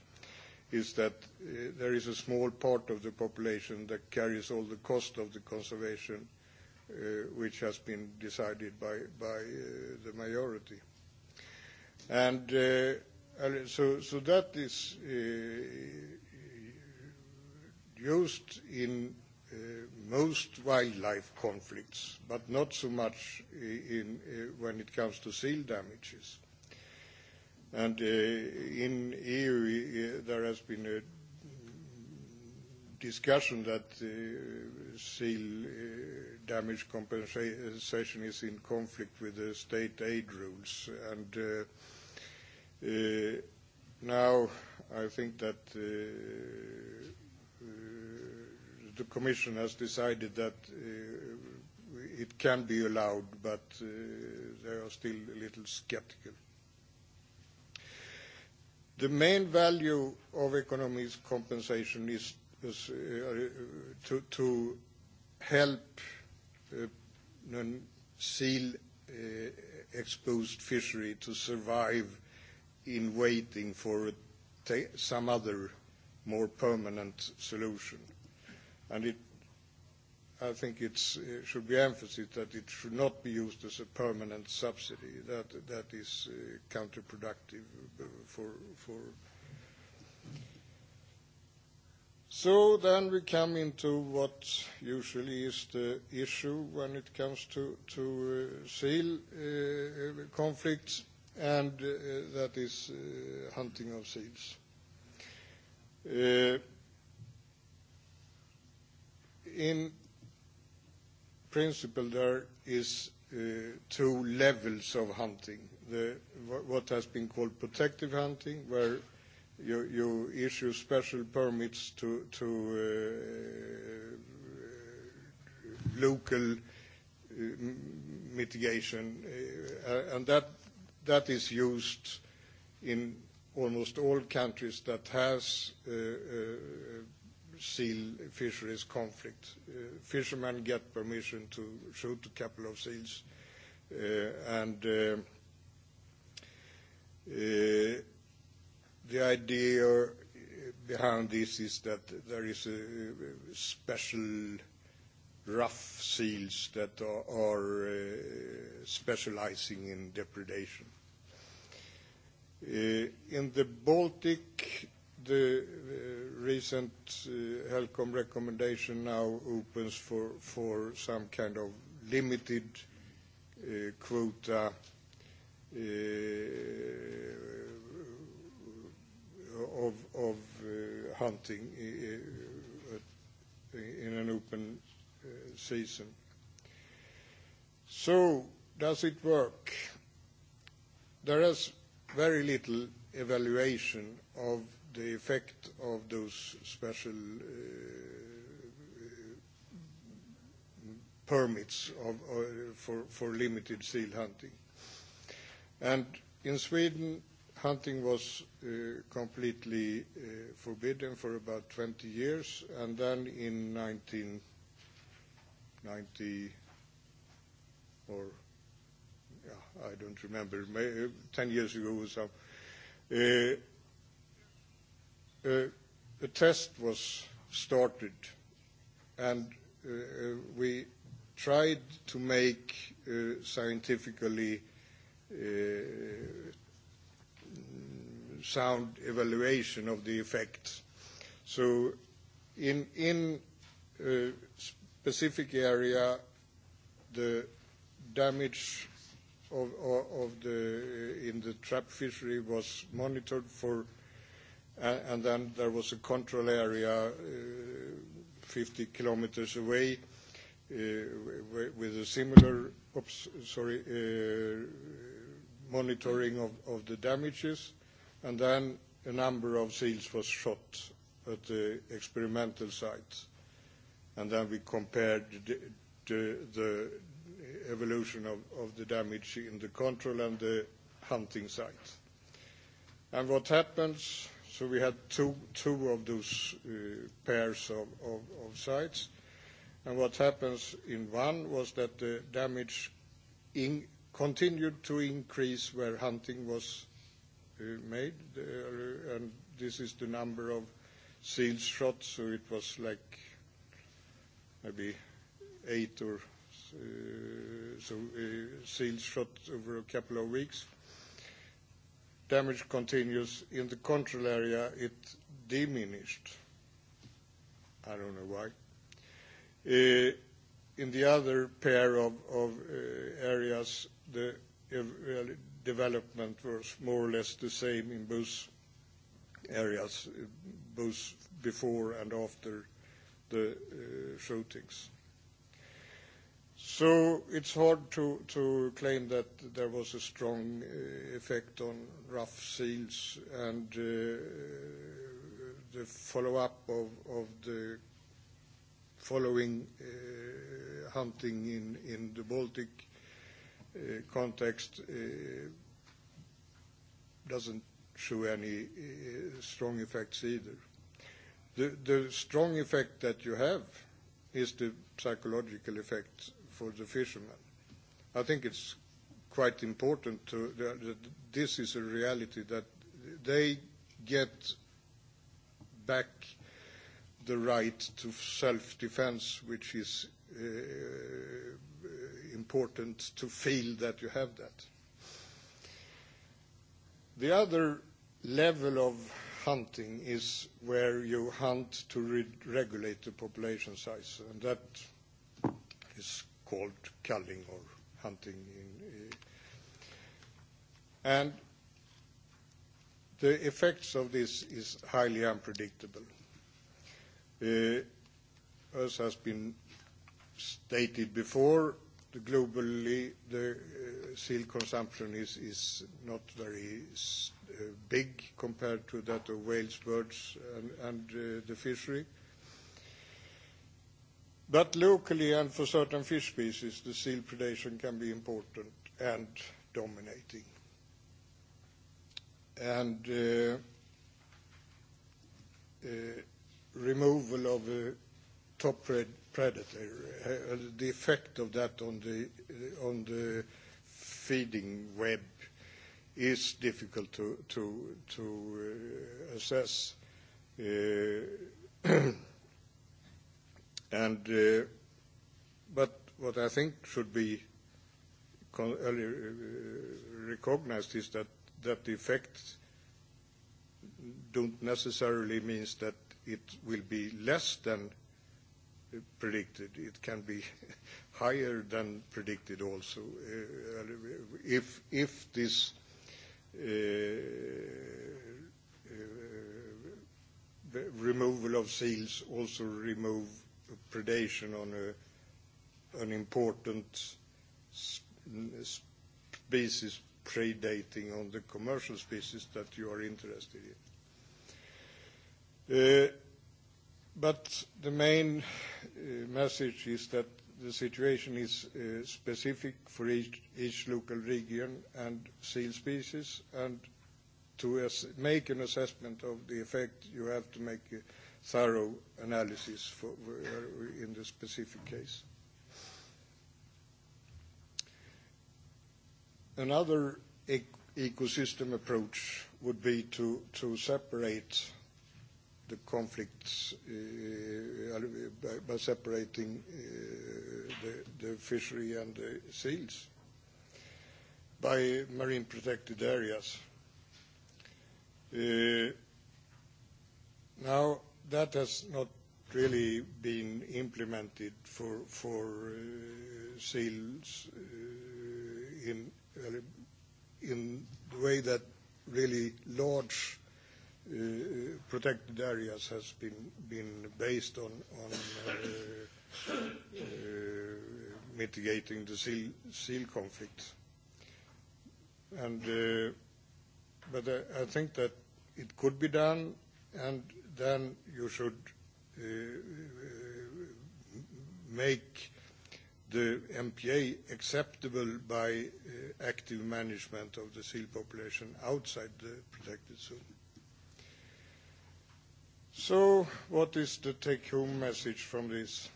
is that uh, there is a small part of the population that carries all the cost of the conservation which has been decided by, by the majority. And so, so that is used in most wildlife conflicts, but not so much in, when it comes to seal damages. And in EU, there has been a discussion that seal damage compensation is in conflict with the state aid rules. And now I think that the Commission has decided that it can be allowed, but they are still a little skeptical. The main value of economic compensation is to, to help uh, seal uh, exposed fishery to survive in waiting for a some other more permanent solution. And it, I think it should be emphasized that it should not be used as a permanent subsidy. That, that is uh, counterproductive for, for So then we come into what usually is the issue when it comes to to uh seal uh conflicts, and uh that is uh hunting of seals. Uh In principle, there is uh two levels of hunting. The What has been called protective hunting, where you, you issue special permits to, to uh, local mitigation, uh, and that, that is used in almost all countries that has uh, uh, seal fisheries conflict. Uh, fishermen get permission to shoot a couple of seals, uh, and uh, uh, The idea behind this is that there is a special rough seals that are specializing in depredation. In the Baltic, the recent HELCOM recommendation now opens for some kind of limited quota of, of uh, hunting in an open uh, season. So, does it work? There is very little evaluation of the effect of those special permits of, for, for limited seal hunting. And in Sweden, hunting was completely forbidden for about 20 years, and then in 1990 or yeah, I don't remember, 10 years ago or so, a test was started, and we tried to make scientifically sound evaluation of the effects. So in, in a specific area, the damage of, of, of the, in the trap fishery was monitored for, uh, and then there was a control area uh, 50 kilometers away uh, with a similar, oops, sorry, uh, monitoring of, of the damages and then a number of seals was shot at the experimental site. And then we compared the, the, the evolution of, of the damage in the control and the hunting site. And what happens, so we had two, two of those uh, pairs of, of, of sites. And what happens in one was that the damage in, continued to increase where hunting was made, and this is the number of sealed shots, so it was like maybe eight or so sealed shots over a couple of weeks. Damage continues. In the control area, it diminished. I don't know why. In the other pair of areas, the development was more or less the same in both areas, both before and after the shootings. So It's hard to claim that there was a strong effect on rough seals and the follow-up of the following hunting in the Baltic context doesn't show any uh strong effects either. The the strong effect that you have is the psychological effect for the fishermen. I think it's quite important to that this is a reality that they get back the right to self-defense, which is uh, important to feel that you have that. The other level of hunting is where you hunt to re regulate the population size, and that is called culling or hunting. In, and the effects of this is highly unpredictable. Uh, as has been stated before, globally, the steel consumption is not very big compared to that of whales, birds, and the fishery. But locally and for certain fish species, the seal predation can be important and dominating. And removal of top predator, the effect of that on the, on the feeding web is difficult to, to, to assess. and, but what I think should be con- recognized is that, that the effect don't necessarily means that it will be less than predicted. It can be higher than predicted also. If if this removal of seals also remove predation on a an important species predating on the commercial species that you are interested in. But the main message is that the situation is specific for each local region and seal species, and to make an assessment of the effect, you have to make a thorough analysis for in the specific case. Another ecosystem approach would be to separate the conflicts by separating the fishery and the seals by marine protected areas. Now, that has not really been implemented for for seals in in the way that really large protected areas has been been based on on uh, uh, mitigating the seal seal conflict. And uh, but I, I think that it could be done, and then you should uh, make the MPA acceptable by uh, active management of the seal population outside the protected zone. So what is the take-home message from this?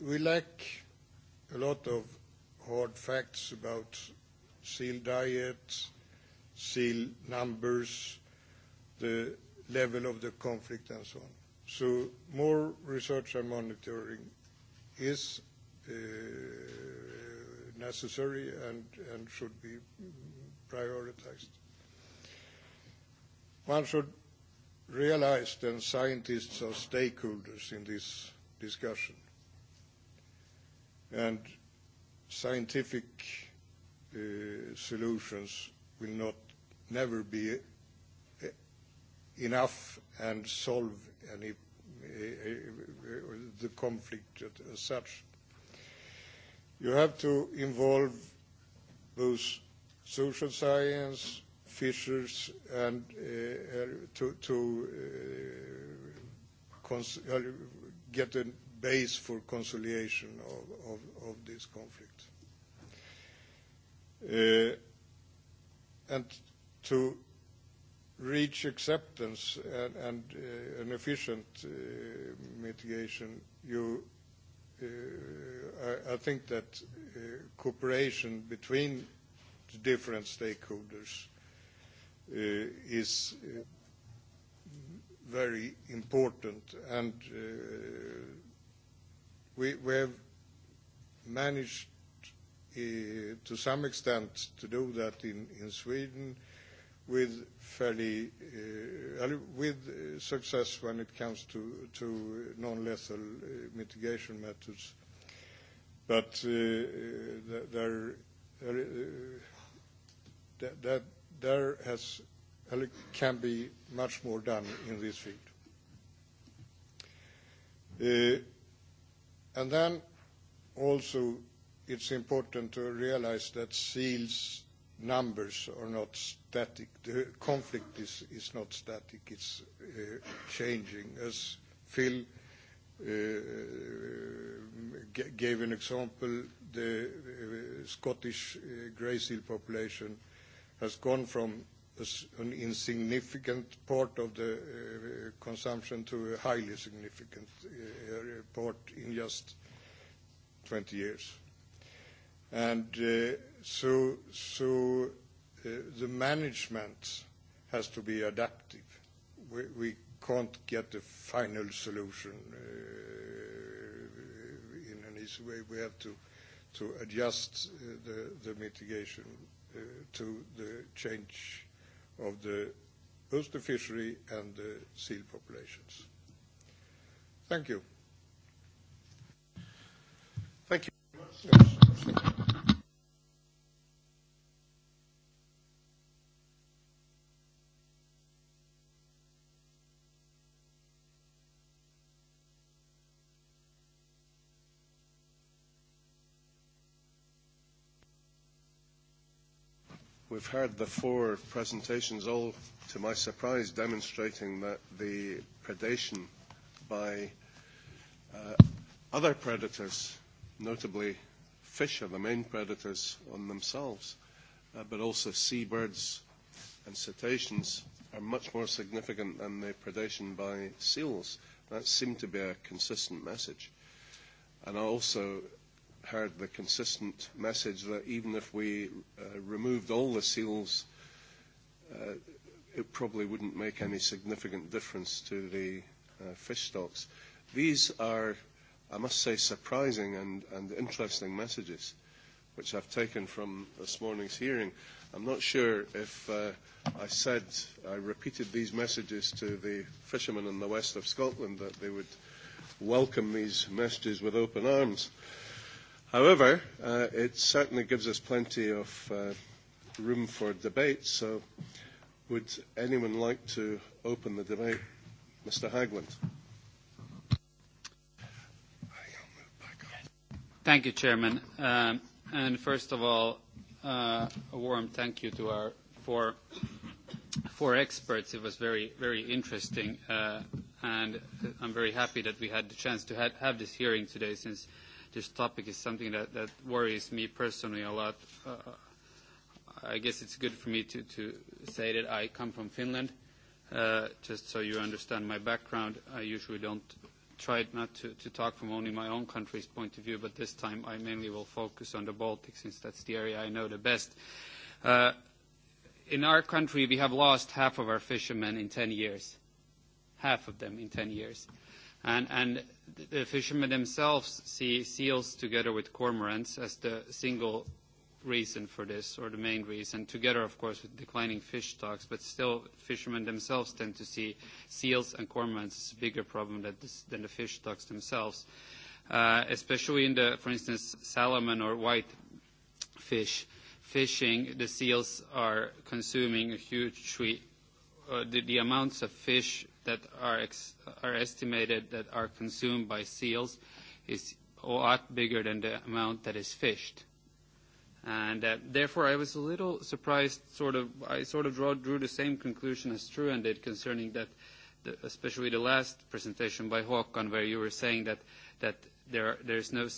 We lack a lot of hard facts about seal diet, seal numbers, the level of the conflict, and so on. So more research and monitoring is necessary and and should be prioritized. One should realized, and scientists are stakeholders in this discussion. And scientific uh, solutions will not never be enough and solve any uh, the conflict as such. You have to involve both social science, fishers and to to get a base for conciliation of of this conflict. And to reach acceptance and and an efficient mitigation, you I I think that cooperation between the different stakeholders is very important, and we have managed to some extent to do that in Sweden with fairly with success when it comes to non-lethal mitigation methods. But there that there has, can be much more done in this field. And then also it's important to realize that seals numbers are not static. The conflict is is not static, it's changing. As Phil gave an example, the Scottish gray seal population has gone from an insignificant part of the consumption to a highly significant part in just 20 years. And so the management has to be adaptive. We can't get a final solution in an easy way. We have to adjust the mitigation to the change of the oyster fishery and the seal populations. Thank you. Thank you. We've heard the four presentations, all to my surprise, demonstrating that the predation by uh, other predators, notably fish are the main predators on themselves, uh, but also seabirds and cetaceans are much more significant than the predation by seals. That seemed to be a consistent message. And also, heard the consistent message that even if we uh, removed all the seals, uh, it probably wouldn't make any significant difference to the uh, fish stocks. These are, I must say, surprising and, and interesting messages, which I've taken from this morning's hearing. I'm not sure if uh, I said, I repeated these messages to the fishermen in the west of Scotland that they would welcome these messages with open arms. Uh, However, uh, it certainly gives us plenty of uh, room for debate, so would anyone like to open the debate? Mr. Hagland. Thank you, Chairman. Um, and first of all, uh, a warm thank you to our four, four experts. It was very, very interesting, uh, and I'm very happy that we had the chance to ha- have this hearing today since – this topic is something that, that worries me personally a lot. Uh, I guess it's good for me to, to say that I come from Finland. Uh, just so you understand my background, I usually don't try not to, to talk from only my own country's point of view, but this time I mainly will focus on the Baltic since that's the area I know the best. Uh, in our country, we have lost half of our fishermen in 10 years. Half of them in 10 years. Uh, And, and the fishermen themselves see seals together with cormorants as the single reason for this, or the main reason, together, of course, with declining fish stocks, but still, fishermen themselves tend to see seals and cormorants as a bigger problem than, this, than the fish stocks themselves, uh, especially in the, for instance, salmon or white fish fishing, the seals are consuming a huge, uh, the, the amounts of fish that are, ex are estimated that are consumed by seals is a lot bigger than the amount that is fished. And uh, therefore, I was a little surprised. Sort of, I sort of draw, drew the same conclusion as Truan did concerning that, the, especially the last presentation by Håkon, where you were saying that that there there's no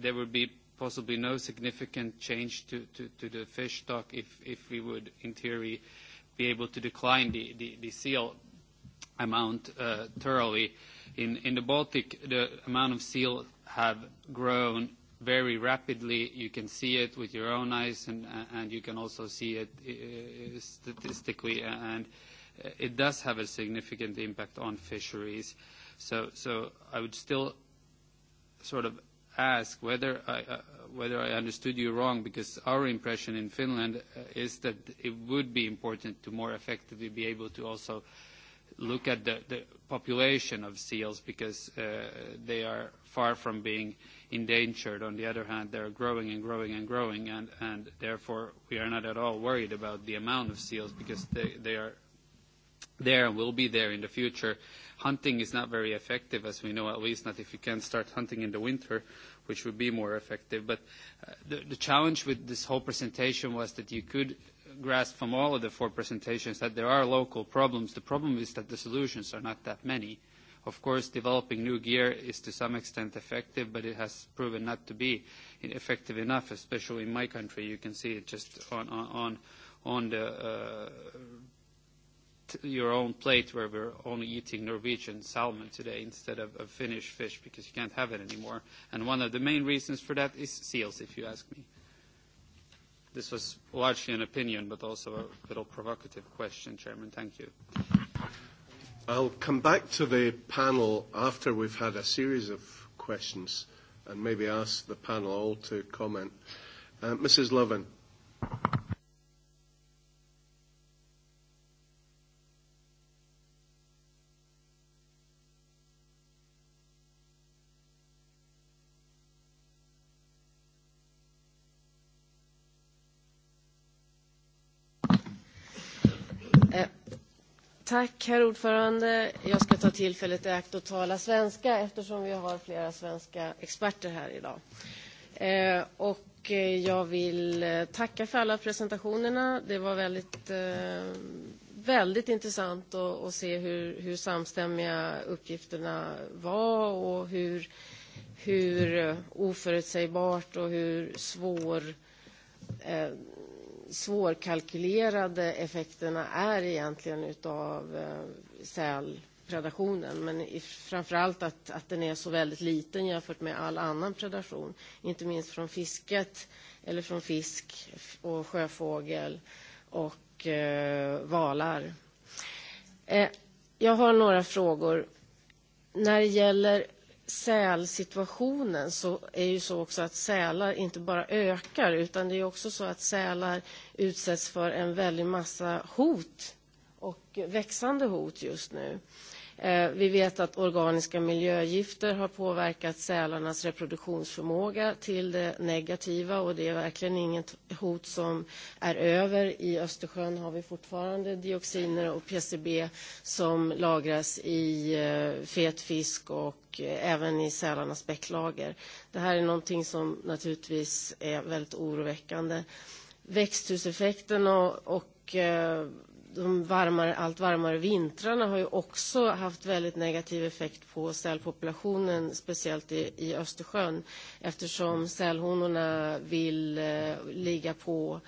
there would be possibly no significant change to, to, to the fish stock if, if we would, in theory, be able to decline the, the, the seal amount uh, thoroughly. In, in the Baltic, the amount of seal have grown very rapidly. You can see it with your own eyes, and, and you can also see it uh, statistically. And it does have a significant impact on fisheries. So, so I would still sort of ask whether I, uh, whether I understood you wrong, because our impression in Finland uh, is that it would be important to more effectively be able to also look at the, the population of seals because uh, they are far from being endangered. On the other hand, they are growing and growing and growing, and, and therefore we are not at all worried about the amount of seals because they, they are there and will be there in the future. Hunting is not very effective, as we know, at least not if you can start hunting in the winter, which would be more effective. But uh, the, the challenge with this whole presentation was that you could – grasp from all of the four presentations that there are local problems. The problem is that the solutions are not that many. Of course, developing new gear is to some extent effective, but it has proven not to be effective enough, especially in my country. You can see it just on on on the uh t your own plate, where we're only eating Norwegian salmon today instead of of Finnish fish because you can't have it anymore. And One of the main reasons for that is seals, if you ask me This was largely an opinion, but also a little provocative question, Chairman. Thank you. I'll come back to the panel after we've had a series of questions and maybe ask the panel all to comment. Uh, Mrs. Lovin. Tack, Herr ordförande. Jag ska ta tillfället i akt och tala svenska eftersom vi har flera svenska experter här idag. Och jag vill tacka för alla presentationerna. Det var väldigt, väldigt intressant att se hur, hur samstämmiga uppgifterna var och hur, hur oförutsägbart och hur svår svårkalkylerade effekterna är egentligen av sälpredationen, men framförallt att, att den är så väldigt liten jämfört med all annan predation, inte minst från fisket eller från fisk och sjöfågel och eh, valar. Eh, jag har några frågor. När det gäller sälsituationen så är ju så också att sälar inte bara ökar utan det är också så att sälar utsätts för en väldig massa hot och växande hot just nu. Vi vet att organiska miljögifter har påverkat sälarnas reproduktionsförmåga till det negativa och det är verkligen inget hot som är över. I Östersjön har vi fortfarande dioxiner och PCB som lagras i fet fisk och även i sälarnas bäcklager. Det här är någonting som naturligtvis är väldigt oroväckande. Växthuseffekten och de varmare, allt varmare vintrarna har ju också haft väldigt negativ effekt på sälpopulationen, speciellt i, i Östersjön, eftersom sälhonorna vill eh, ligga på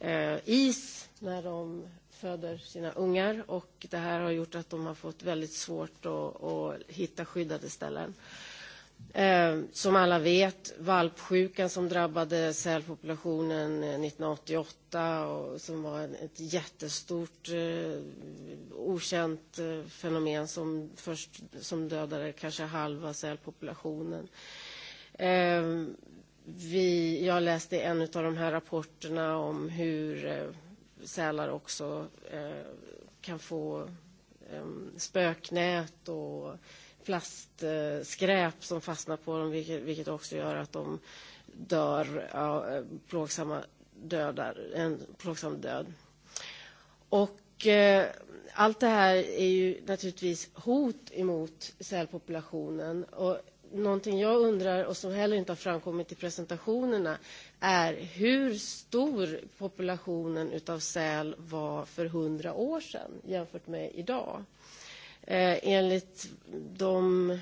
eh, is när de föder sina ungar och det här har gjort att de har fått väldigt svårt att, att hitta skyddade ställen. Eh, Som alla vet, valpsjukan som drabbade sälpopulationen 1988 och som var ett jättestort okänt fenomen som, först, som dödade kanske halva sälpopulationen. Vi, jag läste en av de här rapporterna om hur sälar också kan få spöknät och plastskräp som fastnar på dem vilket, också gör att de dör av plågsamma dödar, en plågsam död. Och allt det här är ju naturligtvis hot emot sälpopulationen. Och någonting jag undrar och som heller inte har framkommit i presentationerna är hur stor populationen av säl var för hundra år sedan jämfört med idag. Enligt de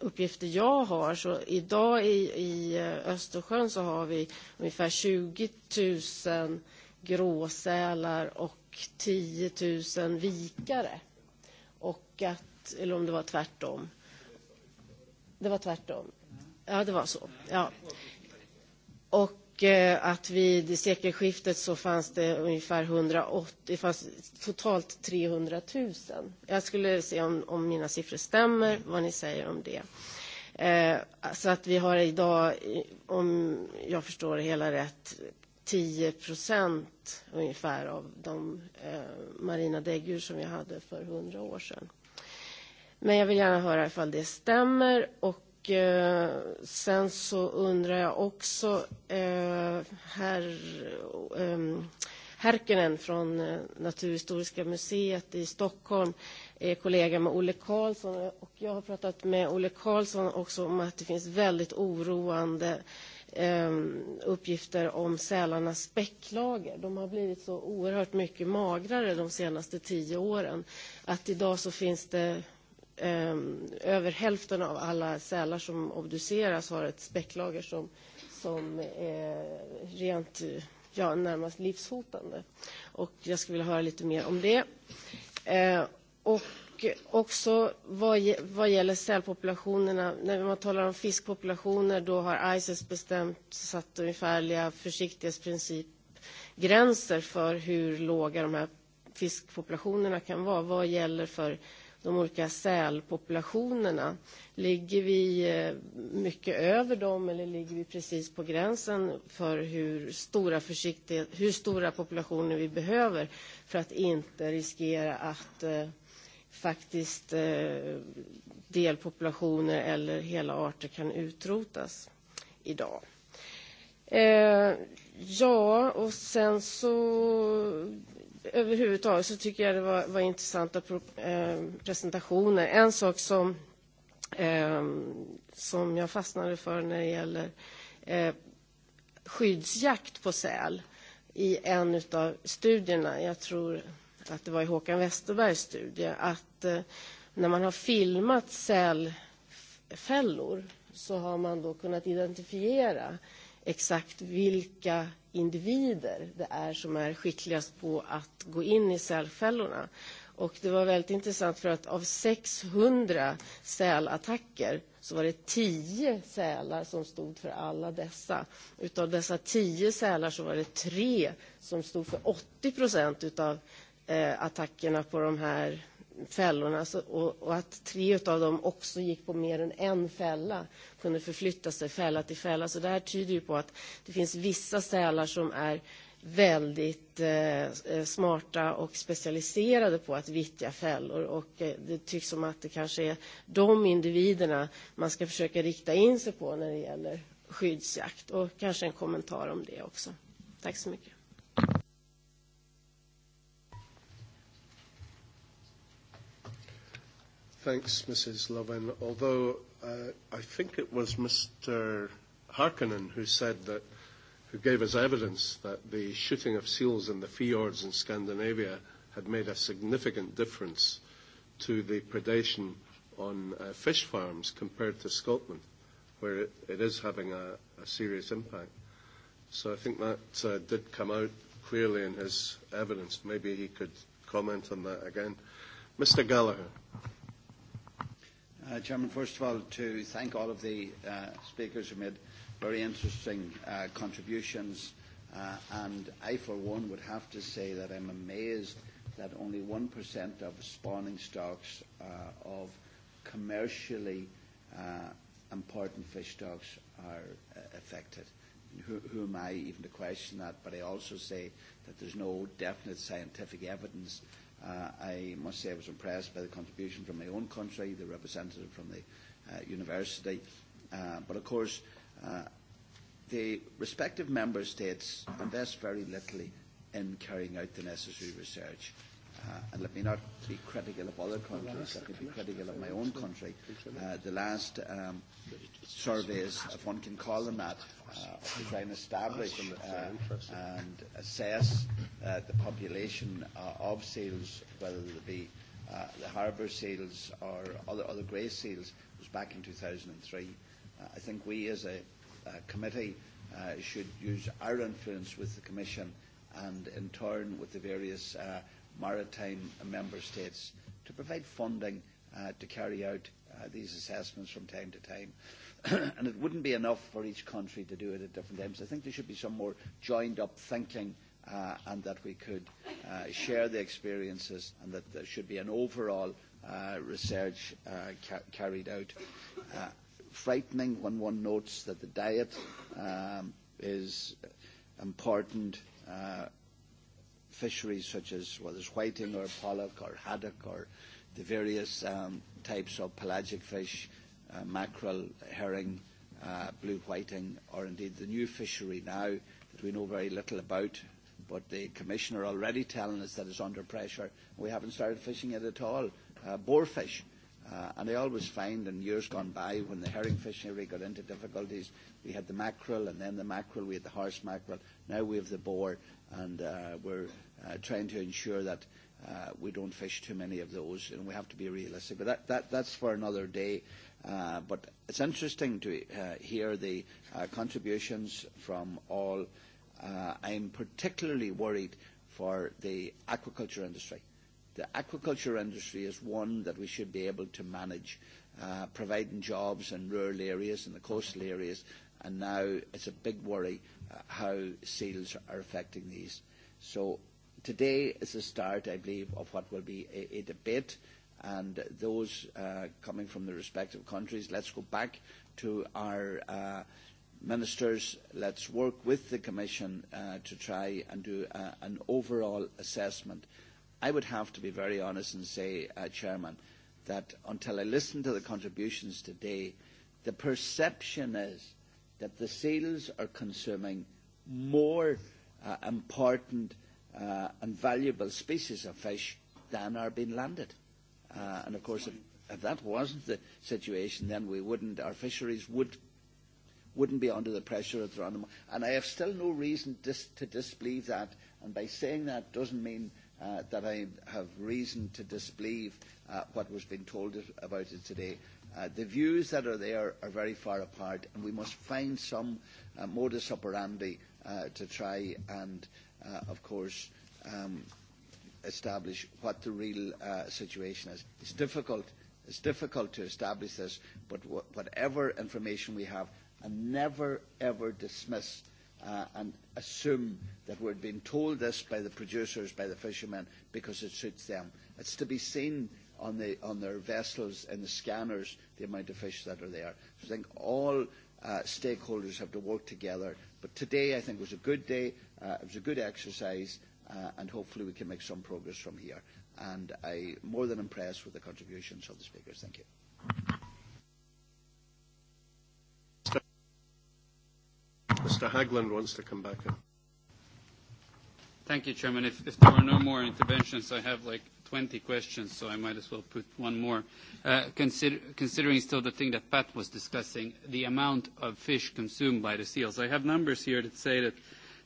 uppgifter jag har så idag i, i Östersjön så har vi ungefär 20 000 gråsälar och 10 000 vikare. Och att, eller om det var tvärtom. Det var tvärtom. Ja, det var så. Ja. Och att vid sekelskiftet så fanns det ungefär 180, det fanns totalt 300 000. Jag skulle se om, om mina siffror stämmer, vad ni säger om det. Så att vi har idag, om jag förstår det hela rätt, 10 procent ungefär av de marina däggdjur som vi hade för 100 år sedan. Men jag vill gärna höra ifall det stämmer. Och sen så undrar jag också, herr Härkenen från Naturhistoriska museet i Stockholm är kollega med Olle Karlsson och jag har pratat med Olle Karlsson också om att det finns väldigt oroande uppgifter om sälarnas späcklager. De har blivit så oerhört mycket magrare de senaste tio åren att idag så finns det över hälften av alla sälar som obduceras har ett späcklager som, som är rent, ja, närmast livshotande. Och jag skulle vilja höra lite mer om det. och också vad, vad gäller sälpopulationerna, när man talar om fiskpopulationer då har ICES bestämt satt ungefärliga försiktighetsprincipgränser för hur låga de här fiskpopulationerna kan vara. Vad gäller för de olika sälpopulationerna. Ligger vi mycket över dem eller ligger vi precis på gränsen för hur stora, hur stora populationer vi behöver för att inte riskera att faktiskt delpopulationer eller hela arter kan utrotas idag. Ja, och sen så överhuvudtaget så tycker jag det var, var intressanta presentationer. En sak som, som jag fastnade för när det gäller skyddsjakt på säl i en av studierna, jag tror att det var i Håkan Westerbergs studie, att när man har filmat sälfällor så har man då kunnat identifiera exakt vilka individer det är som är skickligast på att gå in i sälfällorna. Och det var väldigt intressant för att av 600 sälattacker så var det 10 sälar som stod för alla dessa. Utav dessa 10 sälar så var det 3 som stod för 80 procent utav attackerna på de här fällorna och att tre av dem också gick på mer än en fälla, kunde förflytta sig fälla till fälla. Så det här tyder ju på att det finns vissa sälar som är väldigt smarta och specialiserade på att vittja fällor. Och det tycks som att det kanske är de individerna man ska försöka rikta in sig på när det gäller skyddsjakt. Och kanske en kommentar om det också. Tack så mycket. Thanks, Mrs. Lovin. Although uh, I think it was Mr. Harkonnen who said that, who gave us evidence that the shooting of seals in the fjords in Scandinavia had made a significant difference to the predation on uh, fish farms compared to Scotland, where it, it is having a, a serious impact. So I think that uh, did come out clearly in his evidence. Maybe he could comment on that again. Mr. Gallagher. Uh, Chairman, first of all, to thank all of the uh, speakers who made very interesting uh, contributions. Uh, and I, for one, would have to say that I'm amazed that only 1% of spawning stocks uh, of commercially uh, important fish stocks are uh, affected. Who, who am I even to question that? But I also say that there's no definite scientific evidence uh, Uh, I must say I was impressed by the contribution from my own country, the representative from the uh, university. Uh, but of course, uh, the respective member states invest very little in carrying out the necessary research uh, and let me not be critical of other countries, let me be critical of my own country. Uh, the last um, surveys, if one can call them that, uh, to try and establish uh, and assess uh, the population uh, of seals, whether it be uh, the harbour seals or other, other grey seals, was back in 2003. Uh, I think we as a, uh committee uh, should use our influence with the Commission and in turn with the various uh, maritime member states to provide funding uh, to carry out uh, these assessments from time to time. and it wouldn't be enough for each country to do it at different times. I think there should be some more joined up thinking uh, and that we could uh, share the experiences and that there should be an overall uh, research uh, ca- carried out. Uh, frightening when one notes that the diet um, is important uh, fisheries such as whether it's whiting or pollock or haddock or the various um, types of pelagic fish, uh, mackerel, herring, uh, blue whiting, or indeed the new fishery now that we know very little about, but the commissioner already telling us that it's under pressure. We haven't started fishing it at all. Uh, boarfish. Uh, and I always find in years gone by when the herring fishery got into difficulties, we had the mackerel and then the mackerel, we had the horse mackerel, now we have the boar and uh, we're uh, trying to ensure that uh, we don't fish too many of those, and we have to be realistic. But that, that, that's for another day. Uh, but it's interesting to uh, hear the uh, contributions from all. Uh, I'm particularly worried for the aquaculture industry. The aquaculture industry is one that we should be able to manage, uh, providing jobs in rural areas and the coastal areas, and now it's a big worry uh, how seals are affecting these. So today is the start, I believe, of what will be a, a debate. And those uh, coming from the respective countries, let's go back to our uh, ministers. Let's work with the Commission uh, to try and do uh, an overall assessment. I would have to be very honest and say, uh, Chairman, that until I listen to the contributions today, the perception is that the seals are consuming more uh, important uh, uh, and valuable species of fish than are being landed. Uh, and of course, if, if that wasn't the situation, then we wouldn't, our fisheries would, wouldn't be under the pressure of the animal. And I have still no reason dis- to disbelieve that. And by saying that doesn't mean uh, that I have reason to disbelieve uh, what was being told about it today. Uh, the views that are there are very far apart, and we must find some uh, modus operandi uh, to try and uh, uh, of course, um, establish what the real uh, situation is. It's difficult. It's difficult to establish this, but wh- whatever information we have, and never ever dismiss uh, and assume that we're being told this by the producers, by the fishermen, because it suits them. It's to be seen on, the, on their vessels and the scanners, the amount of fish that are there. So I think all uh, stakeholders have to work together But today, I think, was a good day. Uh, it was a good exercise, uh, and hopefully we can make some progress from here. And I'm more than impressed with the contributions of the speakers. Thank you. Mr. wants to come back in. Thank you, Chairman. If, if there are no more interventions, I have like 20 questions, so I might as well put one more. Uh, consider, considering still the thing that Pat was discussing, the amount of fish consumed by the seals. I have numbers here that say that,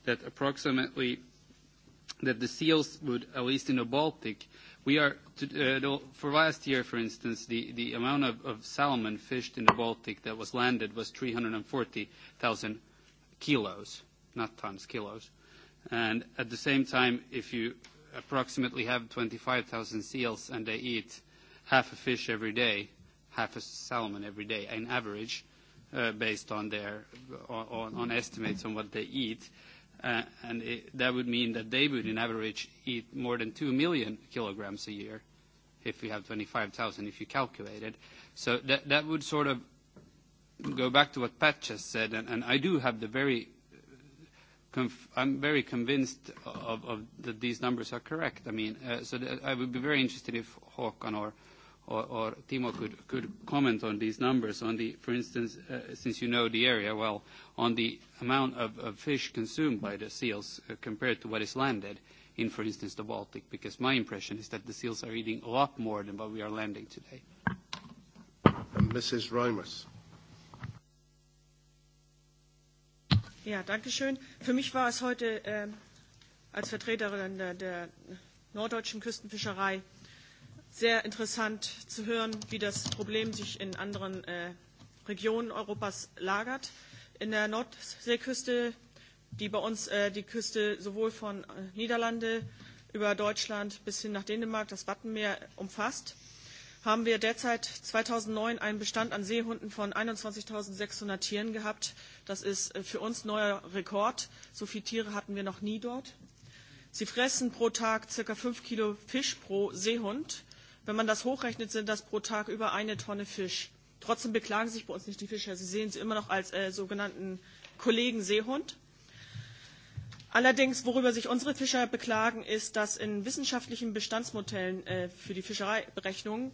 that approximately that the seals would, at least in the Baltic, we are to, uh, for last year, for instance, the, the amount of, of salmon fished in the Baltic that was landed was 340,000 kilos, not tons, kilos. And at the same time, if you approximately have 25,000 seals and they eat half a fish every day, half a salmon every day, on average, uh, based on their on, on estimates on what they eat, uh, and that would mean that they would, on average, eat more than 2 million kilograms a year, if we have 25,000, if you calculate it. So that that would sort of go back to what Pat just said, and, and I do have the very conf- I'm very convinced of, of that these numbers are correct. I mean, uh, so I would be very interested if Håkan or, or, or Timo could, could comment on these numbers. On the, for instance, uh, since you know the area well, on the amount of, of fish consumed by the seals uh, compared to what is landed in, for instance, the Baltic, because my impression is that the seals are eating a lot more than what we are landing today. Mrs. Reimers. Ja, danke schön. Für mich war es heute äh, als Vertreterin der, der norddeutschen Küstenfischerei sehr interessant zu hören, wie das Problem sich in anderen äh, Regionen Europas lagert. In der Nordseeküste, die bei uns äh, die Küste sowohl von äh, Niederlande über Deutschland bis hin nach Dänemark, das Wattenmeer umfasst, haben wir derzeit 2009 einen Bestand an Seehunden von 21.600 Tieren gehabt. Das ist für uns neuer Rekord. So viele Tiere hatten wir noch nie dort. Sie fressen pro Tag circa fünf Kilo Fisch pro Seehund. Wenn man das hochrechnet, sind das pro Tag über eine Tonne Fisch. Trotzdem beklagen sich bei uns nicht die Fischer. Sie sehen sie immer noch als äh, sogenannten Kollegen Seehund. Allerdings, worüber sich unsere Fischer beklagen, ist, dass in wissenschaftlichen Bestandsmodellen für die Fischereiberechnungen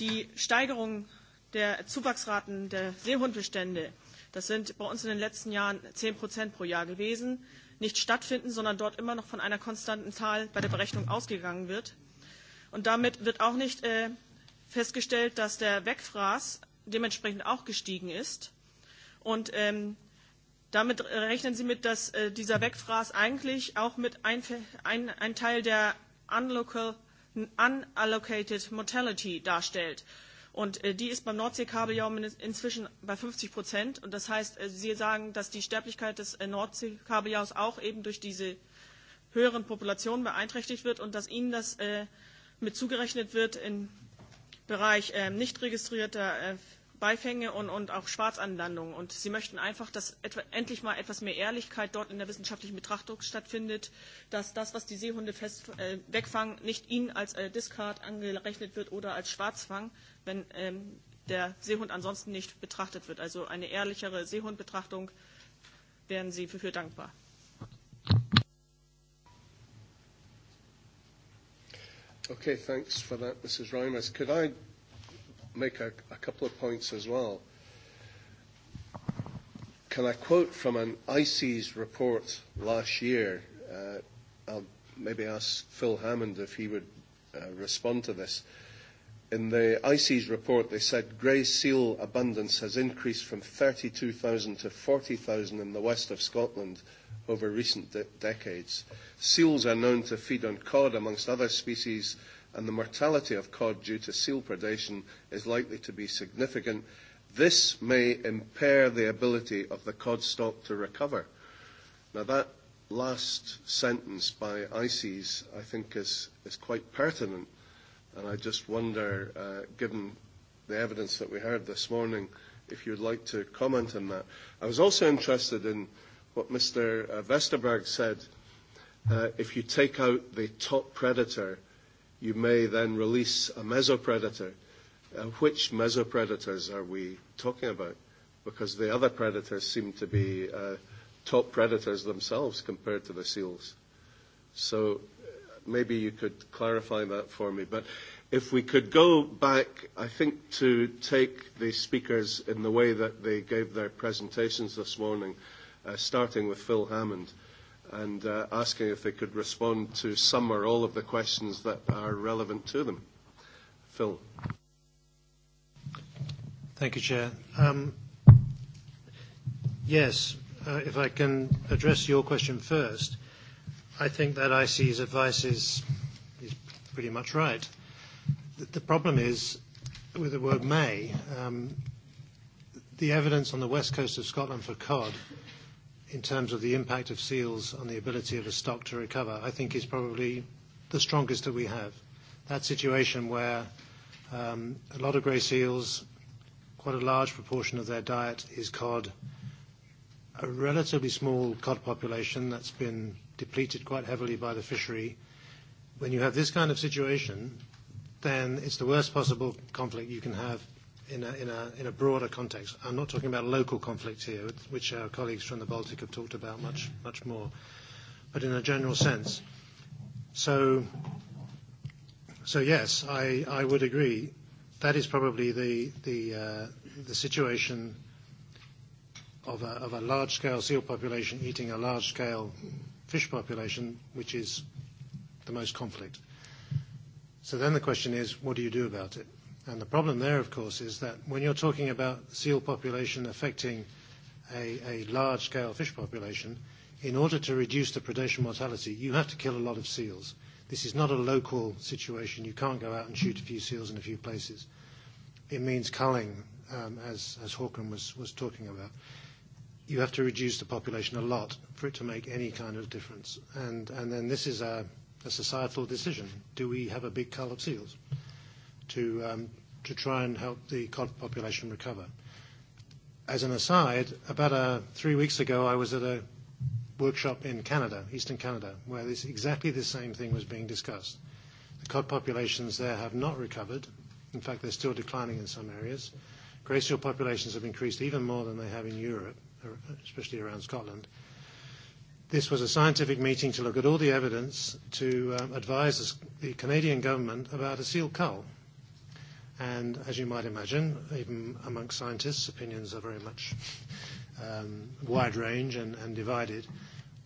die Steigerung der Zuwachsraten der Seehundbestände, das sind bei uns in den letzten Jahren zehn Prozent pro Jahr gewesen, nicht stattfinden, sondern dort immer noch von einer konstanten Zahl bei der Berechnung ausgegangen wird. Und damit wird auch nicht festgestellt, dass der Wegfraß dementsprechend auch gestiegen ist. Und damit rechnen Sie mit, dass dieser Wegfraß eigentlich auch mit ein, Teil der unlocal unallocated mortality darstellt. Und die ist beim Nordseekabeljau inzwischen bei 50 Prozent. Und das heißt, Sie sagen, dass die Sterblichkeit des Nordseekabeljaus auch eben durch diese höheren Populationen beeinträchtigt wird und dass Ihnen das mit zugerechnet wird im Bereich nicht registrierter Beifänge und, und auch Schwarzanlandungen. Und sie möchten einfach, dass etwa, endlich mal etwas mehr Ehrlichkeit dort in der wissenschaftlichen Betrachtung stattfindet, dass das, was die Seehunde fest, äh, wegfangen, nicht ihnen als äh, Discard angerechnet wird oder als Schwarzfang, wenn ähm, der Seehund ansonsten nicht betrachtet wird. Also eine ehrlichere Seehundbetrachtung wären sie für, für dankbar. Okay, thanks for that, Mrs. Reimers. Could I make a, a couple of points as well. Can I quote from an ICES report last year? Uh, I'll maybe ask Phil Hammond if he would uh, respond to this. In the ICES report, they said grey seal abundance has increased from 32,000 to 40,000 in the west of Scotland over recent de- decades. Seals are known to feed on cod, amongst other species, and the mortality of cod due to seal predation is likely to be significant. This may impair the ability of the cod stock to recover. Now, that last sentence by ICES, I think, is, is quite pertinent. And I just wonder, uh, given the evidence that we heard this morning, if you'd like to comment on that. I was also interested in what Mr. Vesterberg said. Uh, if you take out the top predator, you may then release a mesopredator. Uh, which mesopredators are we talking about? Because the other predators seem to be uh, top predators themselves compared to the seals. So maybe you could clarify that for me. But if we could go back, I think, to take the speakers in the way that they gave their presentations this morning, uh, starting with Phil Hammond. Uh, and uh, asking if they could respond to some or all of the questions that are relevant to them. Phil. Thank you, Chair. Um, yes, uh, if I can address your question first, I think that IC's advice is, is pretty much right. The, the problem is with the word may, um, the evidence on the west coast of Scotland for cod in terms of the impact of seals on the ability of a stock to recover, I think is probably the strongest that we have. That situation where um, a lot of grey seals, quite a large proportion of their diet is cod, a relatively small cod population that's been depleted quite heavily by the fishery. When you have this kind of situation, then it's the worst possible conflict you can have in a, in, a, in a broader context. I'm not talking about local conflict here, which our colleagues from the Baltic have talked about much, much more, but in a general sense. So, so yes, I, I would agree. That is probably the, the, uh, the situation of a, of a large-scale seal population eating a large-scale fish population, which is the most conflict. So then the question is, what do you do about it? And the problem there, of course, is that when you're talking about seal population affecting a, a large-scale fish population, in order to reduce the predation mortality, you have to kill a lot of seals. This is not a local situation. You can't go out and shoot a few seals in a few places. It means culling, um, as, as Hawken was, was talking about. You have to reduce the population a lot for it to make any kind of difference. And, and then this is a, a societal decision. Do we have a big cull of seals? to, um, to try and help the cod population recover. As an aside, about uh, three weeks ago, I was at a workshop in Canada, eastern Canada, where this, exactly the same thing was being discussed. The cod populations there have not recovered. In fact, they're still declining in some areas. Gray seal populations have increased even more than they have in Europe, especially around Scotland. This was a scientific meeting to look at all the evidence to um, advise the Canadian government about a seal cull And as you might imagine, even amongst scientists, opinions are very much um, wide range and, and divided.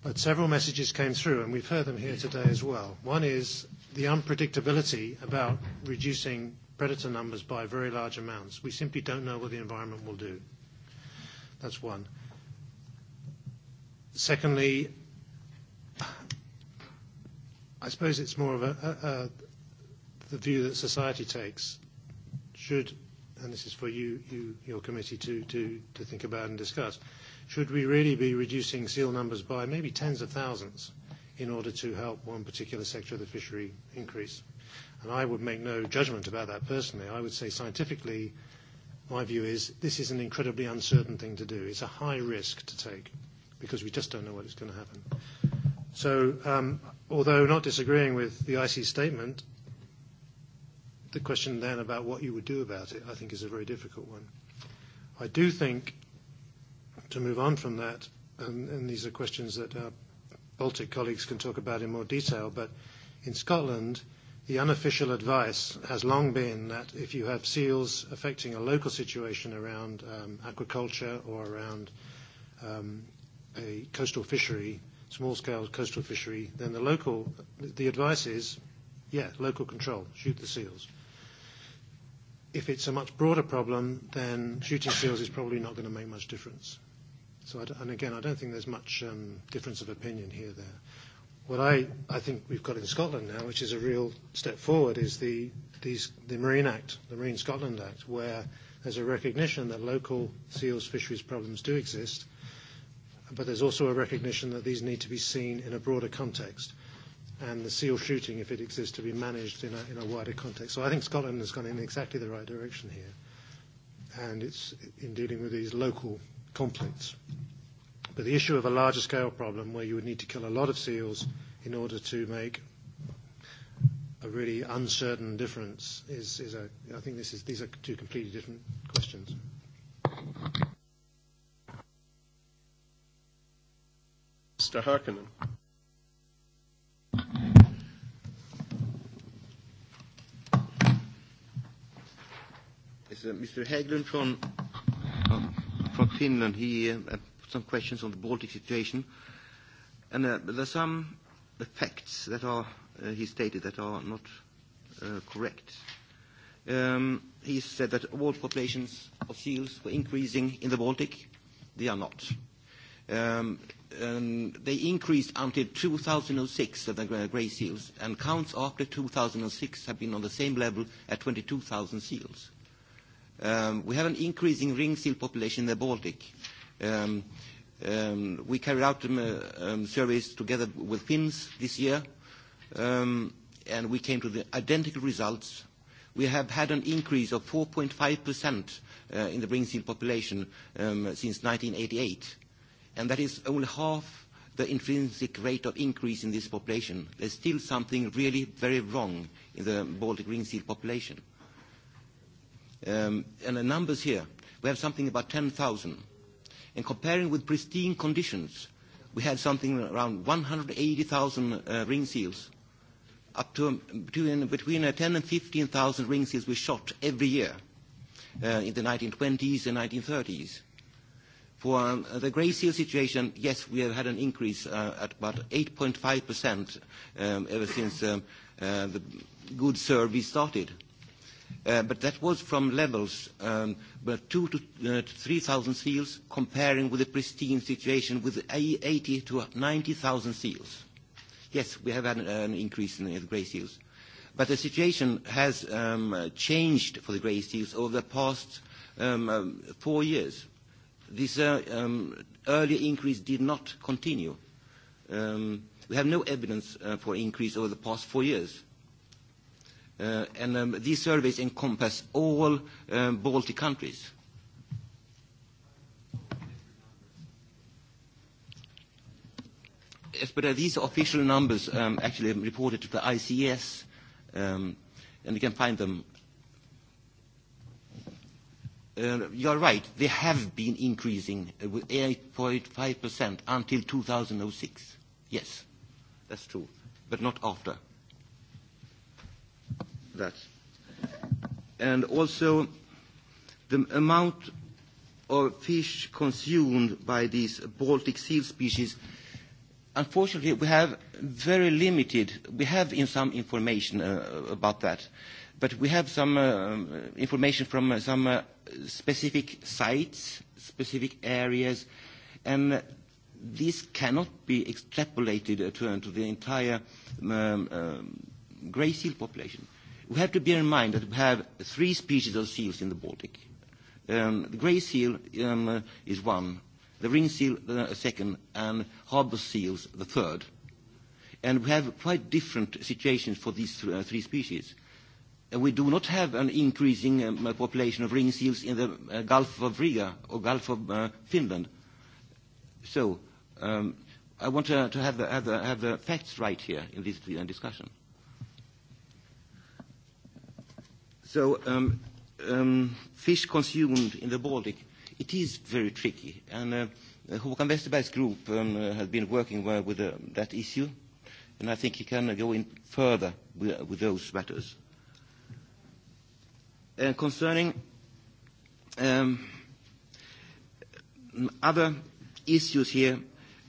But several messages came through, and we've heard them here today as well. One is the unpredictability about reducing predator numbers by very large amounts. We simply don't know what the environment will do. That's one. Secondly, I suppose it's more of a, a, a the view that society takes should, and this is for you, you your committee to, to, to think about and discuss, should we really be reducing seal numbers by maybe tens of thousands in order to help one particular sector of the fishery increase? And I would make no judgment about that personally. I would say scientifically, my view is this is an incredibly uncertain thing to do. It's a high risk to take because we just don't know what is going to happen. So, um, although not disagreeing with the IC statement, the question then about what you would do about it, I think, is a very difficult one. I do think, to move on from that, and, and these are questions that our Baltic colleagues can talk about in more detail, but in Scotland, the unofficial advice has long been that if you have seals affecting a local situation around um, agriculture or around um, a coastal fishery, small-scale coastal fishery, then the local, the advice is, yeah, local control, shoot the seals if it's a much broader problem, then shooting seals is probably not going to make much difference. So, I, and again, I don't think there's much um, difference of opinion here there. What I, I think we've got in Scotland now, which is a real step forward, is the, these, the Marine Act, the Marine Scotland Act, where there's a recognition that local seals fisheries problems do exist, but there's also a recognition that these need to be seen in a broader context and the seal shooting, if it exists, to be managed in a, in a wider context. So I think Scotland has gone in exactly the right direction here, and it's in dealing with these local conflicts. But the issue of a larger scale problem where you would need to kill a lot of seals in order to make a really uncertain difference is, is a, I think this is, these are two completely different questions. Mr. Harkonnen. Mr. Hägglund from from Finland, he uh put some questions on the Baltic situation. and uh There are some facts that are, uh he stated, that are not uh correct. Um He said that all populations of seals were increasing in the Baltic. They are not. Um um, they increased until 2006 of the grey seals, and counts after 2006 have been on the same level at 22,000 seals. Um, we have an increasing ring seal population in the Baltic. Um, um, we carried out um, um, surveys together with Finns this year, um, and we came to the identical results. We have had an increase of 4.5% uh, in the ring seal population um, since 1988 and that is only half the intrinsic rate of increase in this population. There's still something really very wrong in the Baltic ring seal population. Um, and the numbers here, we have something about 10,000. And comparing with pristine conditions, we had something around 180,000 uh, ring seals. Up to between, between uh, 10 and 15,000 ring seals were shot every year uh, in the 1920s and 1930s. For the gray seal situation, yes, we have had an increase uh, at about 8.5% um, ever since um, uh, the good survey started. Uh, but that was from levels um, 2000 two to uh, 3,000 seals comparing with the pristine situation with 80000 to 90,000 seals. Yes, we have had an, increase in the grey seals. But the situation has um, changed for the grey seals over the past um, four years this uh, um, earlier increase did not continue. Um, we have no evidence uh, for increase over the past four years. Uh, and um, these surveys encompass all um, Baltic countries. Yes, but uh, these are official numbers um, actually reported to the ICS, um, and you can find them you are right, they have been increasing with 8.5% until 2006. Yes, that's true, but not after that. And also, the amount of fish consumed by these Baltic seal species, unfortunately, we have very limited, we have in some information uh, about that. Uh, But we have some uh, information from uh, some uh, specific sites, specific areas, and this cannot be extrapolated to, to the entire um, um, grey seal population. We have to bear in mind that we have three species of seals in the Baltic. Um, the grey seal um, uh, is one, the ring seal the uh, second, and harbour seals the third. And we have quite different situations for these th- uh, three species we do not have an increasing um, population of ring seals in the uh, Gulf of Riga or Gulf of uh, Finland. So um, I want uh to have, the, have, the, have the facts right here in this uh, discussion. So um, um, fish consumed in the Baltic, it is very tricky. And uh, Håkan Westerberg's group um, uh, has been working well with uh, that issue. And I think he can go in further with, with those matters uh, concerning um, other issues here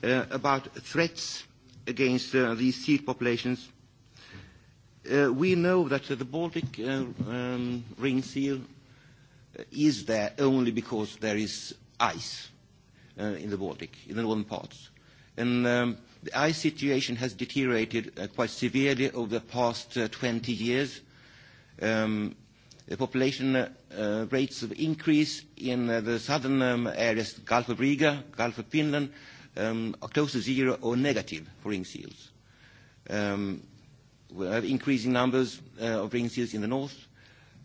uh, about threats against uh, these seed populations. Uh, we know that the Baltic uh, um, ring seal is there only because there is ice uh, in the Baltic, in the northern parts. And um, the ice situation has deteriorated uh, quite severely over the past uh, 20 years. Um, The population uh, rates of increase in uh, the southern um, areas, Gulf of Riga, Gulf of Finland, um, are close to zero or negative for ring seals. Um, we have increasing numbers uh, of ring seals in the north.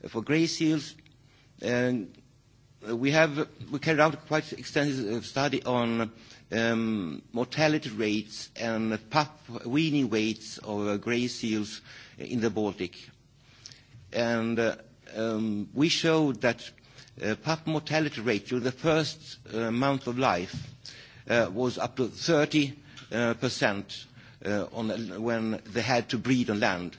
For grey seals, um, we have we carried out quite extensive study on um, mortality rates and pup weaning weights of uh, grey seals in the Baltic. And uh, um, we showed that uh, pup mortality rate during the first uh, month of life uh, was up to 30 uh, percent uh, on, when they had to breed on land.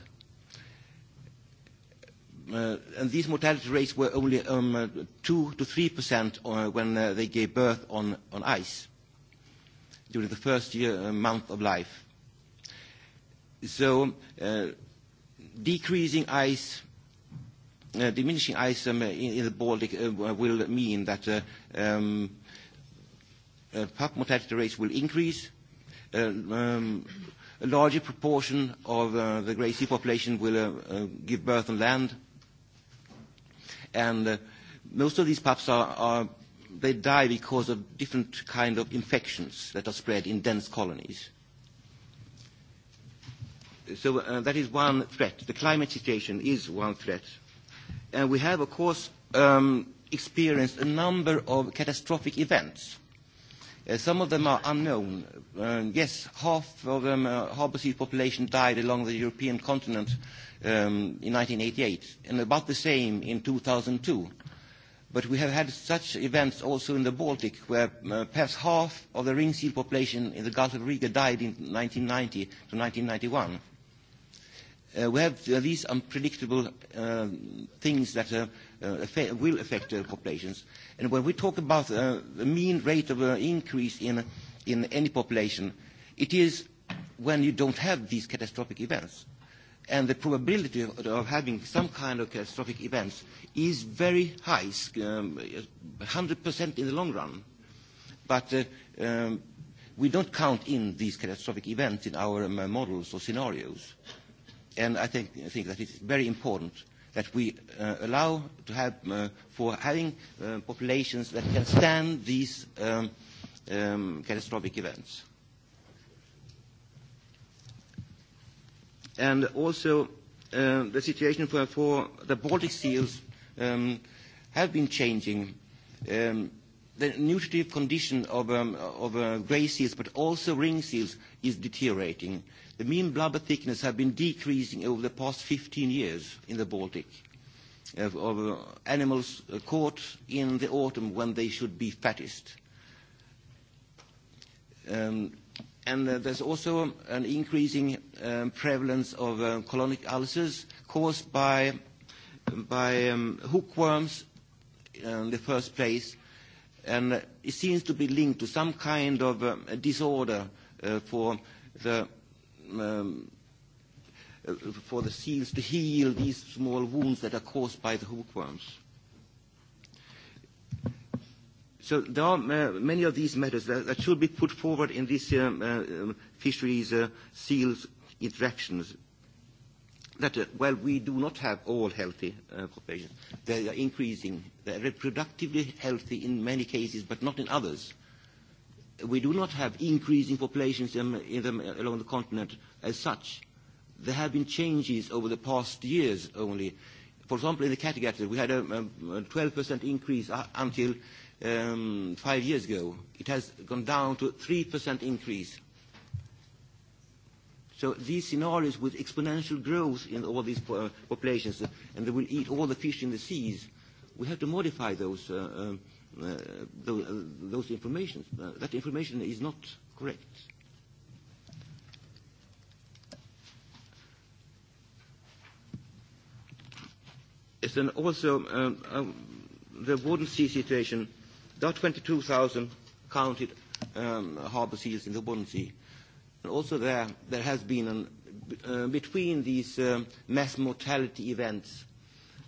Uh, and these mortality rates were only um, 2 to 3 percent uh, when uh, they gave birth on, on ice during the first year, uh, month of life. So uh, decreasing ice diminishing ice in the Baltic will mean that pulp mortality rates will increase. A larger proportion of the gray sea population will give birth on land. And most of these pups are they die because of different kind of infections that are spread in dense colonies. So that is one threat. The climate situation is one threat and we have, of course, um, experienced a number of catastrophic events. Uh, some of them are unknown. Uh, yes, half of the uh, harbour sea population died along the European continent um, in 1988, and about the same in 2002. But we have had such events also in the Baltic, where uh, perhaps half of the ring seal population in the Gulf of Riga died in 1990 to 1991 uh, we have uh, these unpredictable uh, things that uh, uh, affect will affect uh, populations. And when we talk about uh, the mean rate of uh, increase in, in any population, it is when you don't have these catastrophic events. And the probability of, of having some kind of catastrophic events is very high, um, 100% in the long run. But uh, um, we don't count in these catastrophic events in our um, models or scenarios. Uh, and I think, I think that it's very important that we uh, allow to have, uh, for having uh, populations that can stand these um, um, catastrophic events. And also, uh, the situation for, for the Baltic seals um, have been changing. Um, the nutritive condition of, um, of uh, grey seals, but also ring seals, is deteriorating. The mean blubber thickness have been decreasing over the past 15 years in the Baltic of, of animals caught in the autumn when they should be fattest. Um, and uh, there's also an increasing um, prevalence of uh, colonic ulcers caused by, by um, hookworms in the first place, and it seems to be linked to some kind of uh, disorder uh, for the um, for the seals to heal these small wounds that are caused by the hookworms. So there are uh, many of these methods that, that should be put forward in these um, uh, fisheries uh, seals interactions. That uh, while we do not have all healthy uh, populations, they are increasing. They are reproductively healthy in many cases, but not in others we do not have increasing populations in, in them along the continent as such. There have been changes over the past years only. For example, in the Kattegat, we had a, a 12% increase until um, five years ago. It has gone down to 3% increase. So these scenarios with exponential growth in all these populations, and they will eat all the fish in the seas, we have to modify those uh, uh, uh, those, uh, those information. Uh, that information is not correct. It's then also um, um, the Warden Sea situation. There are 22,000 counted um, harbour seals in the Warden Sea. And also there, there has been an, uh, between these um, mass mortality events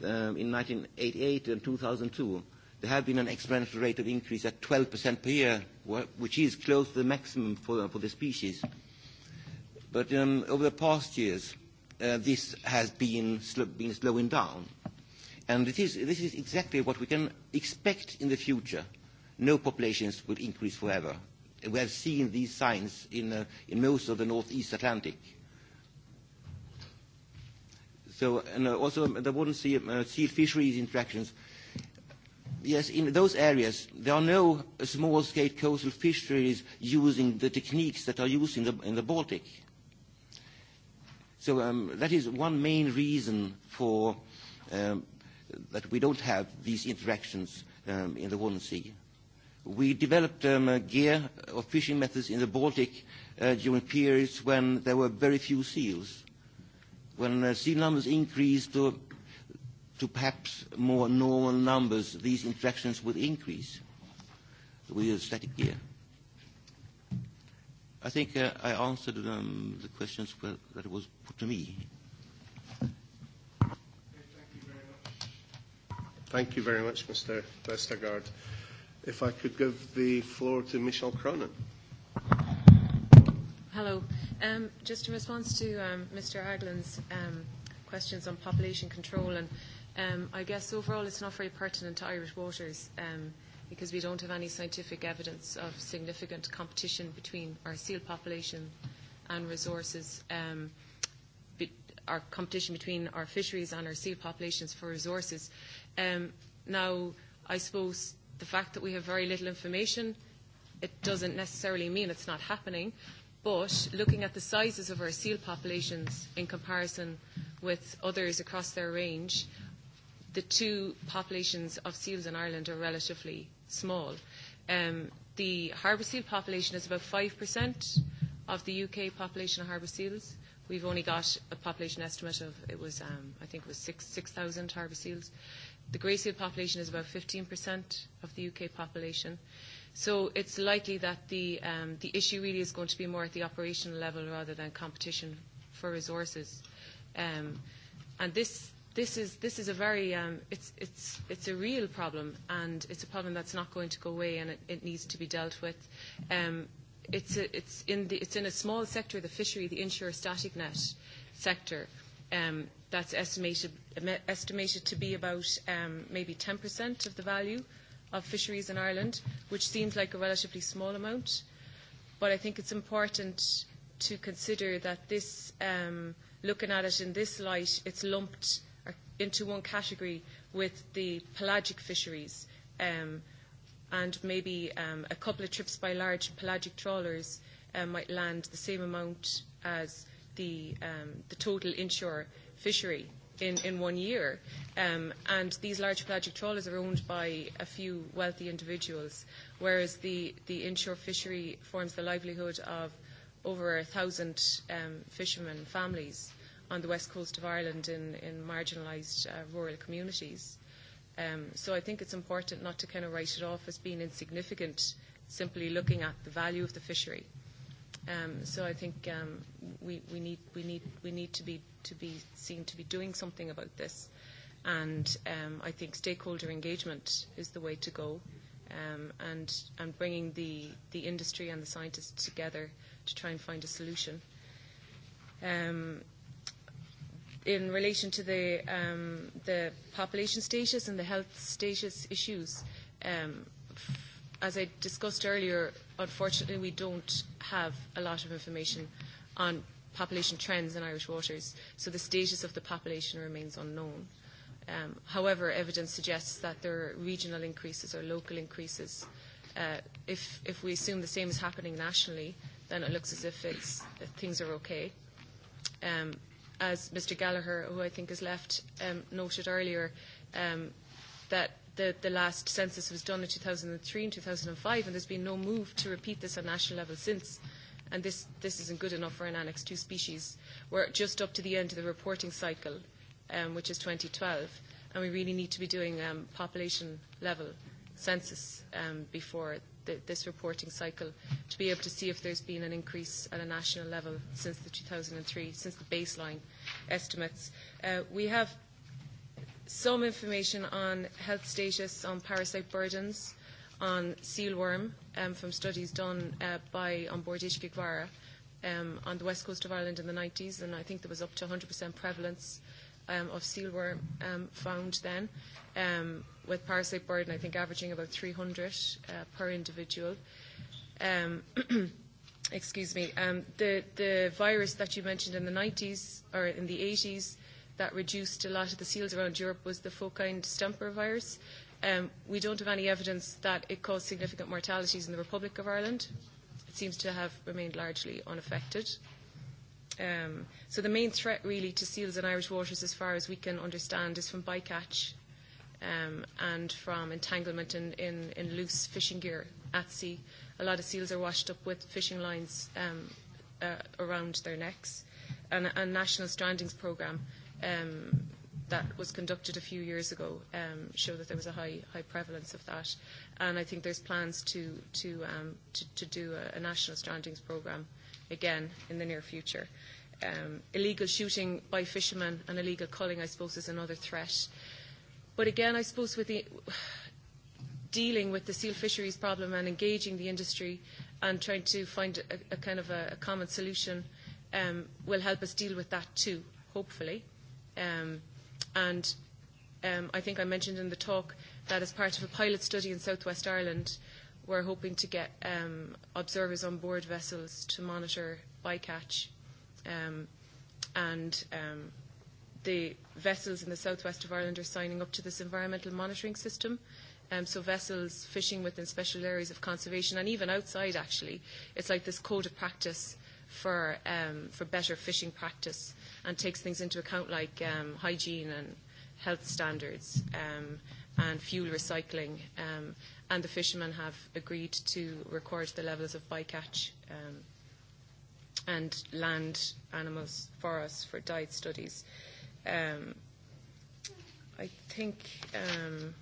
um, in 1988 and 2002, there have been an exponential rate of increase at 12% per year, which is close to the maximum for, for the species. But um, over the past years, uh, this has been, sl- been slowing down. And it is, this is exactly what we can expect in the future. No populations will increase forever. We have seen these signs in, uh, in most of the northeast Atlantic. So, and uh, also the warden sea, uh, seal fisheries interactions yes, in those areas, there are no small-scale coastal fisheries using the techniques that are used in the, in the Baltic. So um, that is one main reason for um, that we don't have these interactions um, in the Warden Sea. We developed um, a gear of fishing methods in the Baltic uh, during periods when there were very few seals. When uh, seal numbers increased, to to perhaps more normal numbers, these interactions would increase with a static gear. I think uh, I answered um, the questions that was put to me. Thank you very much, Mr. Vestergaard. If I could give the floor to Michelle Cronin. Hello. Um, just in response to um, Mr. Aglin's um, questions on population control and Um, I guess overall it's not very pertinent to Irish waters um, because we don't have any scientific evidence of significant competition between our seal population and resources, um, be, our competition between our fisheries and our seal populations for resources. Um, now, I suppose the fact that we have very little information, it doesn't necessarily mean it's not happening, But looking at the sizes of our seal populations in comparison with others across their range, the two populations of seals in Ireland are relatively small. Um, the harbour seal population is about 5% of the UK population of harbour seals. We've only got a population estimate of, it was, um, I think it was 6,000 6, harbour seals. The grey seal population is about 15% of the UK population. So it's likely that the, um, the issue really is going to be more at the operational level rather than competition for resources. Um, and this this is this is a very um, it's it's it's a real problem, and it's a problem that's not going to go away, and it, it needs to be dealt with. Um, it's a, it's in the it's in a small sector, the fishery, the inshore static net sector. Um, that's estimated estimated to be about um, maybe 10% of the value of fisheries in Ireland, which seems like a relatively small amount. But I think it's important to consider that this, um, looking at it in this light, it's lumped into one category with the pelagic fisheries um, and maybe um, a couple of trips by large pelagic trawlers um, might land the same amount as the, um, the total inshore fishery in, in one year. Um, and these large pelagic trawlers are owned by a few wealthy individuals, whereas the, the inshore fishery forms the livelihood of over a thousand um, fishermen families on the west coast of Ireland in, in marginalised uh, rural communities. Um, so I think it's important not to kind of write it off as being insignificant, simply looking at the value of the fishery. Um, so I think um, we, we, need, we, need, we need to be, to be seen to be doing something about this. And um, I think stakeholder engagement is the way to go um, and, and bringing the, the industry and the scientists together to try and find a solution. Um, in relation to the, um, the population status and the health status issues. Um, as I discussed earlier, unfortunately we don't have a lot of information on population trends in Irish waters, so the status of the population remains unknown. Um, however, evidence suggests that there are regional increases or local increases. Uh, if, if we assume the same is happening nationally, then it looks as if, it's, things are okay. Um, as Mr Gallagher, who I think has left, um, noted earlier, um, that the, the last census was done in 2003 and 2005, and there's been no move to repeat this on national level since. And this, this isn't good enough for an Annex II species. We're just up to the end of the reporting cycle, um, which is 2012, and we really need to be doing um, population level census um, before the, this reporting cycle to be able to see if there's been an increase at a national level since the 2003, since the baseline estimates. Uh, we have some information on health status, on parasite burdens, on sealworm um, from studies done uh, by on board Ishkigvara um, on the west coast of Ireland in the 90s, and I think there was up to 100% prevalence um, of sealworm um, found then. Um, with parasite burden, I think averaging about 300 uh, per individual. Um, excuse me. Um, the, the virus that you mentioned in the 90s or in the 80s that reduced a lot of the seals around Europe was the focine Stumper virus. Um, we don't have any evidence that it caused significant mortalities in the Republic of Ireland. It seems to have remained largely unaffected. Um, so the main threat really to seals in Irish waters, as far as we can understand, is from bycatch um, and from entanglement in, in, in loose fishing gear at sea. A lot of seals are washed up with fishing lines um, uh, around their necks. And a national strandings programme um, that was conducted a few years ago um, showed that there was a high, high prevalence of that. And I think there's plans to, to, um, to, to do a, a national strandings programme again in the near future. Um, illegal shooting by fishermen and illegal culling, I suppose, is another threat. But again, I suppose with the dealing with the seal fisheries problem and engaging the industry and trying to find a, a kind of a, a common solution um, will help us deal with that too, hopefully. Um, and um, I think I mentioned in the talk that as part of a pilot study in Southwest Ireland, we're hoping to get um, observers on board vessels to monitor bycatch um, and um, the vessels in the southwest of Ireland are signing up to this environmental monitoring system. Um, so vessels fishing within special areas of conservation and even outside, actually, it's like this code of practice for um, for better fishing practice and takes things into account like um, hygiene and health standards um, and fuel recycling. Um, and the fishermen have agreed to record the levels of bycatch um, and land animals for us for diet studies um, I think um,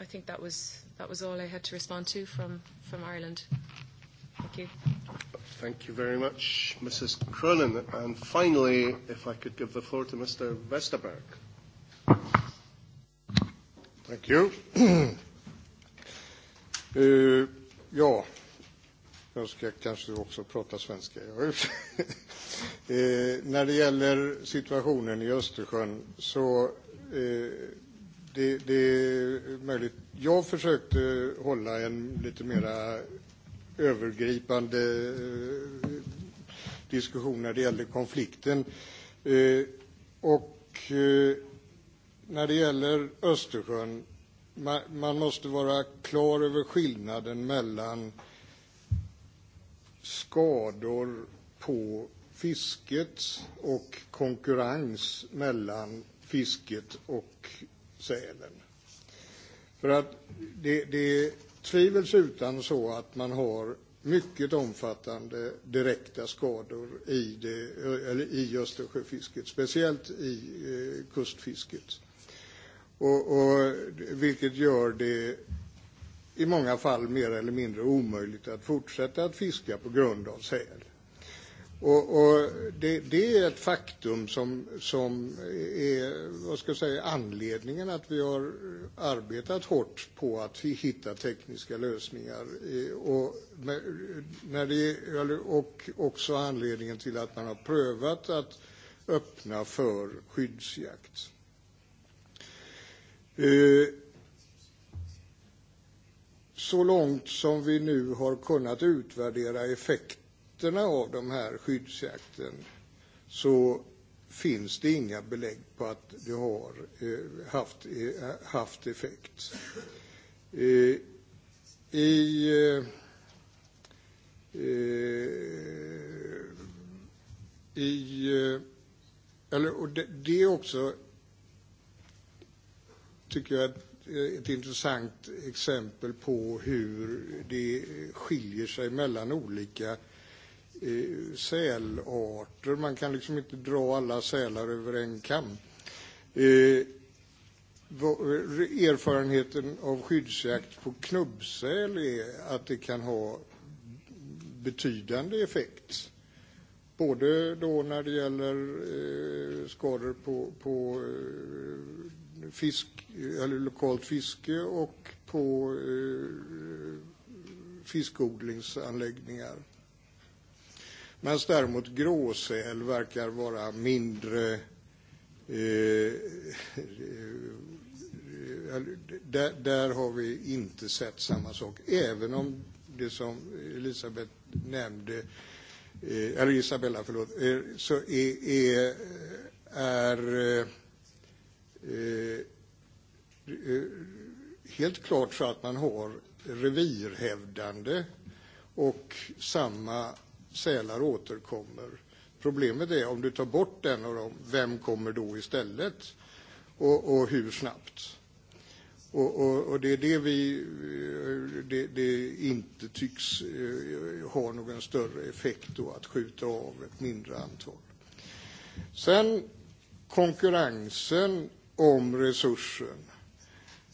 I think that was that was all I had to respond to from from Ireland. Thank you. Thank you very much, Mrs. Cronin. And finally, if I could give the floor to Mr. Westerberg. Thank you. uh, yeah. Jag ska kanske också prata svenska. När det gäller situationen i Östersjön så det, det är möjligt. Jag försökte hålla en lite mera övergripande diskussion när det gäller konflikten. Och när det gäller Östersjön, man måste vara klar över skillnaden mellan skador på fisket och konkurrens mellan fisket och sälen. För att det, det är tvivelsutan så att man har mycket omfattande direkta skador i, det, eller i Östersjöfisket, speciellt i eh, kustfisket. Och, och, vilket gör det i många fall mer eller mindre omöjligt att fortsätta att fiska på grund av säl. Och, och det, det är ett faktum som, som är vad ska jag säga, anledningen att vi har arbetat hårt på att hitta tekniska lösningar och, när det, och också anledningen till att man har prövat att öppna för skyddsjakt så långt som vi nu har kunnat utvärdera effekterna av de här skyddsjakten så finns det inga belägg på att det har haft, haft effekt. I i eller, och det, det också, tycker jag, ett ett intressant exempel på hur det skiljer sig mellan olika sälarter. Man kan liksom inte dra alla sälar över en kam. Erfarenheten av skyddsjakt på knubbsäl är att det kan ha betydande effekt. Både då när det gäller skador på fisk, eller lokalt fiske och på fiskodlingsanläggningar. Men däremot gråsäl verkar vara mindre där, där har vi inte sett samma sak, även om det som Elisabeth nämnde, eller Isabella förlåt, så är, är helt klart så att man har revirhävdande och samma sälar återkommer. Problemet är om du tar bort den av dem, vem kommer då istället? Och, och hur snabbt? Och, och, och det är det vi det, det inte tycks ha någon större effekt då att skjuta av ett mindre antal. Sen konkurrensen om resursen.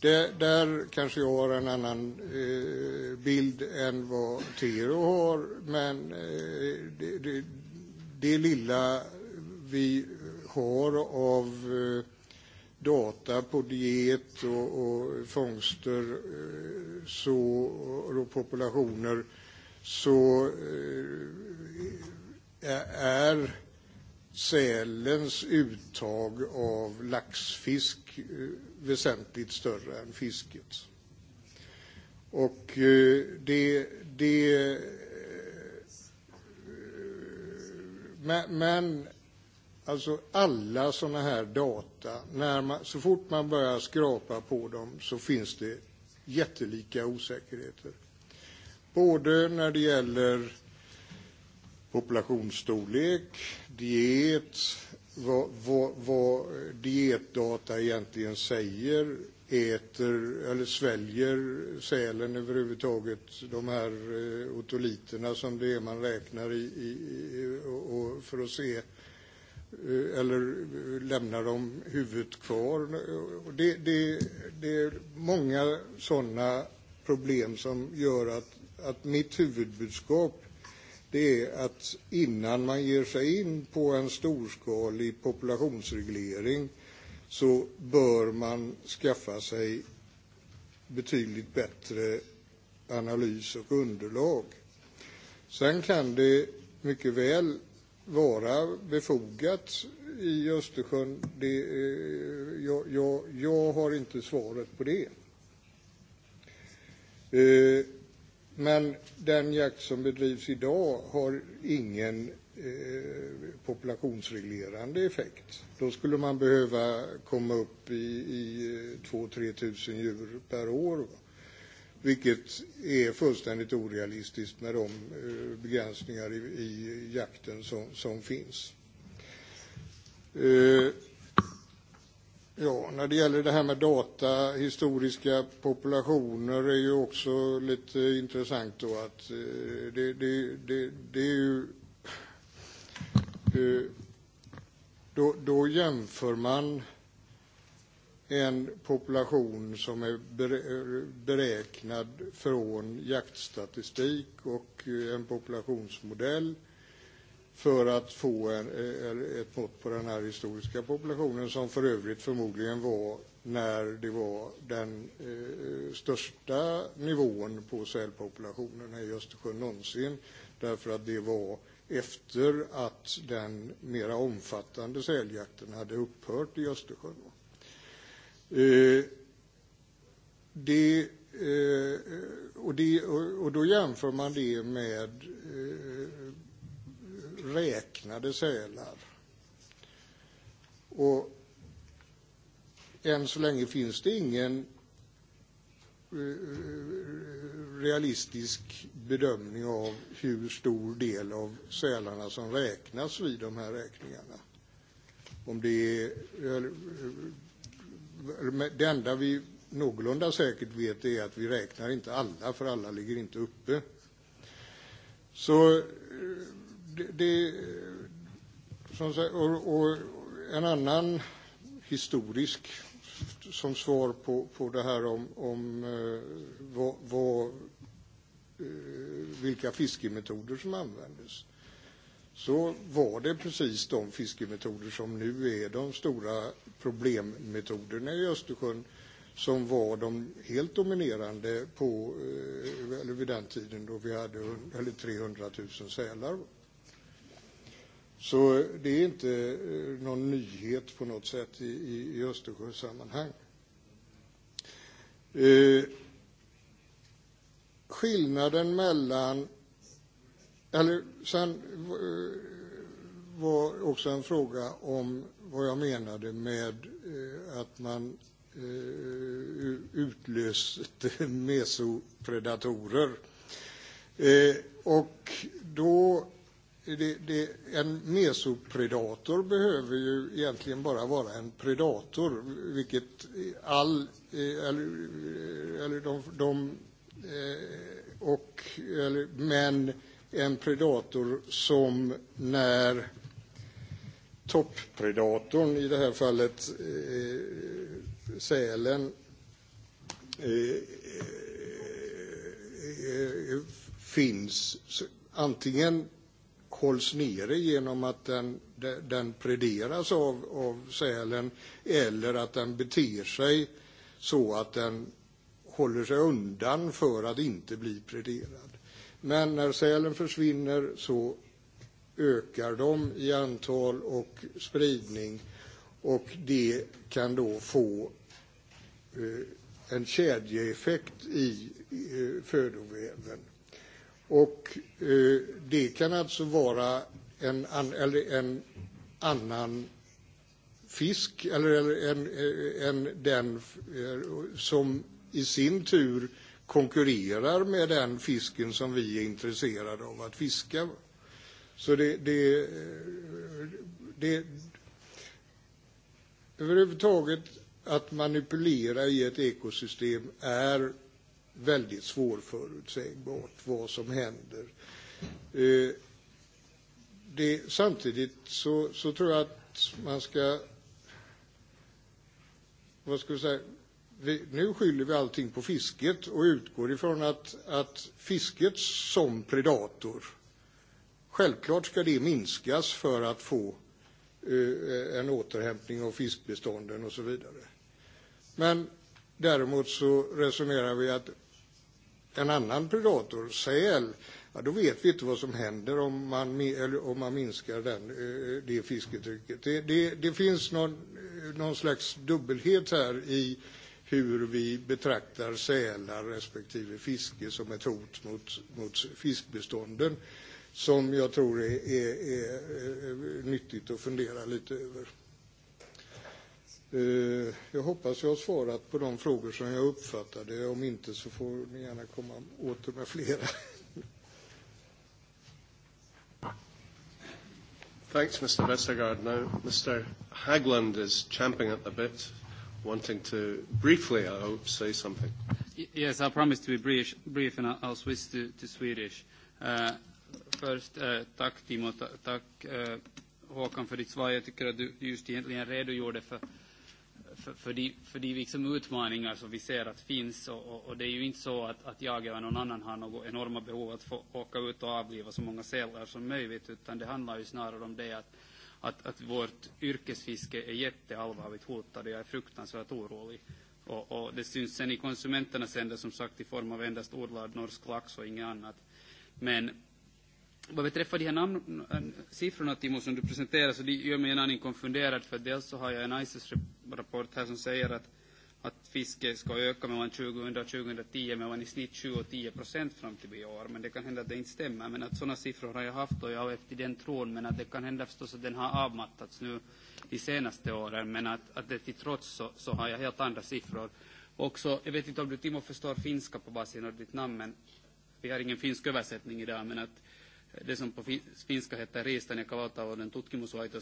Det, där kanske jag har en annan eh, bild än vad Tero har, men eh, det, det, det lilla vi har av eh, data på diet och, och fångster eh, så, och populationer så eh, är sälens uttag av laxfisk väsentligt större än fiskets. Och det, det men alltså alla sådana här data, när man, så fort man börjar skrapa på dem så finns det jättelika osäkerheter. Både när det gäller populationsstorlek, diet, vad, vad, vad dietdata egentligen säger, äter eller sväljer sälen överhuvudtaget de här otoliterna som det är man räknar i, i och för att se eller lämnar de huvudet kvar. Det, det, det är många sådana problem som gör att, att mitt huvudbudskap det är att innan man ger sig in på en storskalig populationsreglering så bör man skaffa sig betydligt bättre analys och underlag. Sen kan det mycket väl vara befogat i Östersjön. Det, jag, jag, jag har inte svaret på det. Men den jakt som bedrivs i dag har ingen eh, populationsreglerande effekt. Då skulle man behöva komma upp i, i 2-3 tusen djur per år. Vilket är fullständigt orealistiskt med de eh, begränsningar i, i jakten som, som finns. Eh, Ja, när det gäller det här med data, historiska populationer är ju också lite intressant då att det, det, det, det är ju... Då, då jämför man en population som är beräknad från jaktstatistik och en populationsmodell för att få en, ett mått på den här historiska populationen som för övrigt förmodligen var när det var den eh, största nivån på sälpopulationen i Östersjön någonsin därför att det var efter att den mera omfattande säljakten hade upphört i Östersjön. Eh, det, eh, och, det, och, och då jämför man det med eh, räknade sälar. Och än så länge finns det ingen realistisk bedömning av hur stor del av sälarna som räknas vid de här räkningarna. Om det, är, det enda vi någorlunda säkert vet är att vi räknar inte alla, för alla ligger inte uppe. Så det, som sagt, och, och en annan historisk som svar på, på det här om, om eh, vad, vad, eh, vilka fiskemetoder som användes så var det precis de fiskemetoder som nu är de stora problemmetoderna i Östersjön som var de helt dominerande på, eller vid den tiden då vi hade eller 300 000 sälar. Så det är inte någon nyhet på något sätt i, i, i Östersjösammanhang. Eh, skillnaden mellan... Eller sen var också en fråga om vad jag menade med eh, att man eh, utlöste mesopredatorer. Eh, och då det, det, en mesopredator behöver ju egentligen bara vara en predator, vilket all... Eller, eller de, de, och, eller, men en predator som när topppredatorn, i det här fallet eh, sälen, eh, finns antingen hålls nere genom att den, den prederas av, av sälen eller att den beter sig så att den håller sig undan för att inte bli prederad. Men när sälen försvinner så ökar de i antal och spridning och det kan då få en kedjeeffekt i födoväven. Och det kan alltså vara en, eller en annan fisk eller en, en, den som i sin tur konkurrerar med den fisken som vi är intresserade av att fiska. Så det, det, det överhuvudtaget att manipulera i ett ekosystem är väldigt svårförutsägbart vad som händer. Det, samtidigt så, så tror jag att man ska... Vad ska vi säga? Vi, nu skyller vi allting på fisket och utgår ifrån att, att fisket som predator, självklart ska det minskas för att få eh, en återhämtning av fiskbestånden och så vidare. Men däremot så resonerar vi att en annan predator, säl, ja, då vet vi inte vad som händer om man, om man minskar den, det fisketrycket. Det, det, det finns någon, någon slags dubbelhet här i hur vi betraktar sälar respektive fiske som ett hot mot, mot fiskbestånden som jag tror är, är, är nyttigt att fundera lite över. Jag hoppas jag har svarat på de frågor som jag uppfattade. Om inte så får ni gärna komma åter med flera. Thanks, Mr. Vestergaard. Now, Mr. Hagland is champing at the bit, wanting to briefly, I hope, say something. Yes, I promise to be brief, brief and I'll switch to, to Swedish. Uh, first, uh, tack Timo, tack uh, Håkan för ditt svar. Jag tycker att du just egentligen redogjorde för för, de, för de liksom utmaningar som vi ser att finns. Och, och, och det är ju inte så att, att jag eller någon annan har något enorma behov att få åka ut och avliva så många sälar som möjligt, utan det handlar ju snarare om det att, att, att vårt yrkesfiske är jätteallvarligt hotat och jag är fruktansvärt orolig. Och, och det syns sen i konsumenternas händer som sagt i form av endast odlad norsk lax och inget annat. Men Vad beträffar de här namn, siffrorna Timo som du presenterar så det gör mig en aning konfunderad för dels så har jag en ICES-rapport här som säger att, att fiske ska öka mellan 2000 och 2010 mellan i snitt 20 och 10 procent fram till i år. Men det kan hända att det inte stämmer. Men att sådana siffror har jag haft och jag har efter den tron. Men att det kan hända förstås att den har avmattats nu de senaste åren. Men att, att det till trots så, så har jag helt andra siffror. Också, jag vet inte om du Timo förstår finska på basen av ditt namn men vi har ingen finsk översättning idag men att Det som på finska heter Riistan ja kalatalouden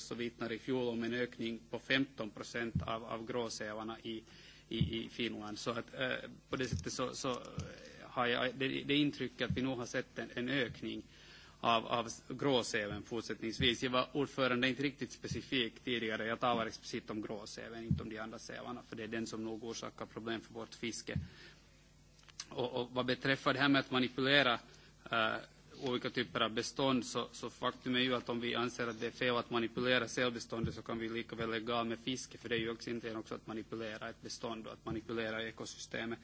så vittnar i fjol om en ökning på 15 procent av, av gråsävarna i, i, i Finland. Så att, eh, på det sättet så, så har jag det, det intrycket att vi nog har sett en, en ökning av, av gråsäven fortsättningsvis. Jag var ordförande inte riktigt specifik tidigare. Jag talar explicit om gråsäven, inte om de andra sävarna, för det är den som nog orsakar problem för vårt fiske. Och, och vad beträffar det här med att manipulera olika typer av bestånd så, så faktum är ju att om vi anser att det är fel att manipulera sälbeståndet så kan vi lika väl lägga av med fiske för det är ju också inte också att manipulera ett bestånd och att manipulera ekosystemet.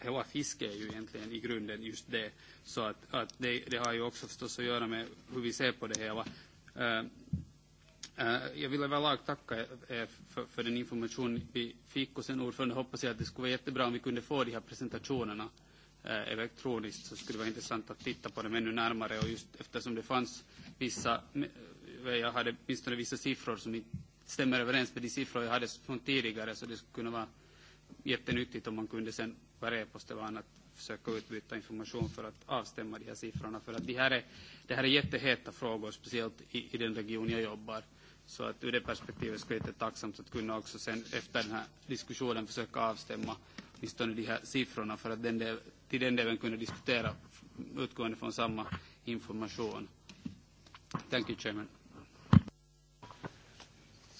Hela fiske är ju egentligen i grunden just det. Så att, att det, det har ju också förstås att göra med hur vi ser på det hela. Jag vill överlag tacka er för, för den information vi fick och sen ordförande hoppas jag att det skulle vara jättebra om vi kunde få de här presentationerna elektroniskt så skulle det vara intressant att titta på det ännu närmare och just eftersom det fanns vissa, jag hade åtminstone vissa siffror som inte stämmer överens med de siffror jag hade från tidigare så det skulle kunna vara jättenyttigt om man kunde sen på repostevan att försöka utbyta information för att avstämma de här siffrorna för att det här är, det här är jätteheta frågor speciellt i, i den region jag jobbar. Så att ur det perspektivet skulle jag vara tacksamt att kunna också sen efter den här diskussionen försöka avstämma åtminstone de här siffrorna för att den del till den delen kunna diskutera utgående från samma information. Thank you, Chairman.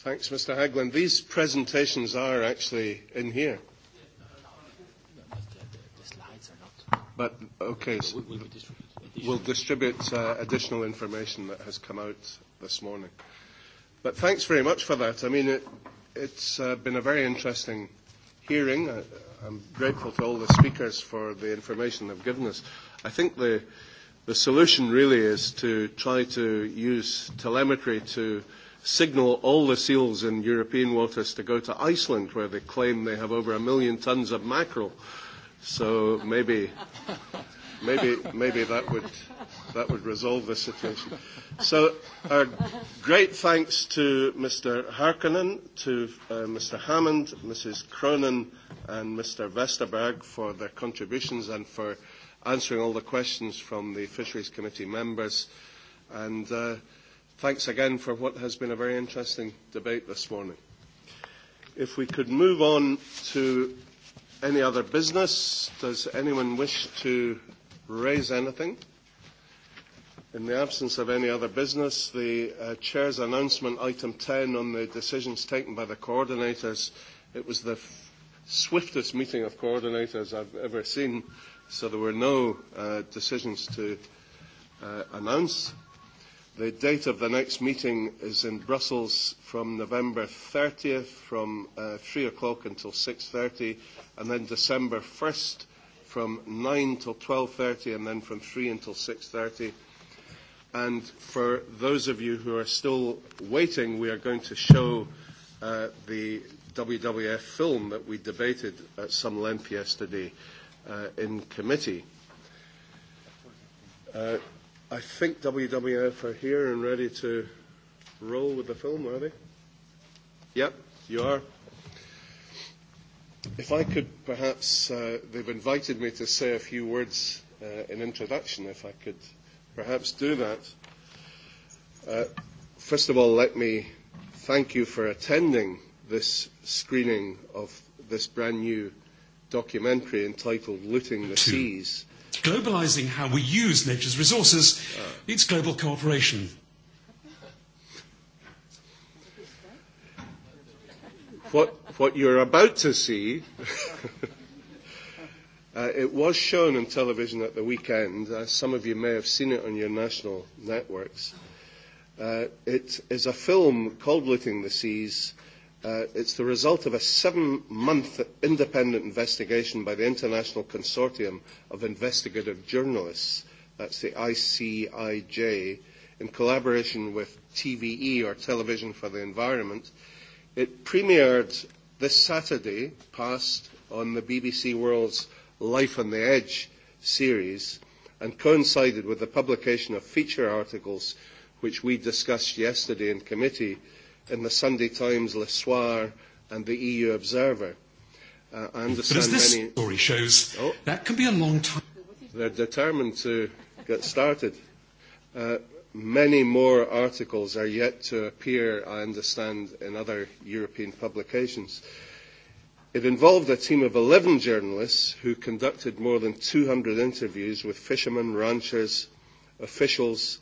Thanks, Mr. Haglund. These presentations are actually in here. The slides are not. But, okay. So we'll, we'll distribute uh, additional information that has come out this morning. But thanks very much for that. I mean, it, it's uh, been a very interesting hearing. I, I'm grateful to all the speakers for the information they've given us. I think the, the solution really is to try to use telemetry to signal all the seals in European waters to go to Iceland, where they claim they have over a million tons of mackerel. So maybe, maybe, maybe that would that would resolve this situation. So our great thanks to Mr. Harkonnen, to uh, Mr. Hammond, Mrs. Cronin, and Mr. Vesterberg for their contributions and for answering all the questions from the Fisheries Committee members. And uh, thanks again for what has been a very interesting debate this morning. If we could move on to any other business, does anyone wish to raise anything? In the absence of any other business, the uh, Chair's announcement, item 10, on the decisions taken by the coordinators, it was the swiftest meeting of coordinators I've ever seen, so there were no uh, decisions to uh, announce. The date of the next meeting is in Brussels from November 30th from uh, 3 o'clock until 6.30, and then December 1st from 9 till 12.30, and then from 3 until 6.30 And for those of you who are still waiting, we are going to show uh, the WWF film that we debated at some length yesterday uh, in committee. Uh, I think WWF are here and ready to roll with the film, are they? Yep, you are. If I could perhaps, uh, they've invited me to say a few words uh, in introduction, if I could perhaps do that. Uh, first of all, let me thank you for attending this screening of this brand new documentary entitled Looting the Seas. Globalizing how we use nature's resources needs global cooperation. What, what you're about to see Uh, it was shown on television at the weekend. Uh, some of you may have seen it on your national networks. Uh, it is a film called Looting the Seas. Uh, it's the result of a seven month independent investigation by the International Consortium of Investigative Journalists. That's the ICIJ, in collaboration with TVE, or Television for the Environment. It premiered this Saturday past on the BBC World's Life on the Edge series and coincided with the publication of feature articles which we discussed yesterday in committee in the Sunday Times, Le Soir and the EU Observer. Uh, I understand but as this many... story shows, oh, that can be a long time. They're determined to get started. Uh, many more articles are yet to appear, I understand, in other European publications. Uh, It involved a team of 11 journalists who conducted more than 200 interviews with fishermen, ranchers, officials,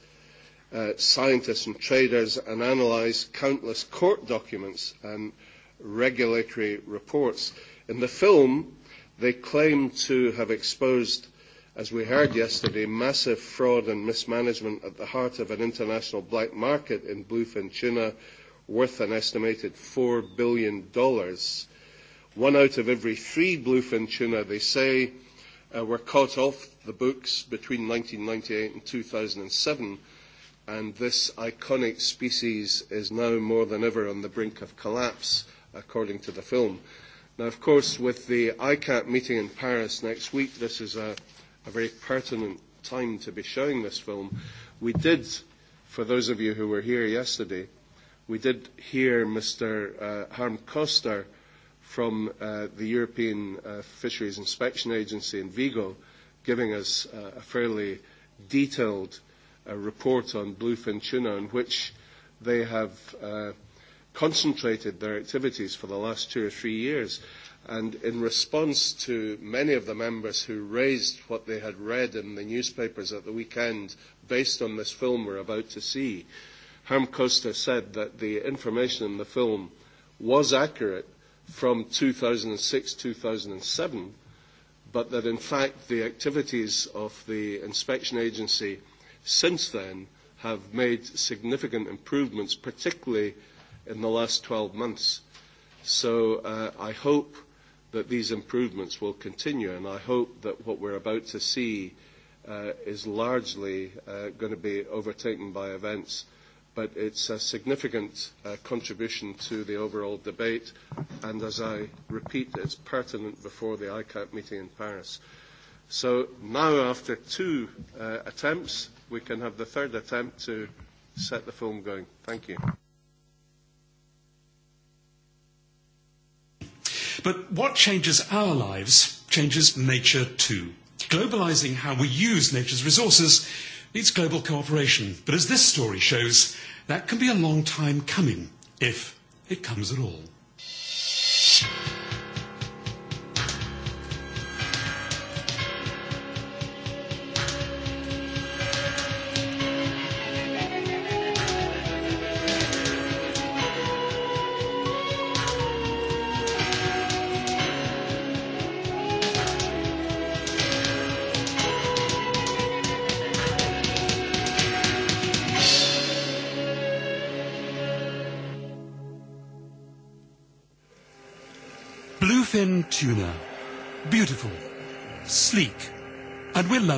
uh, scientists and traders and analysed countless court documents and regulatory reports. In the film, they claim to have exposed, as we heard yesterday, massive fraud and mismanagement at the heart of an international black market in bluefin tuna worth an estimated $4 billion dollars One out of every three bluefin tuna, they say, uh, were caught off the books between 1998 and 2007, and this iconic species is now more than ever on the brink of collapse, according to the film. Now, of course, with the ICAP meeting in Paris next week, this is a, a very pertinent time to be showing this film. We did, for those of you who were here yesterday, we did hear Mr. Uh, Harm Koster from uh, the European uh, Fisheries Inspection Agency in Vigo, giving us uh, a fairly detailed uh, report on bluefin tuna, in which they have uh, concentrated their activities for the last two or three years. And in response to many of the members who raised what they had read in the newspapers at the weekend based on this film we're about to see, Harm Costa said that the information in the film was accurate from 2006 2007, but that in fact the activities of the inspection agency since then have made significant improvements, particularly in the last 12 months. So uh, I hope that these improvements will continue, and I hope that what we're about to see uh, is largely uh, going to be overtaken by events but it's a significant uh, contribution to the overall debate, and as I repeat, it's pertinent before the ICAP meeting in Paris. So now, after two uh, attempts, we can have the third attempt to set the film going. Thank you. But what changes our lives changes nature too. Globalizing how we use nature's resources needs global cooperation, but as this story shows, that can be a long time coming, if it comes at all.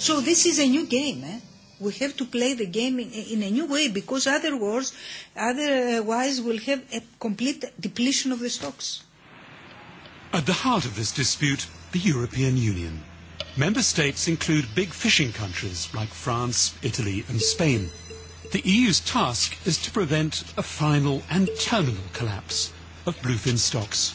So this is a new game. Eh? We have to play the game in, in a new way because otherwise, otherwise we'll have a complete depletion of the stocks. At the heart of this dispute, the European Union. Member states include big fishing countries like France, Italy and Spain. The EU's task is to prevent a final and terminal collapse of bluefin stocks.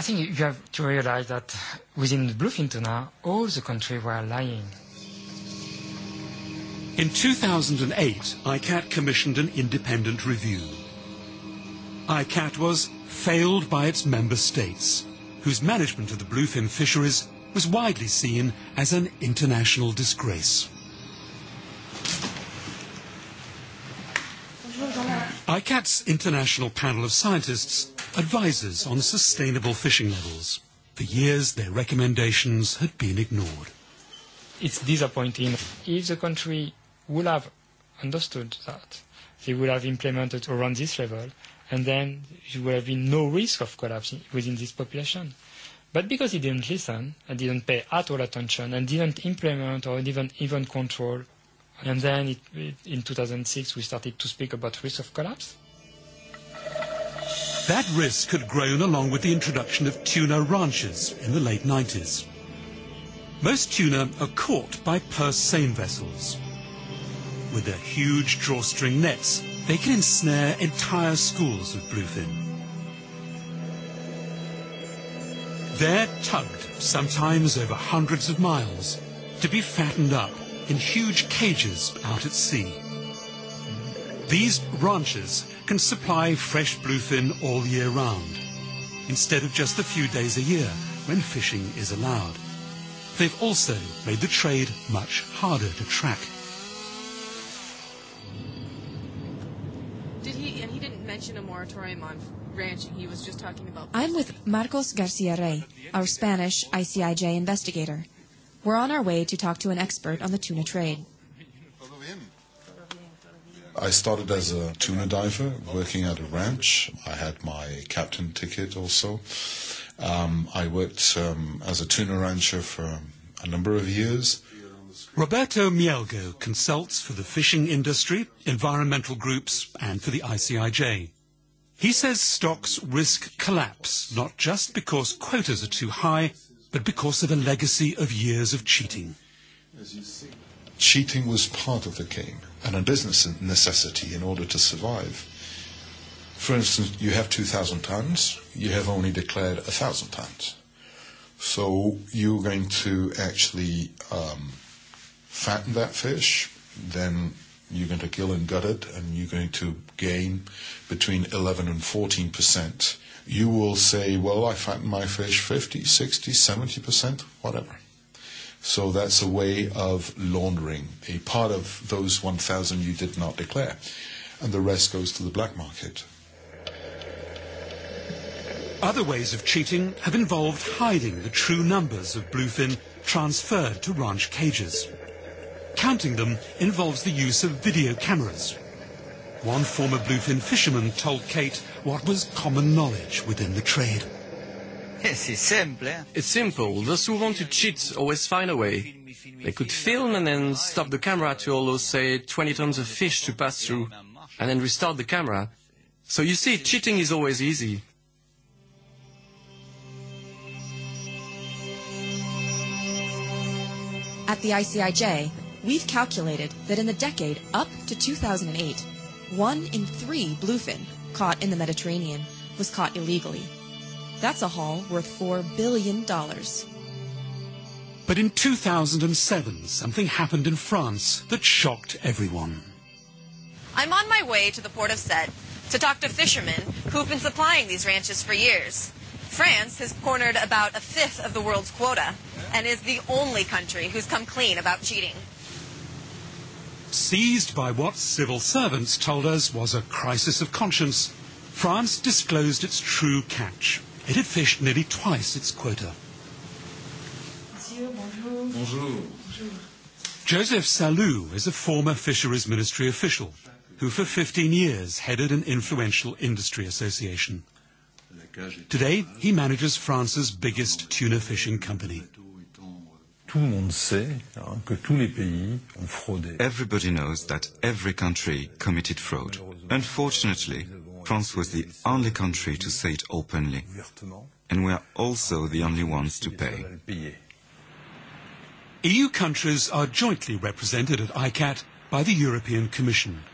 I think you have to realize that within the bluefin tuna, all the country were lying. In 2008, ICAT commissioned an independent review. ICAT was failed by its member states, whose management of the bluefin fisheries was widely seen as an international disgrace. ICAT's international panel of scientists advisers on sustainable fishing levels. For years, their recommendations had been ignored. It's disappointing. If the country would have understood that, they would have implemented around this level, and then there would have been no risk of collapse within this population. But because he didn't listen and didn't pay at all attention and didn't implement or even even control, and then it, it, in 2006 we started to speak about risk of collapse. That risk had grown along with the introduction of tuna ranches in the late 90s. Most tuna are caught by purse seine vessels. With their huge drawstring nets, they can ensnare entire schools of bluefin. They're tugged, sometimes over hundreds of miles, to be fattened up in huge cages out at sea. These ranches can supply fresh bluefin all year round, instead of just a few days a year when fishing is allowed. They've also made the trade much harder to track. Did he, and he didn't mention a moratorium on ranching, he was just talking about. I'm with Marcos Garcia Rey, our Spanish ICIJ investigator. We're on our way to talk to an expert on the tuna trade. I started as a tuna diver working at a ranch. I had my captain ticket also. Um, I worked um, as a tuna rancher for a number of years. Roberto Mielgo consults for the fishing industry, environmental groups, and for the ICIJ. He says stocks risk collapse, not just because quotas are too high, but because of a legacy of years of cheating. Cheating was part of the game and a business necessity in order to survive. For instance, you have 2,000 tons, you have only declared 1,000 tons. So you're going to actually um, fatten that fish, then you're going to kill and gut it, and you're going to gain between 11 and 14 percent. You will say, well, I fatten my fish 50, 60, 70 percent, whatever. So that's a way of laundering a part of those 1,000 you did not declare. And the rest goes to the black market. Other ways of cheating have involved hiding the true numbers of bluefin transferred to ranch cages. Counting them involves the use of video cameras. One former bluefin fisherman told Kate what was common knowledge within the trade. It's simple. Those who want to cheat always find a way. They could film and then stop the camera to allow, say, 20 tons of fish to pass through, and then restart the camera. So you see, cheating is always easy. At the ICIJ, we've calculated that in the decade up to 2008, one in three bluefin caught in the Mediterranean was caught illegally. That's a haul worth $4 billion. But in 2007, something happened in France that shocked everyone. I'm on my way to the port of Set to talk to fishermen who've been supplying these ranches for years. France has cornered about a fifth of the world's quota and is the only country who's come clean about cheating. Seized by what civil servants told us was a crisis of conscience, France disclosed its true catch It had fished nearly twice its quota. Bonjour. Joseph Salou is a former fisheries ministry official who for 15 years headed an influential industry association. Today, he manages France's biggest tuna fishing company. Everybody knows that every country committed fraud. Unfortunately, France was the only country to say it openly, and we are also the only ones to pay. EU countries are jointly represented at ICAT by the European Commission.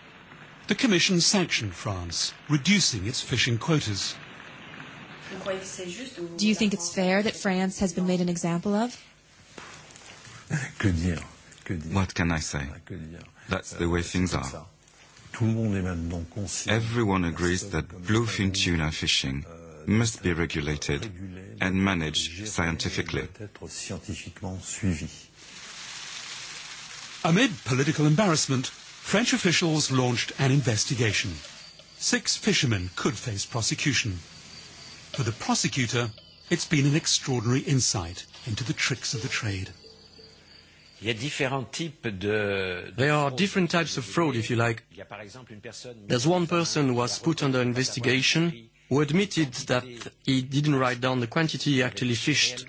The Commission sanctioned France, reducing its fishing quotas. Do you think it's fair that France has been made an example of? What can I say? That's the way things are. Everyone agrees that bluefin tuna fishing must be regulated and managed scientifically. Amid political embarrassment, French officials launched an investigation. Six fishermen could face prosecution. For the prosecutor, it's been an extraordinary insight into the tricks of the trade. Il y a différents types de. There are different types of fraud, if you like. There's one person who was put under investigation who admitted that he didn't write down the quantity he actually fished.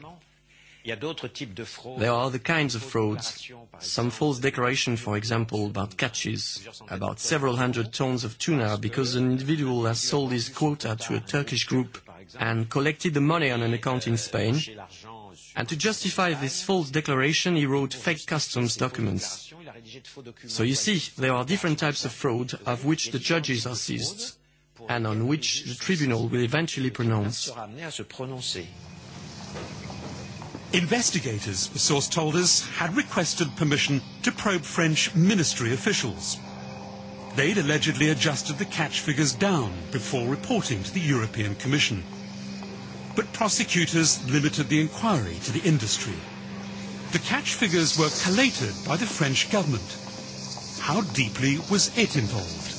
There are other kinds of frauds, some false declaration, for example, about catches, about several hundred tons of tuna because an individual has sold his quota to a Turkish group and collected the money on an account in Spain, And to justify this false declaration, he wrote fake customs documents. So you see, there are different types of fraud of which the judges are seized and on which the tribunal will eventually pronounce. Investigators, the source told us, had requested permission to probe French ministry officials. They'd allegedly adjusted the catch figures down before reporting to the European Commission but prosecutors limited the inquiry to the industry. The catch figures were collated by the French government. How deeply was it involved?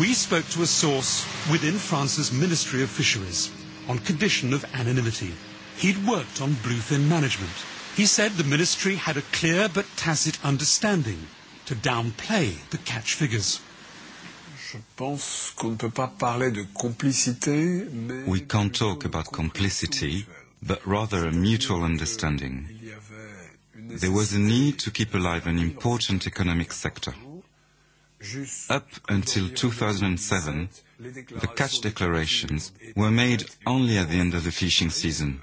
We spoke to a source within France's Ministry of Fisheries on condition of anonymity. He'd worked on bluefin management. He said the ministry had a clear but tacit understanding to downplay the catch figures. We can't talk about complicity, but rather a mutual understanding. There was a need to keep alive an important economic sector. Up until 2007, the catch declarations were made only at the end of the fishing season.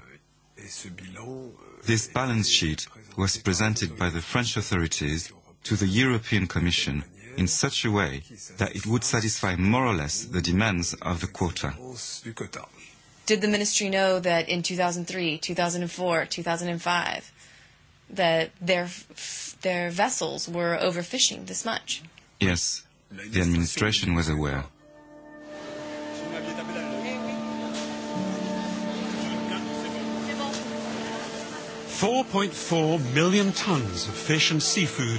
This balance sheet was presented by the French authorities to the European Commission in such a way that it would satisfy more or less the demands of the quota. Did the ministry know that in 2003, 2004, 2005, that their, their vessels were overfishing this much? Yes, the administration was aware. Four point four million tons of fish and seafood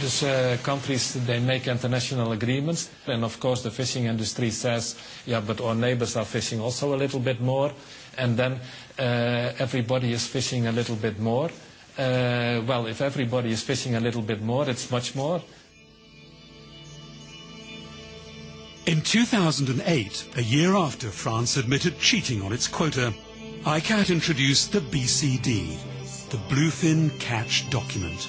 these uh, countries, they make international agreements. And of course, the fishing industry says, yeah, but our neighbors are fishing also a little bit more. And then uh, everybody is fishing a little bit more. Uh, well, if everybody is fishing a little bit more, it's much more. In 2008, a year after France admitted cheating on its quota, ICAT introduced the BCD, the Bluefin Catch Document.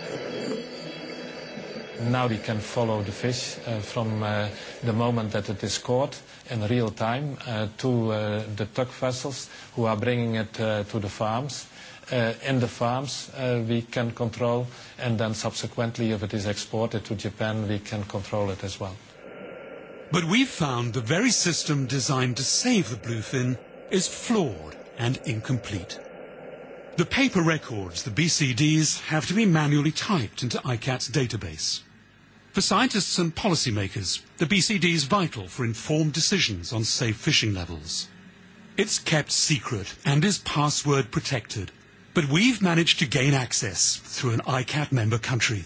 now they can follow the fish uh, from uh, the moment that it is caught in real time uh, to uh, the tug vessels who are bringing it uh, to the farms. Uh, in the farms uh, we can control and then subsequently if it is exported to Japan we can control it as well. But we've found the very system designed to save the bluefin is flawed and incomplete. The paper records, the BCDs, have to be manually typed into ICAT's database. For scientists and policymakers, the BCD is vital for informed decisions on safe fishing levels. It's kept secret and is password protected, but we've managed to gain access through an ICAT member country.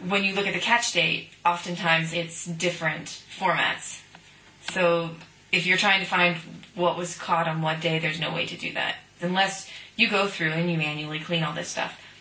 When you look at the catch date, oftentimes it's different formats. So if you're trying to find what was caught on what day, there's no way to do that. Unless you go through and you manually clean all this stuff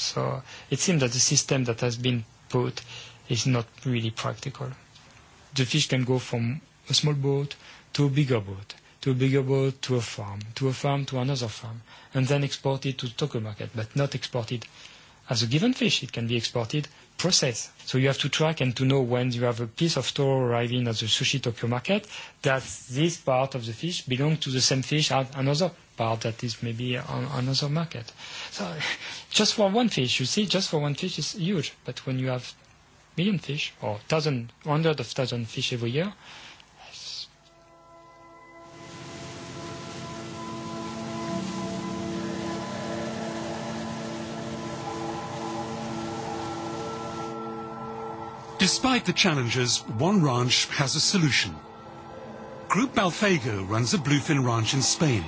So it seems that the system that has been put is not really practical. The fish can go from a small boat to a bigger boat, to a bigger boat to a farm, to a farm to another farm, and then exported to the Tokyo market, but not exported as a given fish. It can be exported processed. So you have to track and to know when you have a piece of tour arriving at the sushi Tokyo market that this part of the fish belongs to the same fish as another part that is maybe on another market. So just for one fish, you see, just for one fish is huge. But when you have million fish or thousand, hundred of thousand fish every year, Despite the challenges, one ranch has a solution. Group Balfago runs a bluefin ranch in Spain.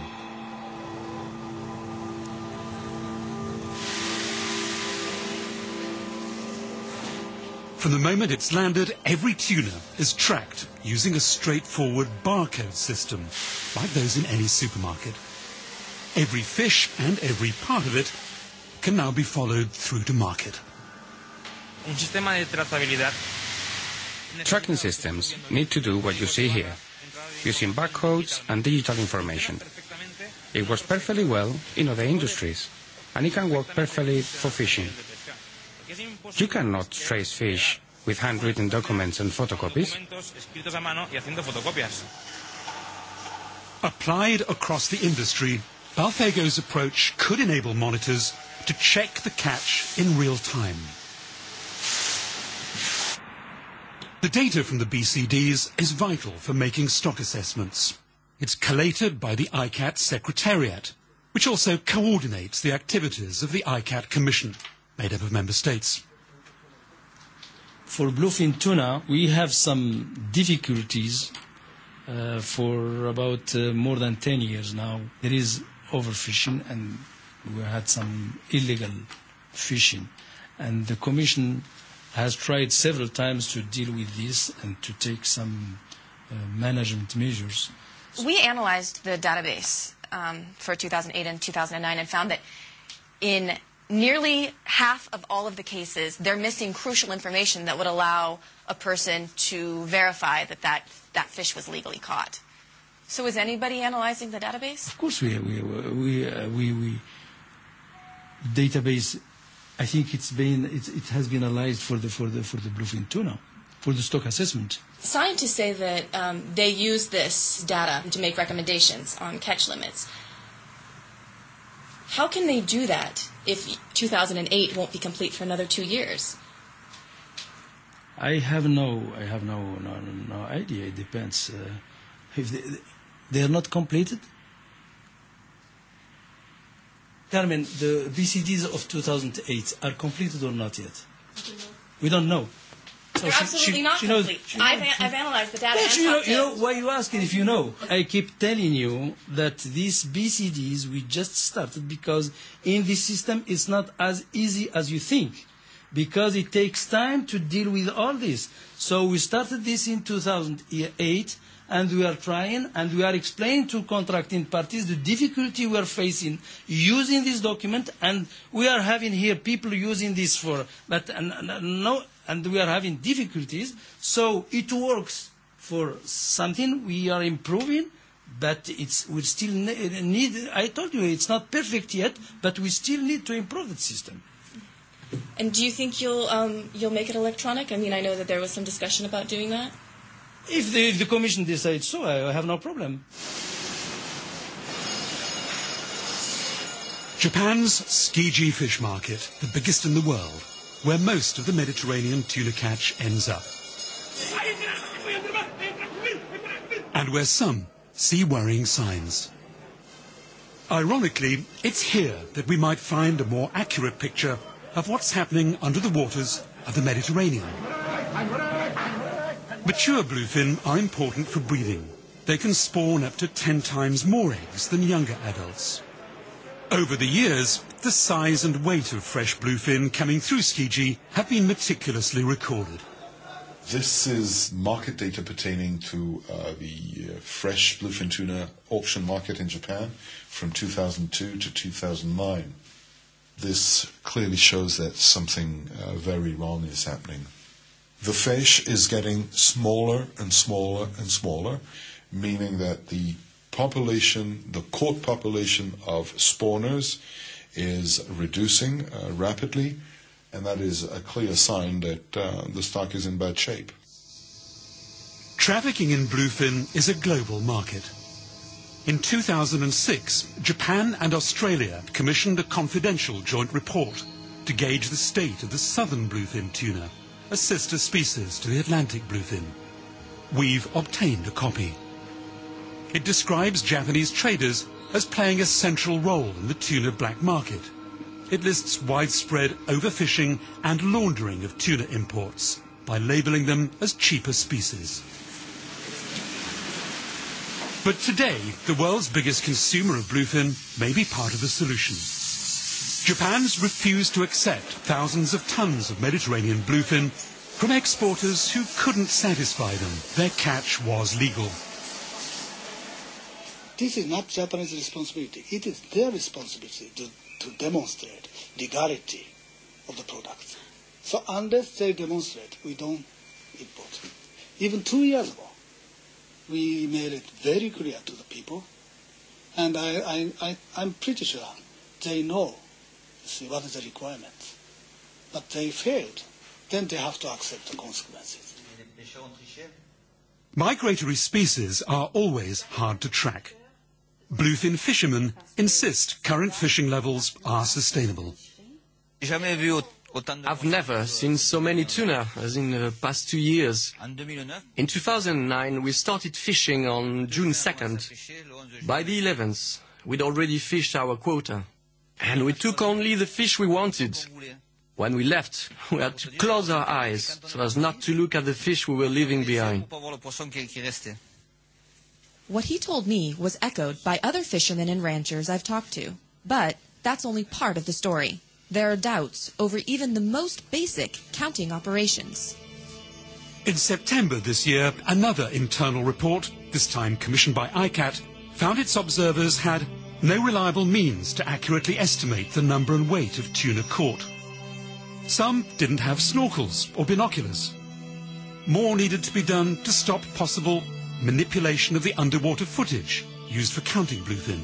From the moment it's landed, every tuna is tracked using a straightforward barcode system, like those in any supermarket. Every fish and every part of it can now be followed through to market. Tracking systems need to do what you see here, using barcodes and digital information. It works perfectly well in other industries, and it can work perfectly for fishing. You cannot trace fish with handwritten documents and photocopies. Applied across the industry, Balfago's approach could enable monitors to check the catch in real time. The data from the BCDs is vital for making stock assessments. It's collated by the ICAT Secretariat, which also coordinates the activities of the ICAT Commission made up of member states. For bluefin tuna, we have some difficulties uh, for about uh, more than 10 years now. There is overfishing and we had some illegal fishing. And the Commission has tried several times to deal with this and to take some uh, management measures. We analyzed the database um, for 2008 and 2009 and found that in nearly half of all of the cases, they're missing crucial information that would allow a person to verify that that, that fish was legally caught. So is anybody analyzing the database? Of course, we we we uh, we, we database. I think it's been it, it has been analyzed for the for the for the bluefin tuna, for the stock assessment. Scientists say that um, they use this data to make recommendations on catch limits. How can they do that if 2008 won't be complete for another two years? I have no, I have no, no, no idea. It depends. Uh, if they, they are not completed. Carmen, the BCDs of 2008 are completed or not yet? We don't know absolutely she, not she knows, complete. Knows, I've, I've analyzed the data. But you, know, you know, why you ask it if you know? I keep telling you that these BCDs we just started because in this system it's not as easy as you think because it takes time to deal with all this. So we started this in 2008 and we are trying and we are explaining to contracting parties the difficulty we are facing using this document and we are having here people using this for, but no and we are having difficulties. So it works for something we are improving, but it's, we still need, I told you, it's not perfect yet, but we still need to improve the system. And do you think you'll, um, you'll make it electronic? I mean, I know that there was some discussion about doing that. If the, if the Commission decides so, I have no problem. Japan's Skiji fish market, the biggest in the world, where most of the Mediterranean tuna catch ends up. And where some see worrying signs. Ironically, it's here that we might find a more accurate picture of what's happening under the waters of the Mediterranean. Mature bluefin are important for breeding. They can spawn up to ten times more eggs than younger adults. Over the years, the size and weight of fresh bluefin coming through Skiji have been meticulously recorded. This is market data pertaining to uh, the uh, fresh bluefin tuna auction market in Japan from 2002 to 2009. This clearly shows that something uh, very wrong is happening. The fish is getting smaller and smaller and smaller, meaning that the population, the court population of spawners is reducing uh, rapidly, and that is a clear sign that uh, the stock is in bad shape. Trafficking in bluefin is a global market. In 2006, Japan and Australia commissioned a confidential joint report to gauge the state of the southern bluefin tuna, a sister species to the Atlantic bluefin. We've obtained a copy. It describes Japanese traders as playing a central role in the tuna black market. It lists widespread overfishing and laundering of tuna imports by labelling them as cheaper species. But today, the world's biggest consumer of bluefin may be part of the solution. Japan's refused to accept thousands of tons of Mediterranean bluefin from exporters who couldn't satisfy them. Their catch was legal. This is not Japanese responsibility. It is their responsibility to, to demonstrate legality of the product. So unless they demonstrate, we don't import. Even two years ago, we made it very clear to the people, and I, I, I, I'm pretty sure they know see, what is the requirement. But they failed. Then they have to accept the consequences. Migratory species are always hard to track. Bluefin fishermen insist current fishing levels are sustainable. I've never seen so many tuna as in the past two years. In 2009, we started fishing on June 2nd. By the 11th, we'd already fished our quota. And we took only the fish we wanted. When we left, we had to close our eyes so as not to look at the fish we were leaving behind. What he told me was echoed by other fishermen and ranchers I've talked to. But that's only part of the story. There are doubts over even the most basic counting operations. In September this year, another internal report, this time commissioned by ICAT, found its observers had no reliable means to accurately estimate the number and weight of tuna caught. Some didn't have snorkels or binoculars. More needed to be done to stop possible manipulation of the underwater footage used for counting bluefin.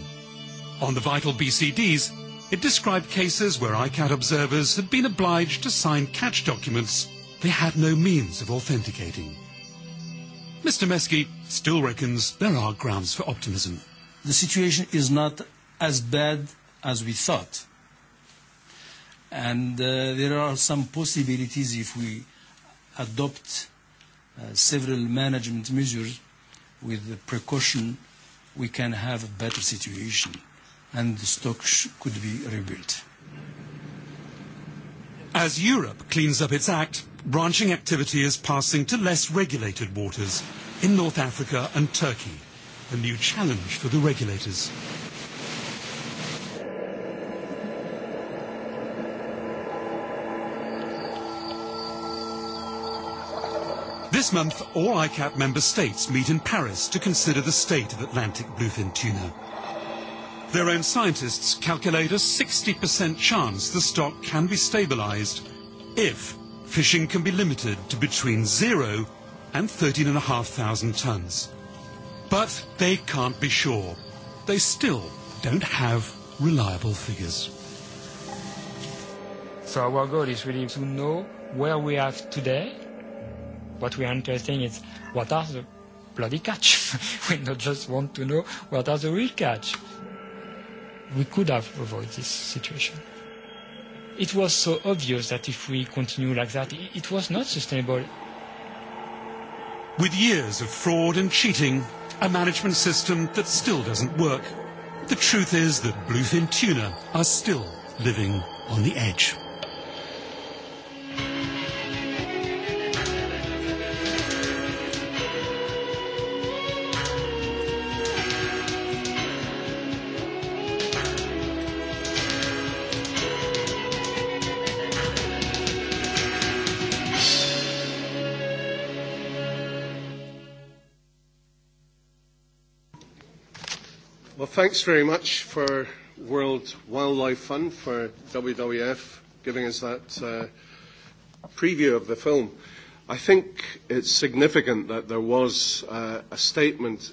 On the vital BCDs, it described cases where ICAT observers had been obliged to sign catch documents they had no means of authenticating. Mr. Meski still reckons there are grounds for optimism. The situation is not as bad as we thought. And uh, there are some possibilities if we adopt uh, several management measures with the precaution, we can have a better situation and the stock could be rebuilt. As Europe cleans up its act, branching activity is passing to less regulated waters in North Africa and Turkey, a new challenge for the regulators. This month, all ICAP member states meet in Paris to consider the state of Atlantic bluefin tuna. Their own scientists calculate a 60% chance the stock can be stabilised if fishing can be limited to between zero and 13,500 tons. But they can't be sure. They still don't have reliable figures. So our goal is really to know where we are today What we are interested in is what are the bloody catch. we not just want to know what are the real catch. We could have avoided this situation. It was so obvious that if we continue like that, it was not sustainable. With years of fraud and cheating, a management system that still doesn't work, the truth is that bluefin tuna are still living on the edge. Thanks very much for World Wildlife Fund for WWF giving us that uh, preview of the film. I think it's significant that there was uh, a statement